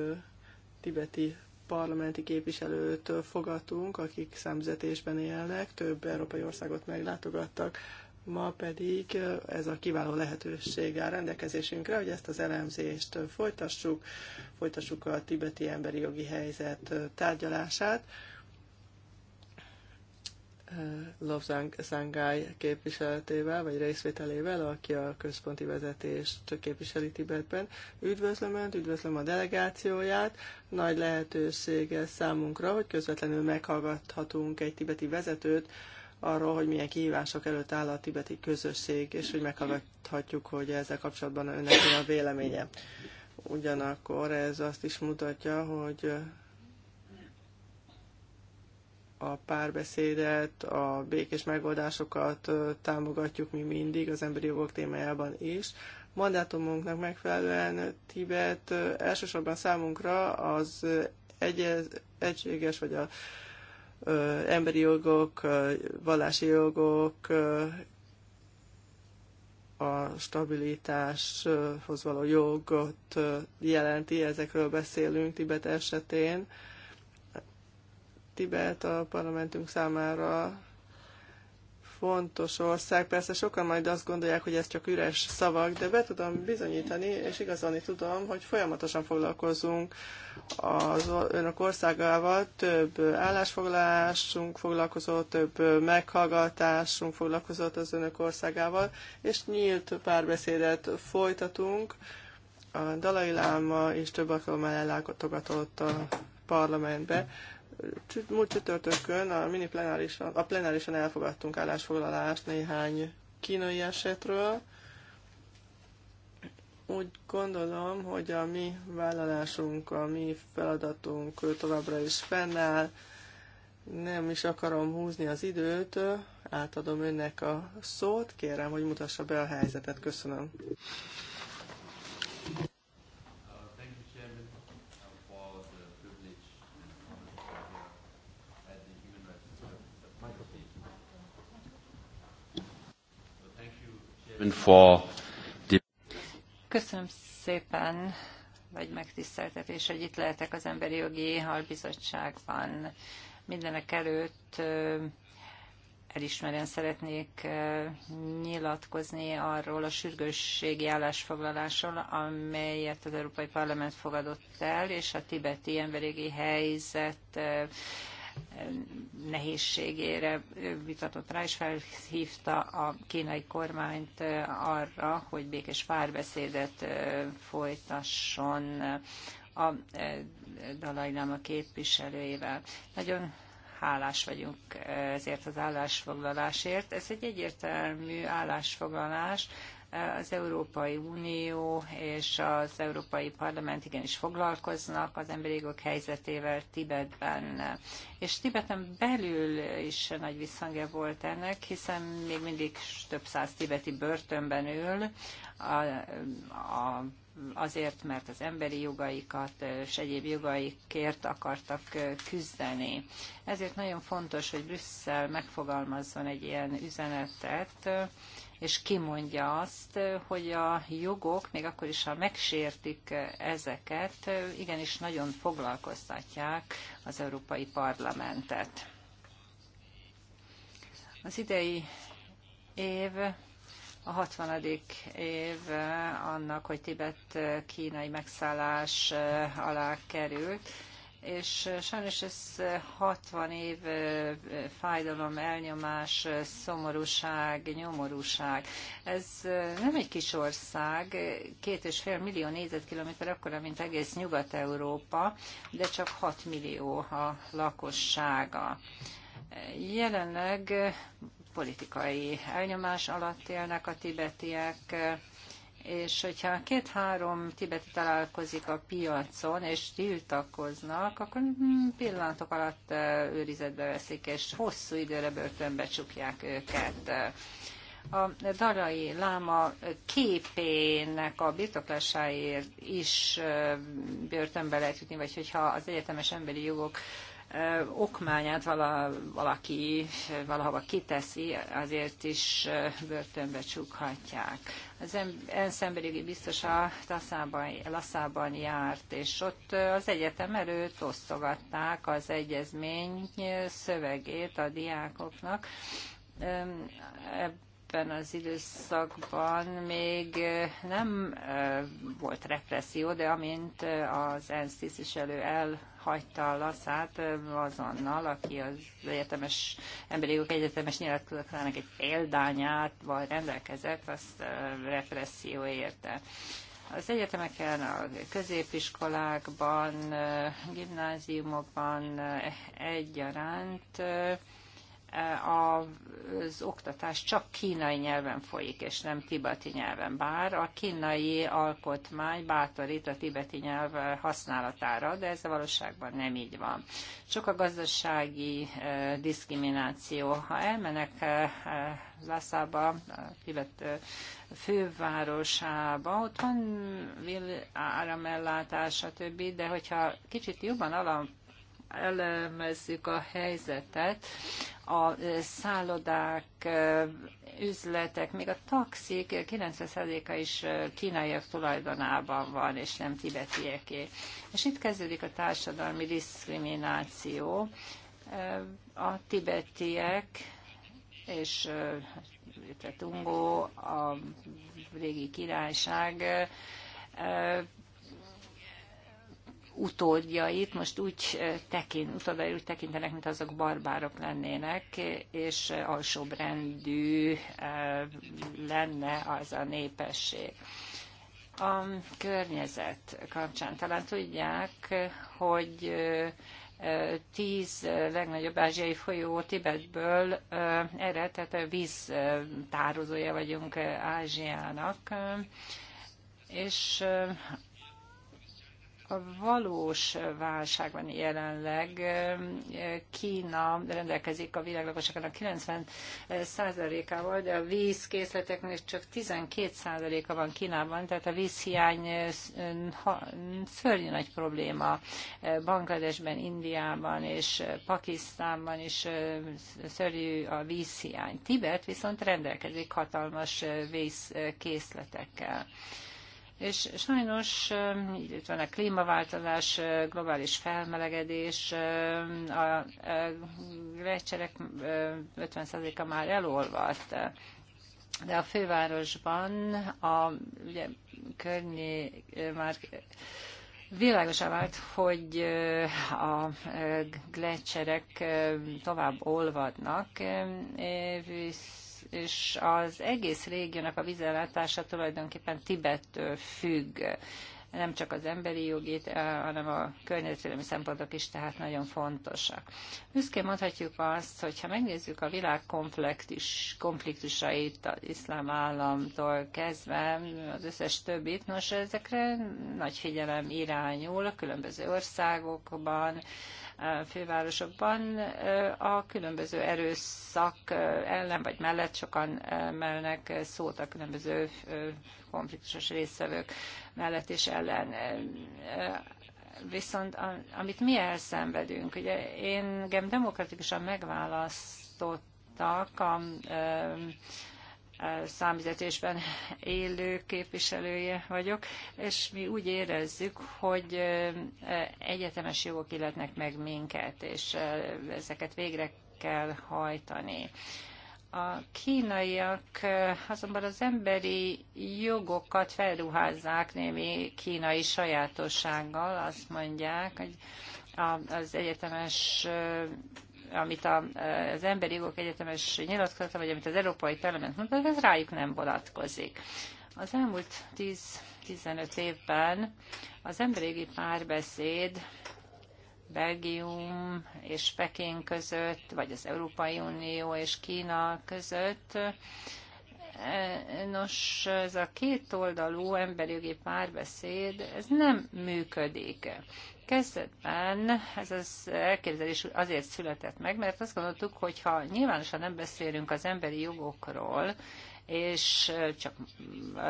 tibeti parlamenti képviselőt fogadtunk, akik szemzetésben élnek, több európai országot meglátogattak, ma pedig ez a kiváló lehetőség áll rendelkezésünkre, hogy ezt az elemzést folytassuk, folytassuk a tibeti emberi jogi helyzet tárgyalását, Lobzang Zangai képviseletével, vagy részvételével, aki a központi vezetést képviseli Tibetben. Üdvözlöm Önt, üdvözlöm a delegációját. Nagy lehetőség számunkra, hogy közvetlenül meghallgathatunk egy tibeti vezetőt, arról, hogy milyen kihívások előtt áll a tibeti közösség, és hogy meghallgathatjuk, hogy ezzel kapcsolatban önnek mi a véleménye. Ugyanakkor ez azt is mutatja, hogy a párbeszédet, a békés megoldásokat támogatjuk mi mindig az emberi jogok témájában is. Mandátumunknak megfelelően Tibet elsősorban számunkra az egyez, egységes vagy a ö, emberi jogok, ö, vallási jogok, ö, a stabilitáshoz való jogot jelenti, ezekről beszélünk Tibet esetén. Ö, Tibet a parlamentünk számára fontos ország. Persze sokan majd azt gondolják, hogy ez csak üres szavak, de be tudom bizonyítani, és igazolni tudom, hogy folyamatosan foglalkozunk az önök országával. Több állásfoglalásunk foglalkozott, több meghallgatásunk foglalkozott az önök országával, és nyílt párbeszédet folytatunk. A Dalai Láma és több alkalommal ellátogatott a parlamentbe múlt csütörtökön a mini plenárison, a plenárison elfogadtunk állásfoglalást néhány kínai esetről. Úgy gondolom, hogy a mi vállalásunk, a mi feladatunk továbbra is fennáll. Nem is akarom húzni az időt, átadom önnek a szót. Kérem, hogy mutassa be a helyzetet. Köszönöm. Köszönöm szépen, vagy megtiszteltetés, hogy itt lehetek az Emberi Jogi Halbizottságban. Mindenek előtt elismerően szeretnék nyilatkozni arról a sürgősségi állásfoglalásról, amelyet az Európai Parlament fogadott el, és a tibeti emberi helyzet nehézségére vitatott rá, és felhívta a kínai kormányt arra, hogy békés párbeszédet folytasson a Dalai Lama képviselőjével. Nagyon hálás vagyunk ezért az állásfoglalásért. Ez egy egyértelmű állásfoglalás, az Európai Unió és az Európai Parlament igenis foglalkoznak az emberi jogok helyzetével Tibetben. És Tibeten belül is nagy visszhangja volt ennek, hiszen még mindig több száz tibeti börtönben ül, a, a azért, mert az emberi jogaikat és egyéb jogaikért akartak küzdeni. Ezért nagyon fontos, hogy Brüsszel megfogalmazzon egy ilyen üzenetet, és kimondja azt, hogy a jogok, még akkor is, ha megsértik ezeket, igenis nagyon foglalkoztatják az Európai Parlamentet. Az idei év a 60. év eh, annak, hogy Tibet eh, kínai megszállás eh, alá került, és sajnos ez 60 év fájdalom, elnyomás, szomorúság, nyomorúság. Ez nem egy kis ország, két és fél millió négyzetkilométer akkora, mint egész Nyugat-Európa, de csak 6 millió a lakossága. Jelenleg politikai elnyomás alatt élnek a tibetiek, és hogyha két-három tibeti találkozik a piacon, és tiltakoznak, akkor pillanatok alatt őrizetbe veszik, és hosszú időre börtönbe csukják őket. A Dalai Láma képének a birtoklásáért is börtönbe lehet jutni, vagy hogyha az egyetemes emberi jogok okmányát vala, valaki valahova kiteszi, azért is börtönbe csukhatják. Az ENSZ emberi biztos a Lasszában, Lasszában járt, és ott az egyetem előtt osztogatták az egyezmény szövegét a diákoknak. Ebben az időszakban még nem volt represszió, de amint az ENSZ tisztviselő el hagyta a laszát azonnal, aki az egyetemes emberi jogok egyetemes nyilatkozatának egy vagy rendelkezett, azt represszió érte. Az egyetemeken, a középiskolákban, gimnáziumokban egyaránt az oktatás csak kínai nyelven folyik, és nem tibeti nyelven. Bár a kínai alkotmány bátorít a tibeti nyelv használatára, de ez a valóságban nem így van. Csak a gazdasági eh, diszkrimináció. Ha elmenek eh, Lászába, a Tibet eh, fővárosába, ott van áramellátás, stb., de hogyha kicsit jobban alap elemezzük a helyzetet, a szállodák, üzletek, még a taxik 90%-a is kínaiak tulajdonában van, és nem tibetieké. És itt kezdődik a társadalmi diszkrimináció. A tibetiek és Tungó, a régi királyság utódjait most úgy, tekint, utódai úgy tekintenek, mint azok barbárok lennének, és alsóbrendű lenne az a népesség. A környezet kapcsán talán tudják, hogy tíz legnagyobb ázsiai folyó Tibetből erre, tehát a víz tározója vagyunk Ázsiának, és a valós válságban jelenleg. Eh, Kína rendelkezik a világ 90 ával de a vízkészleteknek csak 12 százaléka van Kínában, tehát a vízhiány eh, szörnyű nagy probléma. Eh, Bangladesben, Indiában és Pakisztánban is szörnyű a vízhiány. Tibet viszont rendelkezik hatalmas vízkészletekkel. És sajnos itt van a klímaváltozás, globális felmelegedés, a lecserek 50%-a már elolvadt, de a fővárosban a ugye, környé, már Világosan vált, hogy a gletszerek tovább olvadnak, visz és az egész régiónak a vízellátása tulajdonképpen Tibettől függ nem csak az emberi jogét, eh, hanem a környezetvédelmi szempontok is tehát nagyon fontosak. Büszkén mondhatjuk azt, hogy ha megnézzük a világ konfliktus, konfliktusait az iszlám államtól kezdve, az összes többit, nos, ezekre nagy figyelem irányul a különböző országokban, fővárosokban a különböző erőszak ellen vagy mellett sokan mellnek szót a különböző konfliktusos részvevők mellett és ellen viszont amit mi elszenvedünk, ugye én engem demokratikusan megválasztottak a számüzetésben élő képviselője vagyok, és mi úgy érezzük, hogy egyetemes jogok illetnek meg minket, és ezeket végre kell hajtani. A kínaiak azonban az emberi jogokat felruházzák némi kínai sajátossággal, azt mondják, hogy az egyetemes amit a, eh, az Emberi Jogok Egyetemes nyilatkozata, vagy amit az Európai Parlament mondta, ez rájuk nem vonatkozik. Az elmúlt 10-15 évben az emberi párbeszéd Belgium és Peking között, vagy az Európai Unió és Kína között. Eh, nos, ez a két oldalú emberi jogi párbeszéd, ez nem működik. Kezdetben ez az elképzelés azért született meg, mert azt gondoltuk, hogy ha nyilvánosan nem beszélünk az emberi jogokról, és csak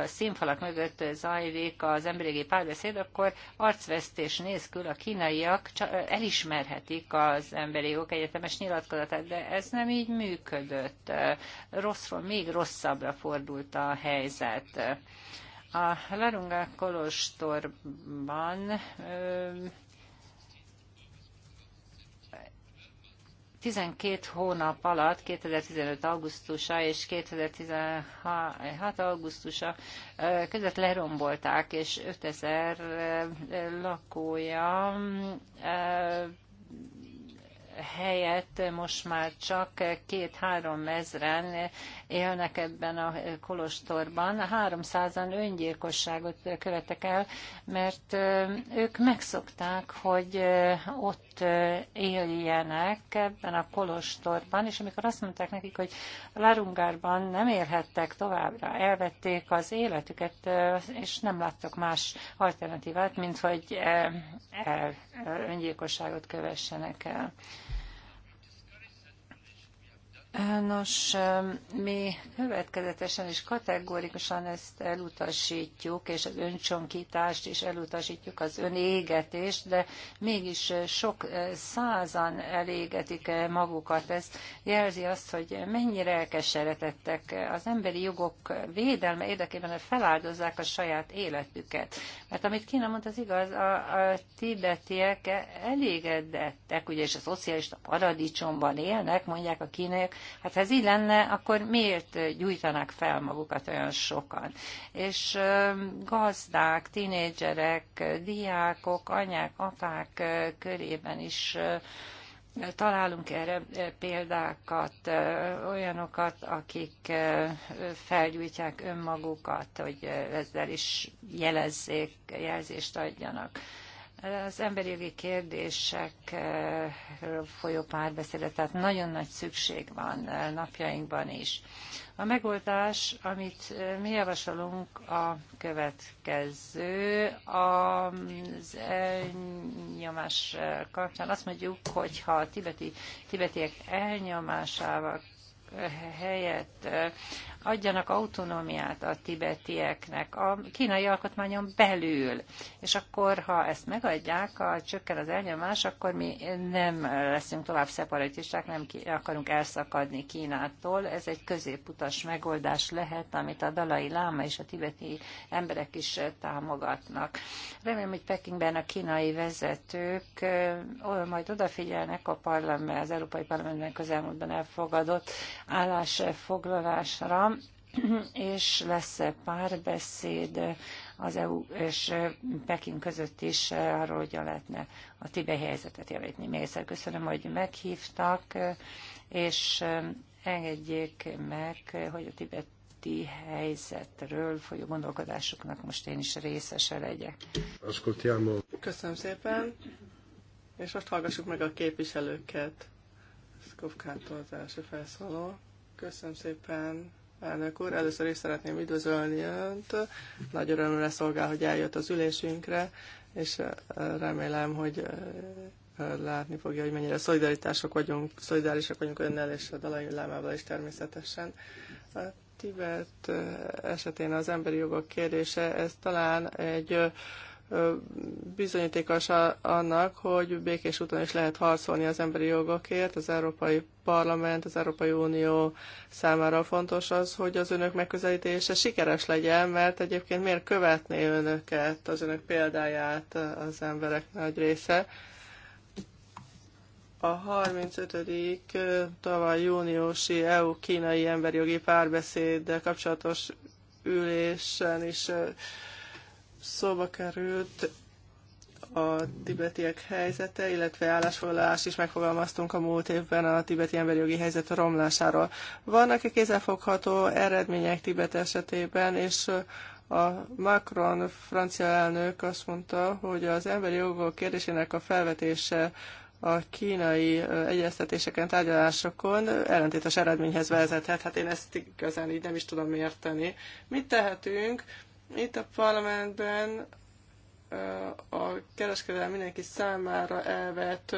színfalak mögött zajlik az emberi párbeszéd, akkor arcvesztés nélkül a kínaiak elismerhetik az emberi jogok egyetemes nyilatkozatát, de ez nem így működött. Rosszról még rosszabbra fordult a helyzet. A Larunga Kolostorban 12 hónap alatt, 2015. augusztusa és 2016. augusztusa között lerombolták, és 5000 lakója helyett most már csak két-három ezren élnek ebben a kolostorban. 300-an öngyilkosságot követek el, mert ők megszokták, hogy ott éljenek ebben a kolostorban, és amikor azt mondták nekik, hogy Larungárban nem élhettek továbbra, elvették az életüket, és nem láttak más alternatívát, mint hogy el, öngyilkosságot kövessenek el. Nos, mi következetesen és kategórikusan ezt elutasítjuk, és az öncsonkítást is elutasítjuk, az önégetést, de mégis sok százan elégetik magukat. Ez jelzi azt, hogy mennyire elkeseretettek az emberi jogok védelme érdekében, hogy feláldozzák a saját életüket. Mert amit Kína mondta, az igaz, a, a tibetiek elégedettek, ugye, és a szocialista paradicsomban élnek, mondják a kínaiak, Hát ha ez így lenne, akkor miért gyújtanak fel magukat olyan sokan? És gazdák, tinédzserek, diákok, anyák, apák körében is Találunk erre példákat, olyanokat, akik felgyújtják önmagukat, hogy ezzel is jelezzék, jelzést adjanak az emberi jogi kérdésekről folyó párbeszédre, tehát nagyon nagy szükség van eh, napjainkban is. A megoldás, amit eh, mi javasolunk, a következő. Az elnyomás eh, kapcsán azt mondjuk, hogy ha a tibeti, tibetiek elnyomásával helyett adjanak autonómiát a tibetieknek a kínai alkotmányon belül, és akkor, ha ezt megadják, a csökken az elnyomás, akkor mi nem leszünk tovább szeparatisták, nem akarunk elszakadni Kínától. Ez egy középutas megoldás lehet, amit a dalai láma és a tibeti emberek is támogatnak. Remélem, hogy Pekingben a kínai vezetők majd odafigyelnek a parlament, az Európai Parlamentben közelmúltban elfogadott állásfoglalásra, és lesz párbeszéd az EU és Peking között is arról, hogy lehetne a tibet helyzetet javítni. Még egyszer köszönöm, hogy meghívtak, és engedjék meg, hogy a tibeti helyzetről folyó gondolkodásoknak most én is részese legyek. Köszönöm szépen, és most hallgassuk meg a képviselőket. Szkovkától az első felszóló. Köszönöm szépen, elnök úr. Először is szeretném üdvözölni Önt. Nagy örömre szolgál, hogy eljött az ülésünkre, és remélem, hogy látni fogja, hogy mennyire szolidaritások vagyunk, szolidárisak vagyunk Önnel és a Dalai Lámával is természetesen. A Tibet esetén az emberi jogok kérdése, ez talán egy bizonyítékos annak, hogy békés úton is lehet harcolni az emberi jogokért. Az Európai Parlament, az Európai Unió számára fontos az, hogy az önök megközelítése sikeres legyen, mert egyébként miért követné önöket, az önök példáját az emberek nagy része. A 35. tavaly júniusi EU-kínai emberi jogi párbeszéd kapcsolatos ülésen is szóba került a tibetiek helyzete, illetve állásfoglalást is megfogalmaztunk a múlt évben a tibeti emberi jogi helyzet romlásáról. Vannak-e kézzelfogható eredmények Tibet esetében, és a Macron francia elnök azt mondta, hogy az emberi jogok kérdésének a felvetése a kínai egyeztetéseken, tárgyalásokon ellentétes eredményhez vezethet. Hát én ezt igazán így nem is tudom érteni. Mit tehetünk? Itt a parlamentben a kereskedelem mindenki számára elvett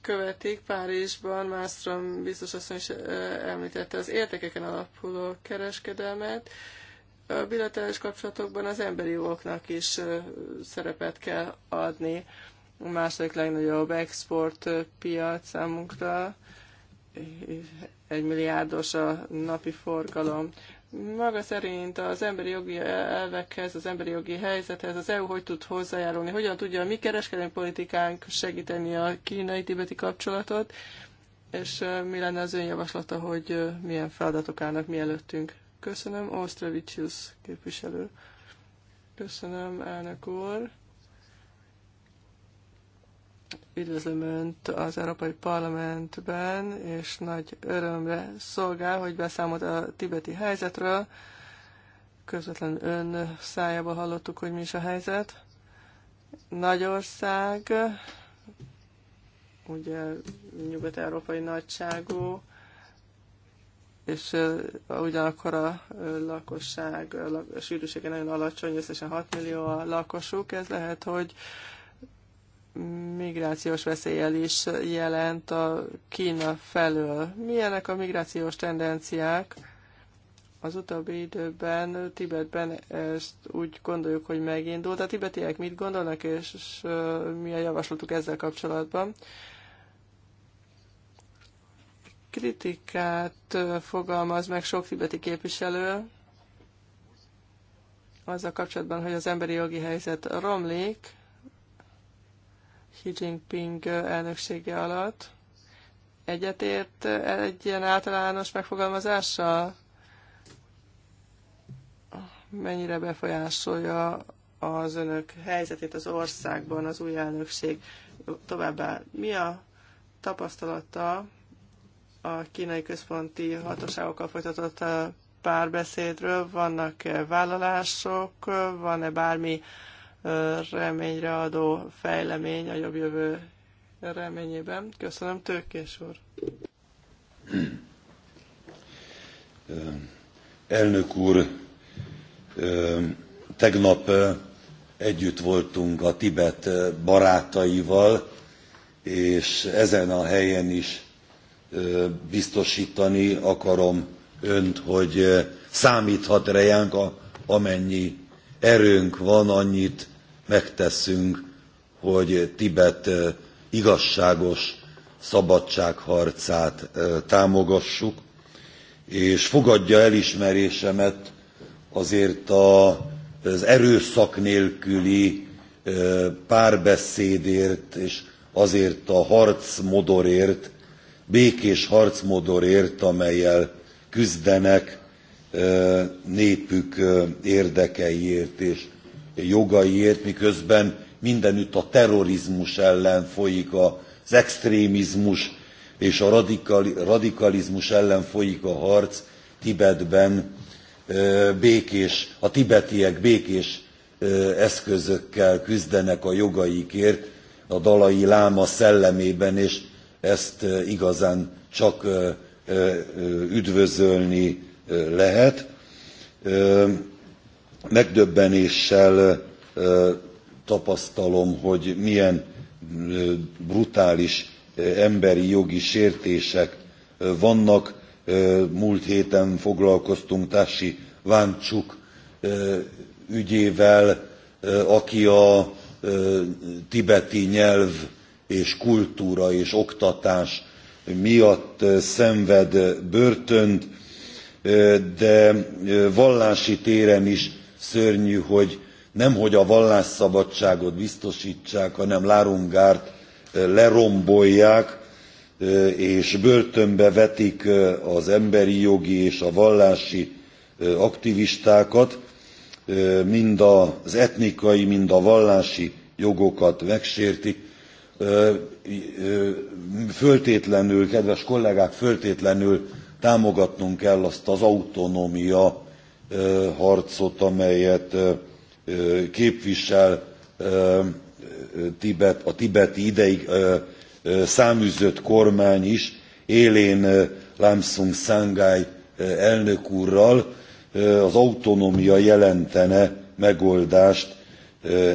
követik. Párizsban Mászrom biztos azt is említette az értékeken alapuló kereskedelmet. A bilaterális kapcsolatokban az emberi jogoknak is szerepet kell adni. A második legnagyobb export piac számunkra, egy milliárdos a napi forgalom maga szerint az emberi jogi elvekhez, az emberi jogi helyzethez az EU hogy tud hozzájárulni, hogyan tudja a mi kereskedelmi politikánk segíteni a kínai-tibeti kapcsolatot, és mi lenne az ön javaslata, hogy milyen feladatok állnak mi előttünk? Köszönöm, Ostrovicius képviselő. Köszönöm, elnök úr. Üdvözlöm Önt az Európai Parlamentben, és nagy örömre szolgál, hogy beszámolt a tibeti helyzetről. Közvetlen Ön szájába hallottuk, hogy mi is a helyzet. Nagyország, ugye nyugat-európai nagyságú, és ugyanakkor a lakosság, a sűrűsége nagyon alacsony, összesen 6 millió a lakosuk, ez lehet, hogy migrációs veszéllyel is jelent a Kína felől. Milyenek a migrációs tendenciák? Az utóbbi időben Tibetben ezt úgy gondoljuk, hogy megindult. A tibetiek mit gondolnak, és, és mi a javaslatuk ezzel kapcsolatban? Kritikát fogalmaz meg sok tibeti képviselő azzal kapcsolatban, hogy az emberi jogi helyzet romlik, Xi Jinping elnöksége alatt. Egyetért egy ilyen általános megfogalmazással? Mennyire befolyásolja az önök helyzetét az országban az új elnökség? Továbbá, mi a tapasztalata a kínai központi hatóságokkal folytatott párbeszédről? Vannak -e vállalások? Van-e bármi reményre adó fejlemény a jobb jövő reményében. Köszönöm, Tőkés úr! Elnök úr, tegnap együtt voltunk a Tibet barátaival, és ezen a helyen is biztosítani akarom önt, hogy számíthat rejánk, amennyi erőnk van, annyit megteszünk, hogy Tibet igazságos szabadságharcát támogassuk, és fogadja elismerésemet azért az erőszak nélküli párbeszédért és azért a harcmodorért, békés harcmodorért, amelyel küzdenek népük érdekeiért és jogaiért, miközben mindenütt a terrorizmus ellen folyik az extrémizmus és a radikalizmus ellen folyik a harc, Tibetben békés, a tibetiek békés eszközökkel küzdenek a jogaikért, a dalai láma szellemében, és ezt igazán csak üdvözölni lehet. Megdöbbenéssel tapasztalom, hogy milyen brutális emberi jogi sértések vannak. Múlt héten foglalkoztunk Tási Váncsuk ügyével, aki a tibeti nyelv és kultúra és oktatás miatt szenved börtönt de vallási téren is szörnyű, hogy nemhogy a vallásszabadságot biztostsák hanem Lárungárt lerombolják, és börtönbe vetik az emberi jogi és a vallási aktivistákat, mind az etnikai, mind a vallási jogokat megsértik. Föltétlenül, kedves kollégák, föltétlenül támogatnunk kell azt az autonómia harcot, amelyet képvisel Tibet, a tibeti ideig száműzött kormány is, élén Lamsung Shanghai elnök úrral, az autonómia jelentene megoldást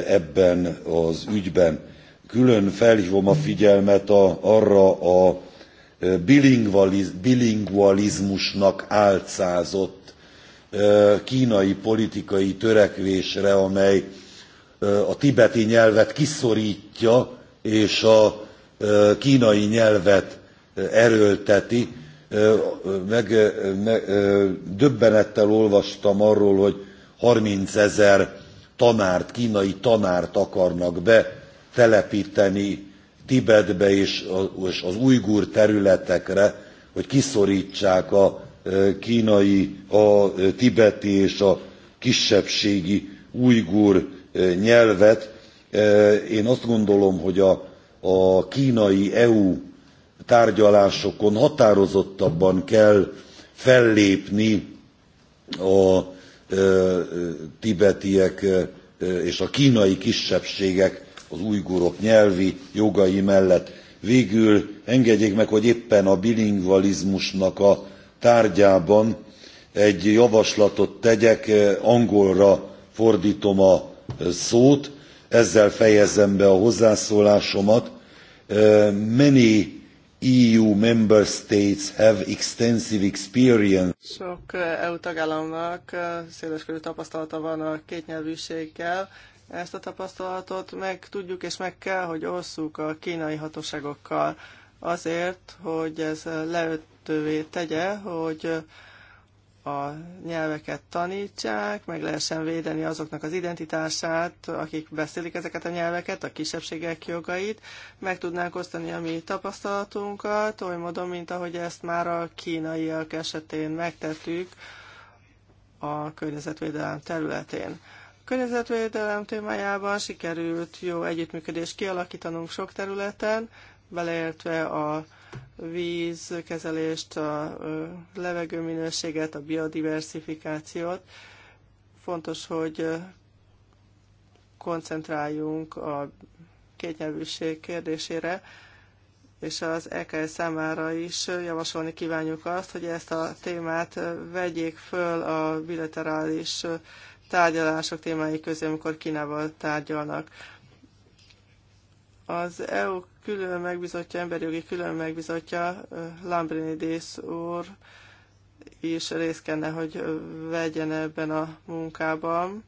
ebben az ügyben. Külön felhívom a figyelmet a, arra a bilingvalizmusnak álcázott kínai politikai törekvésre amely a tibeti nyelvet kiszortja és a kínai nyelvet erőlteti. Meg, meg, döbbenettel olvastam arról hogy thirty ezer tanárt knai tanárt akarnak betelepteni Tibetbe és az ujgur területekre, hogy kiszortsák a kínai, a tibeti és a kisebbségi ujgur nyelvet. Én azt gondolom, hogy a, a kínai EU tárgyalásokon határozottabban kell fellépni a tibetiek és a kínai kisebbségek az ujgurok nyelvi jogai mellett. végül engedjék meg hogy éppen a bilingvalizmusnak a tárgyában egy javaslatot tegyek eh, angolra fordtom a eh, szót ezzel fejezem be a hozzászólásomat. Eh, many eu member states have extensive experience. Sok EU e tagállamnak széleskörű tapasztalata van a kétnyelvűséggel, ezt a tapasztalatot meg tudjuk és meg kell, hogy osszuk a kínai hatóságokkal azért, hogy ez lehetővé tegye, hogy a nyelveket tanítsák, meg lehessen védeni azoknak az identitását, akik beszélik ezeket a nyelveket, a kisebbségek jogait, meg tudnánk osztani a mi tapasztalatunkat, oly módon, mint ahogy ezt már a kínaiak esetén megtettük a környezetvédelem területén környezetvédelem témájában sikerült jó együttműködést kialakítanunk sok területen, beleértve a vízkezelést, a levegőminőséget, a biodiversifikációt. Fontos, hogy koncentráljunk a kétnyelvűség kérdésére, és az EKS számára is javasolni kívánjuk azt, hogy ezt a témát vegyék föl a bilaterális tárgyalások témái közé, amikor Kínával tárgyalnak. Az EU külön megbizotja, emberi jogi külön megbizotja, Lambrinidis úr is részt kellene, hogy vegyen ebben a munkában.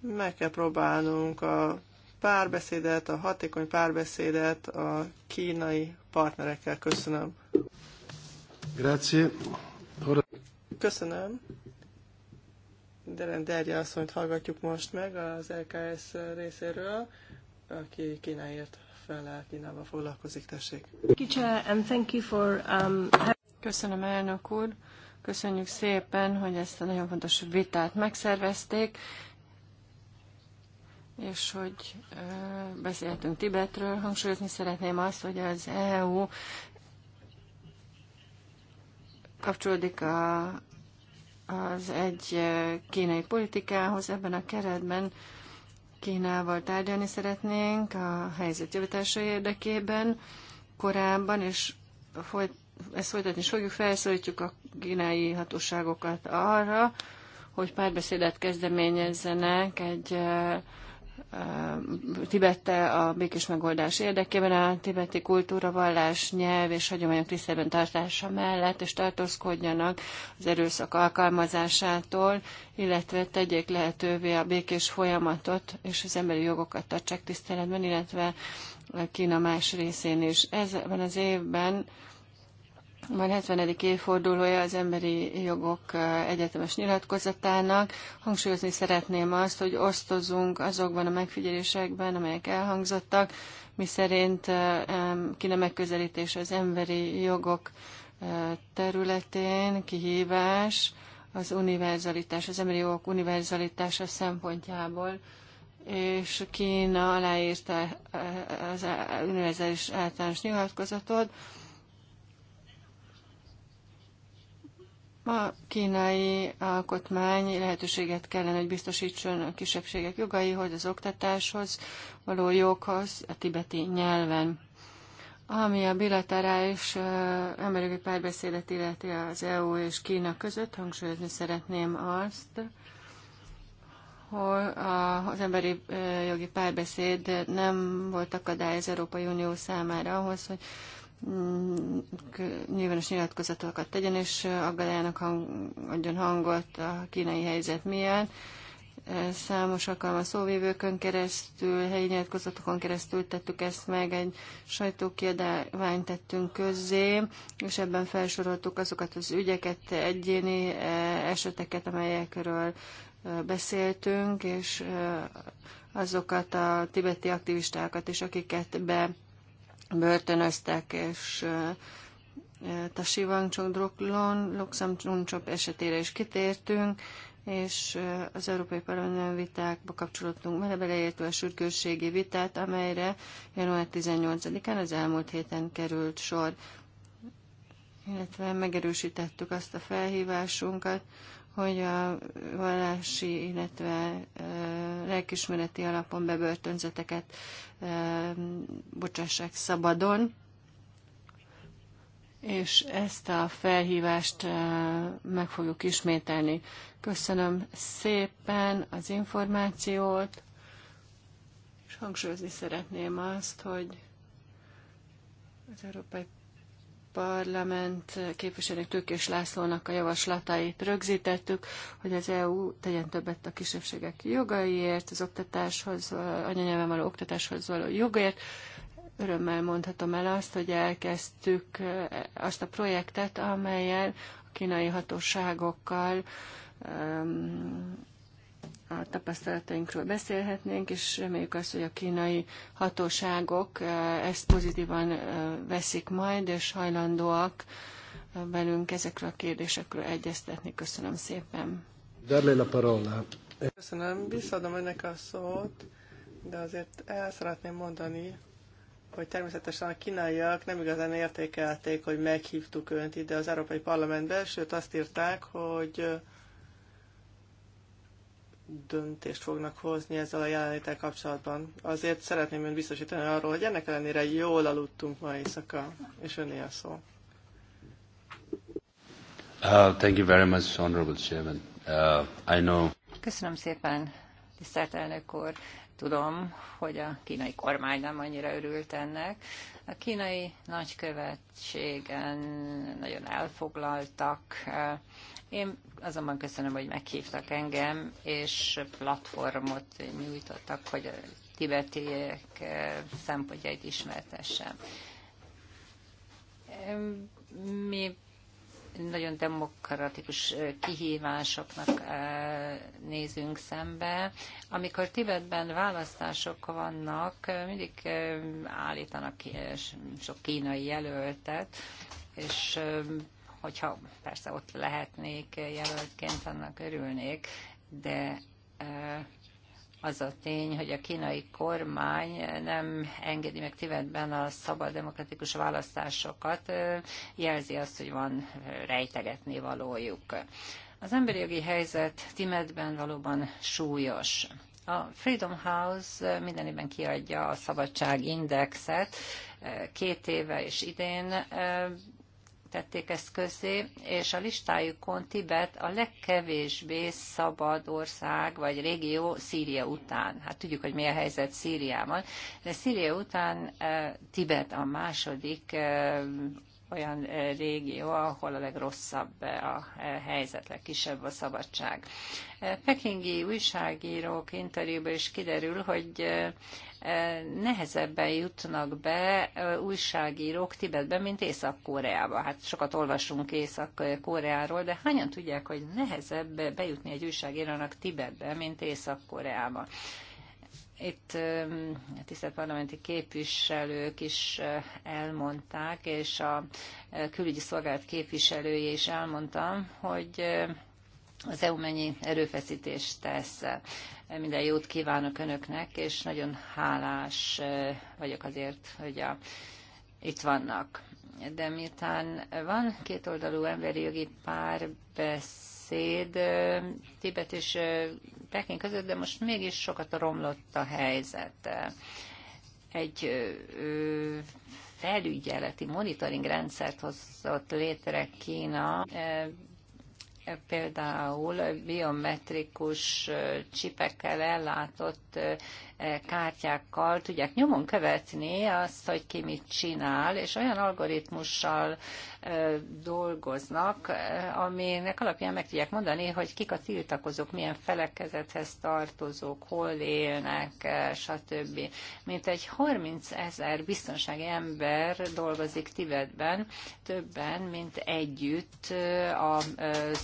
Meg kell próbálnunk a párbeszédet, a hatékony párbeszédet a kínai partnerekkel. Köszönöm. Grazie. Köszönöm. Deren Dergya asszonyt hallgatjuk most meg az LKS részéről, aki Kínáért felel, Kínával foglalkozik, tessék. Um, Köszönöm, elnök úr. Köszönjük szépen, hogy ezt a nagyon fontos vitát megszervezték, és hogy beszéltünk Tibetről. Hangsúlyozni szeretném azt, hogy az EU kapcsolódik a az egy kínai politikához. Ebben a keretben Kínával tárgyalni szeretnénk a helyzet javítása érdekében korábban, és folyt, ezt folytatni is fogjuk, felszólítjuk a kínai hatóságokat arra, hogy párbeszédet kezdeményezzenek egy Tibette a békés megoldás érdekében a tibeti kultúra, vallás, nyelv és hagyományok tiszteletben tartása mellett, és tartózkodjanak az erőszak alkalmazásától, illetve tegyék lehetővé a békés folyamatot, és az emberi jogokat tartsák tiszteletben, illetve Kína más részén is. Ezben az évben már 70. évfordulója az emberi jogok egyetemes nyilatkozatának. Hangsúlyozni szeretném azt, hogy osztozunk azokban a megfigyelésekben, amelyek elhangzottak, miszerint kine megközelítés az emberi jogok területén kihívás az univerzalitás, az emberi jogok univerzalitása szempontjából és Kína aláírta az univerzális általános nyilatkozatot, A kínai alkotmány lehetőséget kellene, hogy biztosítson a kisebbségek jogaihoz, az oktatáshoz, való joghoz, a tibeti nyelven. Ami a bilaterális emberi párbeszédet illeti az EU és Kína között, hangsúlyozni szeretném azt, hogy az emberi jogi párbeszéd nem volt akadály az Európai Unió számára ahhoz, hogy Mm, nyilvános nyilatkozatokat tegyen, és aggájának hang, adjon hangot a kínai helyzet miatt. Számos alkalommal szóvívőkön keresztül, helyi nyilatkozatokon keresztül tettük ezt meg, egy sajtókiadványt tettünk közzé, és ebben felsoroltuk azokat az ügyeket, egyéni eseteket, amelyekről beszéltünk, és azokat a tibeti aktivistákat is, akiket be börtönöztek, és Tasi Vangcsok Druklon, Luxem Csuncsop esetére is kitértünk, és az Európai Parlament vitákba kapcsolódtunk bele, beleértve a sürgősségi vitát, amelyre január 18-án az elmúlt héten került sor, illetve megerősítettük azt a felhívásunkat, hogy a vallási, illetve lelkismereti alapon bebörtönzeteket bocsássák szabadon, és ezt a felhívást meg fogjuk ismételni. Köszönöm szépen az információt, és hangsúlyozni szeretném azt, hogy az Európai parlament képviselőnek Tőkés Lászlónak a javaslatait rögzítettük, hogy az EU tegyen többet a kisebbségek jogaiért, az oktatáshoz, anyanyelven való oktatáshoz való jogért. Örömmel mondhatom el azt, hogy elkezdtük azt a projektet, amelyel a kínai hatóságokkal um, a tapasztalatainkról beszélhetnénk, és reméljük azt, hogy a kínai hatóságok eh, ezt pozitívan eh, veszik majd, és hajlandóak eh, velünk ezekről a kérdésekről egyeztetni. Köszönöm szépen. Darle la parola. Köszönöm, visszaadom önnek a szót, de azért el szeretném mondani, hogy természetesen a kínaiak nem igazán értékelték, hogy meghívtuk önt ide az Európai Parlamentbe, sőt azt írták, hogy döntést fognak hozni ezzel a jelenlétel kapcsolatban. Azért szeretném ön biztosítani arról, hogy ennek ellenére jól aludtunk ma éjszaka, és önné a szó. Uh, thank you very much, Honorable Chairman. Uh, I know... Köszönöm szépen, tisztelt elnök úr. Tudom, hogy a kínai kormány nem annyira örült ennek. A kínai nagykövetségen nagyon elfoglaltak, uh, én azonban köszönöm, hogy meghívtak engem, és platformot nyújtottak, hogy a tibetiek eh, szempontjait ismertessem. Mi nagyon demokratikus eh, kihívásoknak eh, nézünk szembe. Amikor Tibetben választások vannak, mindig állítanak sok kínai jelöltet, és hogyha persze ott lehetnék jelöltként, annak örülnék, de az a tény, hogy a kínai kormány nem engedi meg Tibetben a szabad demokratikus választásokat, jelzi azt, hogy van rejtegetni valójuk. Az emberi jogi helyzet Tibetben valóban súlyos. A Freedom House minden évben kiadja a szabadság indexet, két éve és idén tették ezt közzé, és a listájukon Tibet a legkevésbé szabad ország vagy régió Szíria után. Hát tudjuk, hogy mi a helyzet Szíriában, de Szíria után eh, Tibet a második eh, olyan régió, ahol a legrosszabb a helyzet, legkisebb a szabadság. Pekingi újságírók interjúban is kiderül, hogy nehezebben jutnak be újságírók Tibetbe, mint Észak-Koreába. Hát sokat olvasunk Észak-Koreáról, de hányan tudják, hogy nehezebb bejutni egy újságírónak Tibetbe, mint Észak-Koreába? itt a tisztelt parlamenti képviselők is elmondták, és a külügyi szolgálat képviselője is elmondta, hogy az EU mennyi erőfeszítést tesz. Minden jót kívánok Önöknek, és nagyon hálás vagyok azért, hogy a, itt vannak. De miután van kétoldalú emberi jogi párbeszéd, párbeszéd Tibet és Peking között, de most mégis sokat romlott a helyzet. Egy felügyeleti monitoring rendszert hozott létre Kína, például biometrikus csipekkel ellátott kártyákkal tudják nyomon követni azt, hogy ki mit csinál, és olyan algoritmussal dolgoznak, aminek alapján meg tudják mondani, hogy kik a tiltakozók, milyen felekezethez tartozók, hol élnek, stb. Mint egy 30 ezer biztonsági ember dolgozik Tibetben, többen, mint együtt a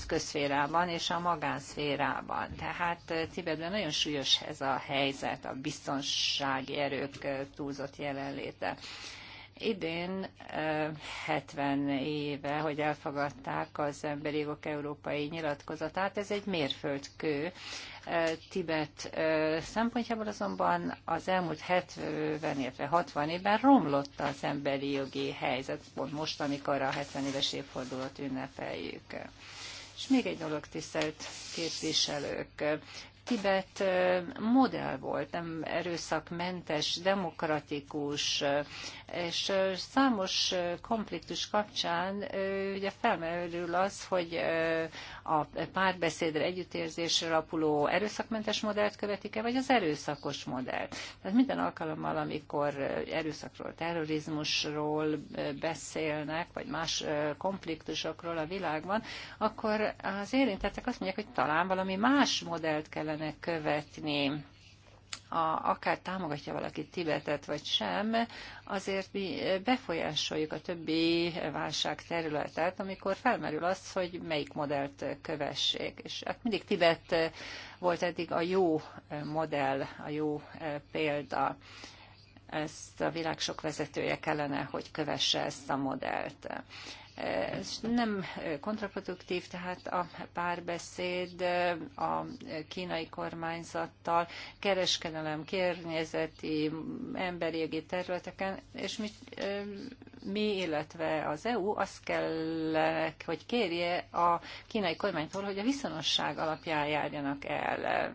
közszférában és a magánszférában. Tehát Tibetben nagyon súlyos ez a helyzet, a biztonsági erők túlzott jelenléte. Idén 70 éve, hogy elfogadták az Emberi Jogok Európai Nyilatkozatát, ez egy mérföldkő. Tibet szempontjából azonban az elmúlt 70, illetve 60 évben romlott az emberi jogi helyzet, pont most, amikor a 70 éves évfordulót ünnepeljük. És még egy dolog, tisztelt képviselők, Tibet modell volt, nem erőszakmentes, demokratikus, és számos konfliktus kapcsán ugye felmerül az, hogy a párbeszédre, együttérzésre alapuló erőszakmentes modellt követik-e, vagy az erőszakos modell. Tehát minden alkalommal, amikor erőszakról, terrorizmusról beszélnek, vagy más konfliktusokról a világban, akkor az érintettek azt mondják, hogy talán valami más modellt kellene követni a, akár támogatja valaki Tibetet vagy sem, azért mi befolyásoljuk a többi válság területet, amikor felmerül az, hogy melyik modellt kövessék. És hát mindig Tibet volt eddig a jó modell, a jó példa. Ezt a világ sok vezetője kellene, hogy kövesse ezt a modellt. Ez nem kontraproduktív, tehát a párbeszéd a kínai kormányzattal, kereskedelem, környezeti, emberi jogi területeken, és mi, mi, illetve az EU azt kell, hogy kérje a kínai kormánytól, hogy a viszonosság alapján járjanak el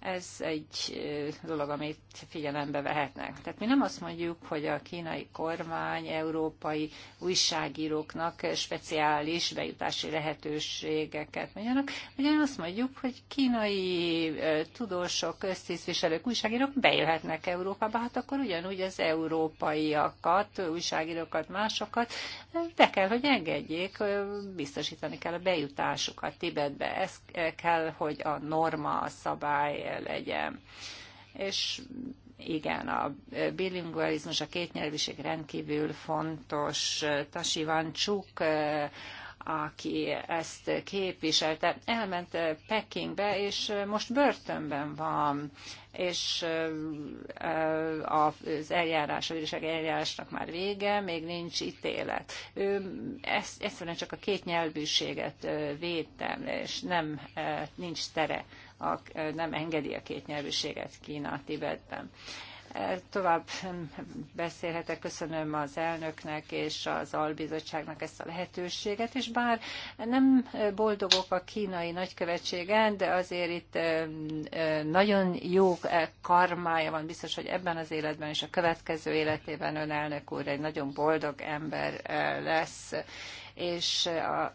ez egy dolog, amit figyelembe vehetnek. Tehát mi nem azt mondjuk, hogy a kínai kormány európai újságíróknak speciális bejutási lehetőségeket mondjanak, ugyan azt mondjuk, hogy kínai tudósok, köztisztviselők, újságírók bejöhetnek Európába, hát akkor ugyanúgy az európaiakat, újságírókat, másokat be kell, hogy engedjék, biztosítani kell a bejutásukat Tibetbe. Ez kell, hogy a norma, a szabály beszél legyen. És igen, a bilingualizmus, a kétnyelvűség rendkívül fontos. Tasi Van Csuk, aki ezt képviselte, elment Pekingbe, és most börtönben van, és eh, az eljárás, a bíróság eljárásnak már vége, még nincs ítélet. Ő egyszerűen csak a két eh, védtem, és nem, eh, nincs tere a, nem engedi a kétnyelvűséget Kína Tibetben. E, tovább beszélhetek, köszönöm az elnöknek és az albizottságnak ezt a lehetőséget, és bár nem boldogok a kínai nagykövetségen, de azért itt e, e, nagyon jó karmája van, biztos, hogy ebben az életben és a következő életében ön elnök úr egy nagyon boldog ember lesz, és a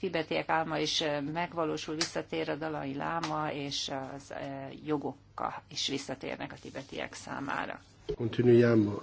tibetiek álma is megvalósul, visszatér a dalai láma, és az jogokkal is visszatérnek a tibetiek számára. Continuiamo.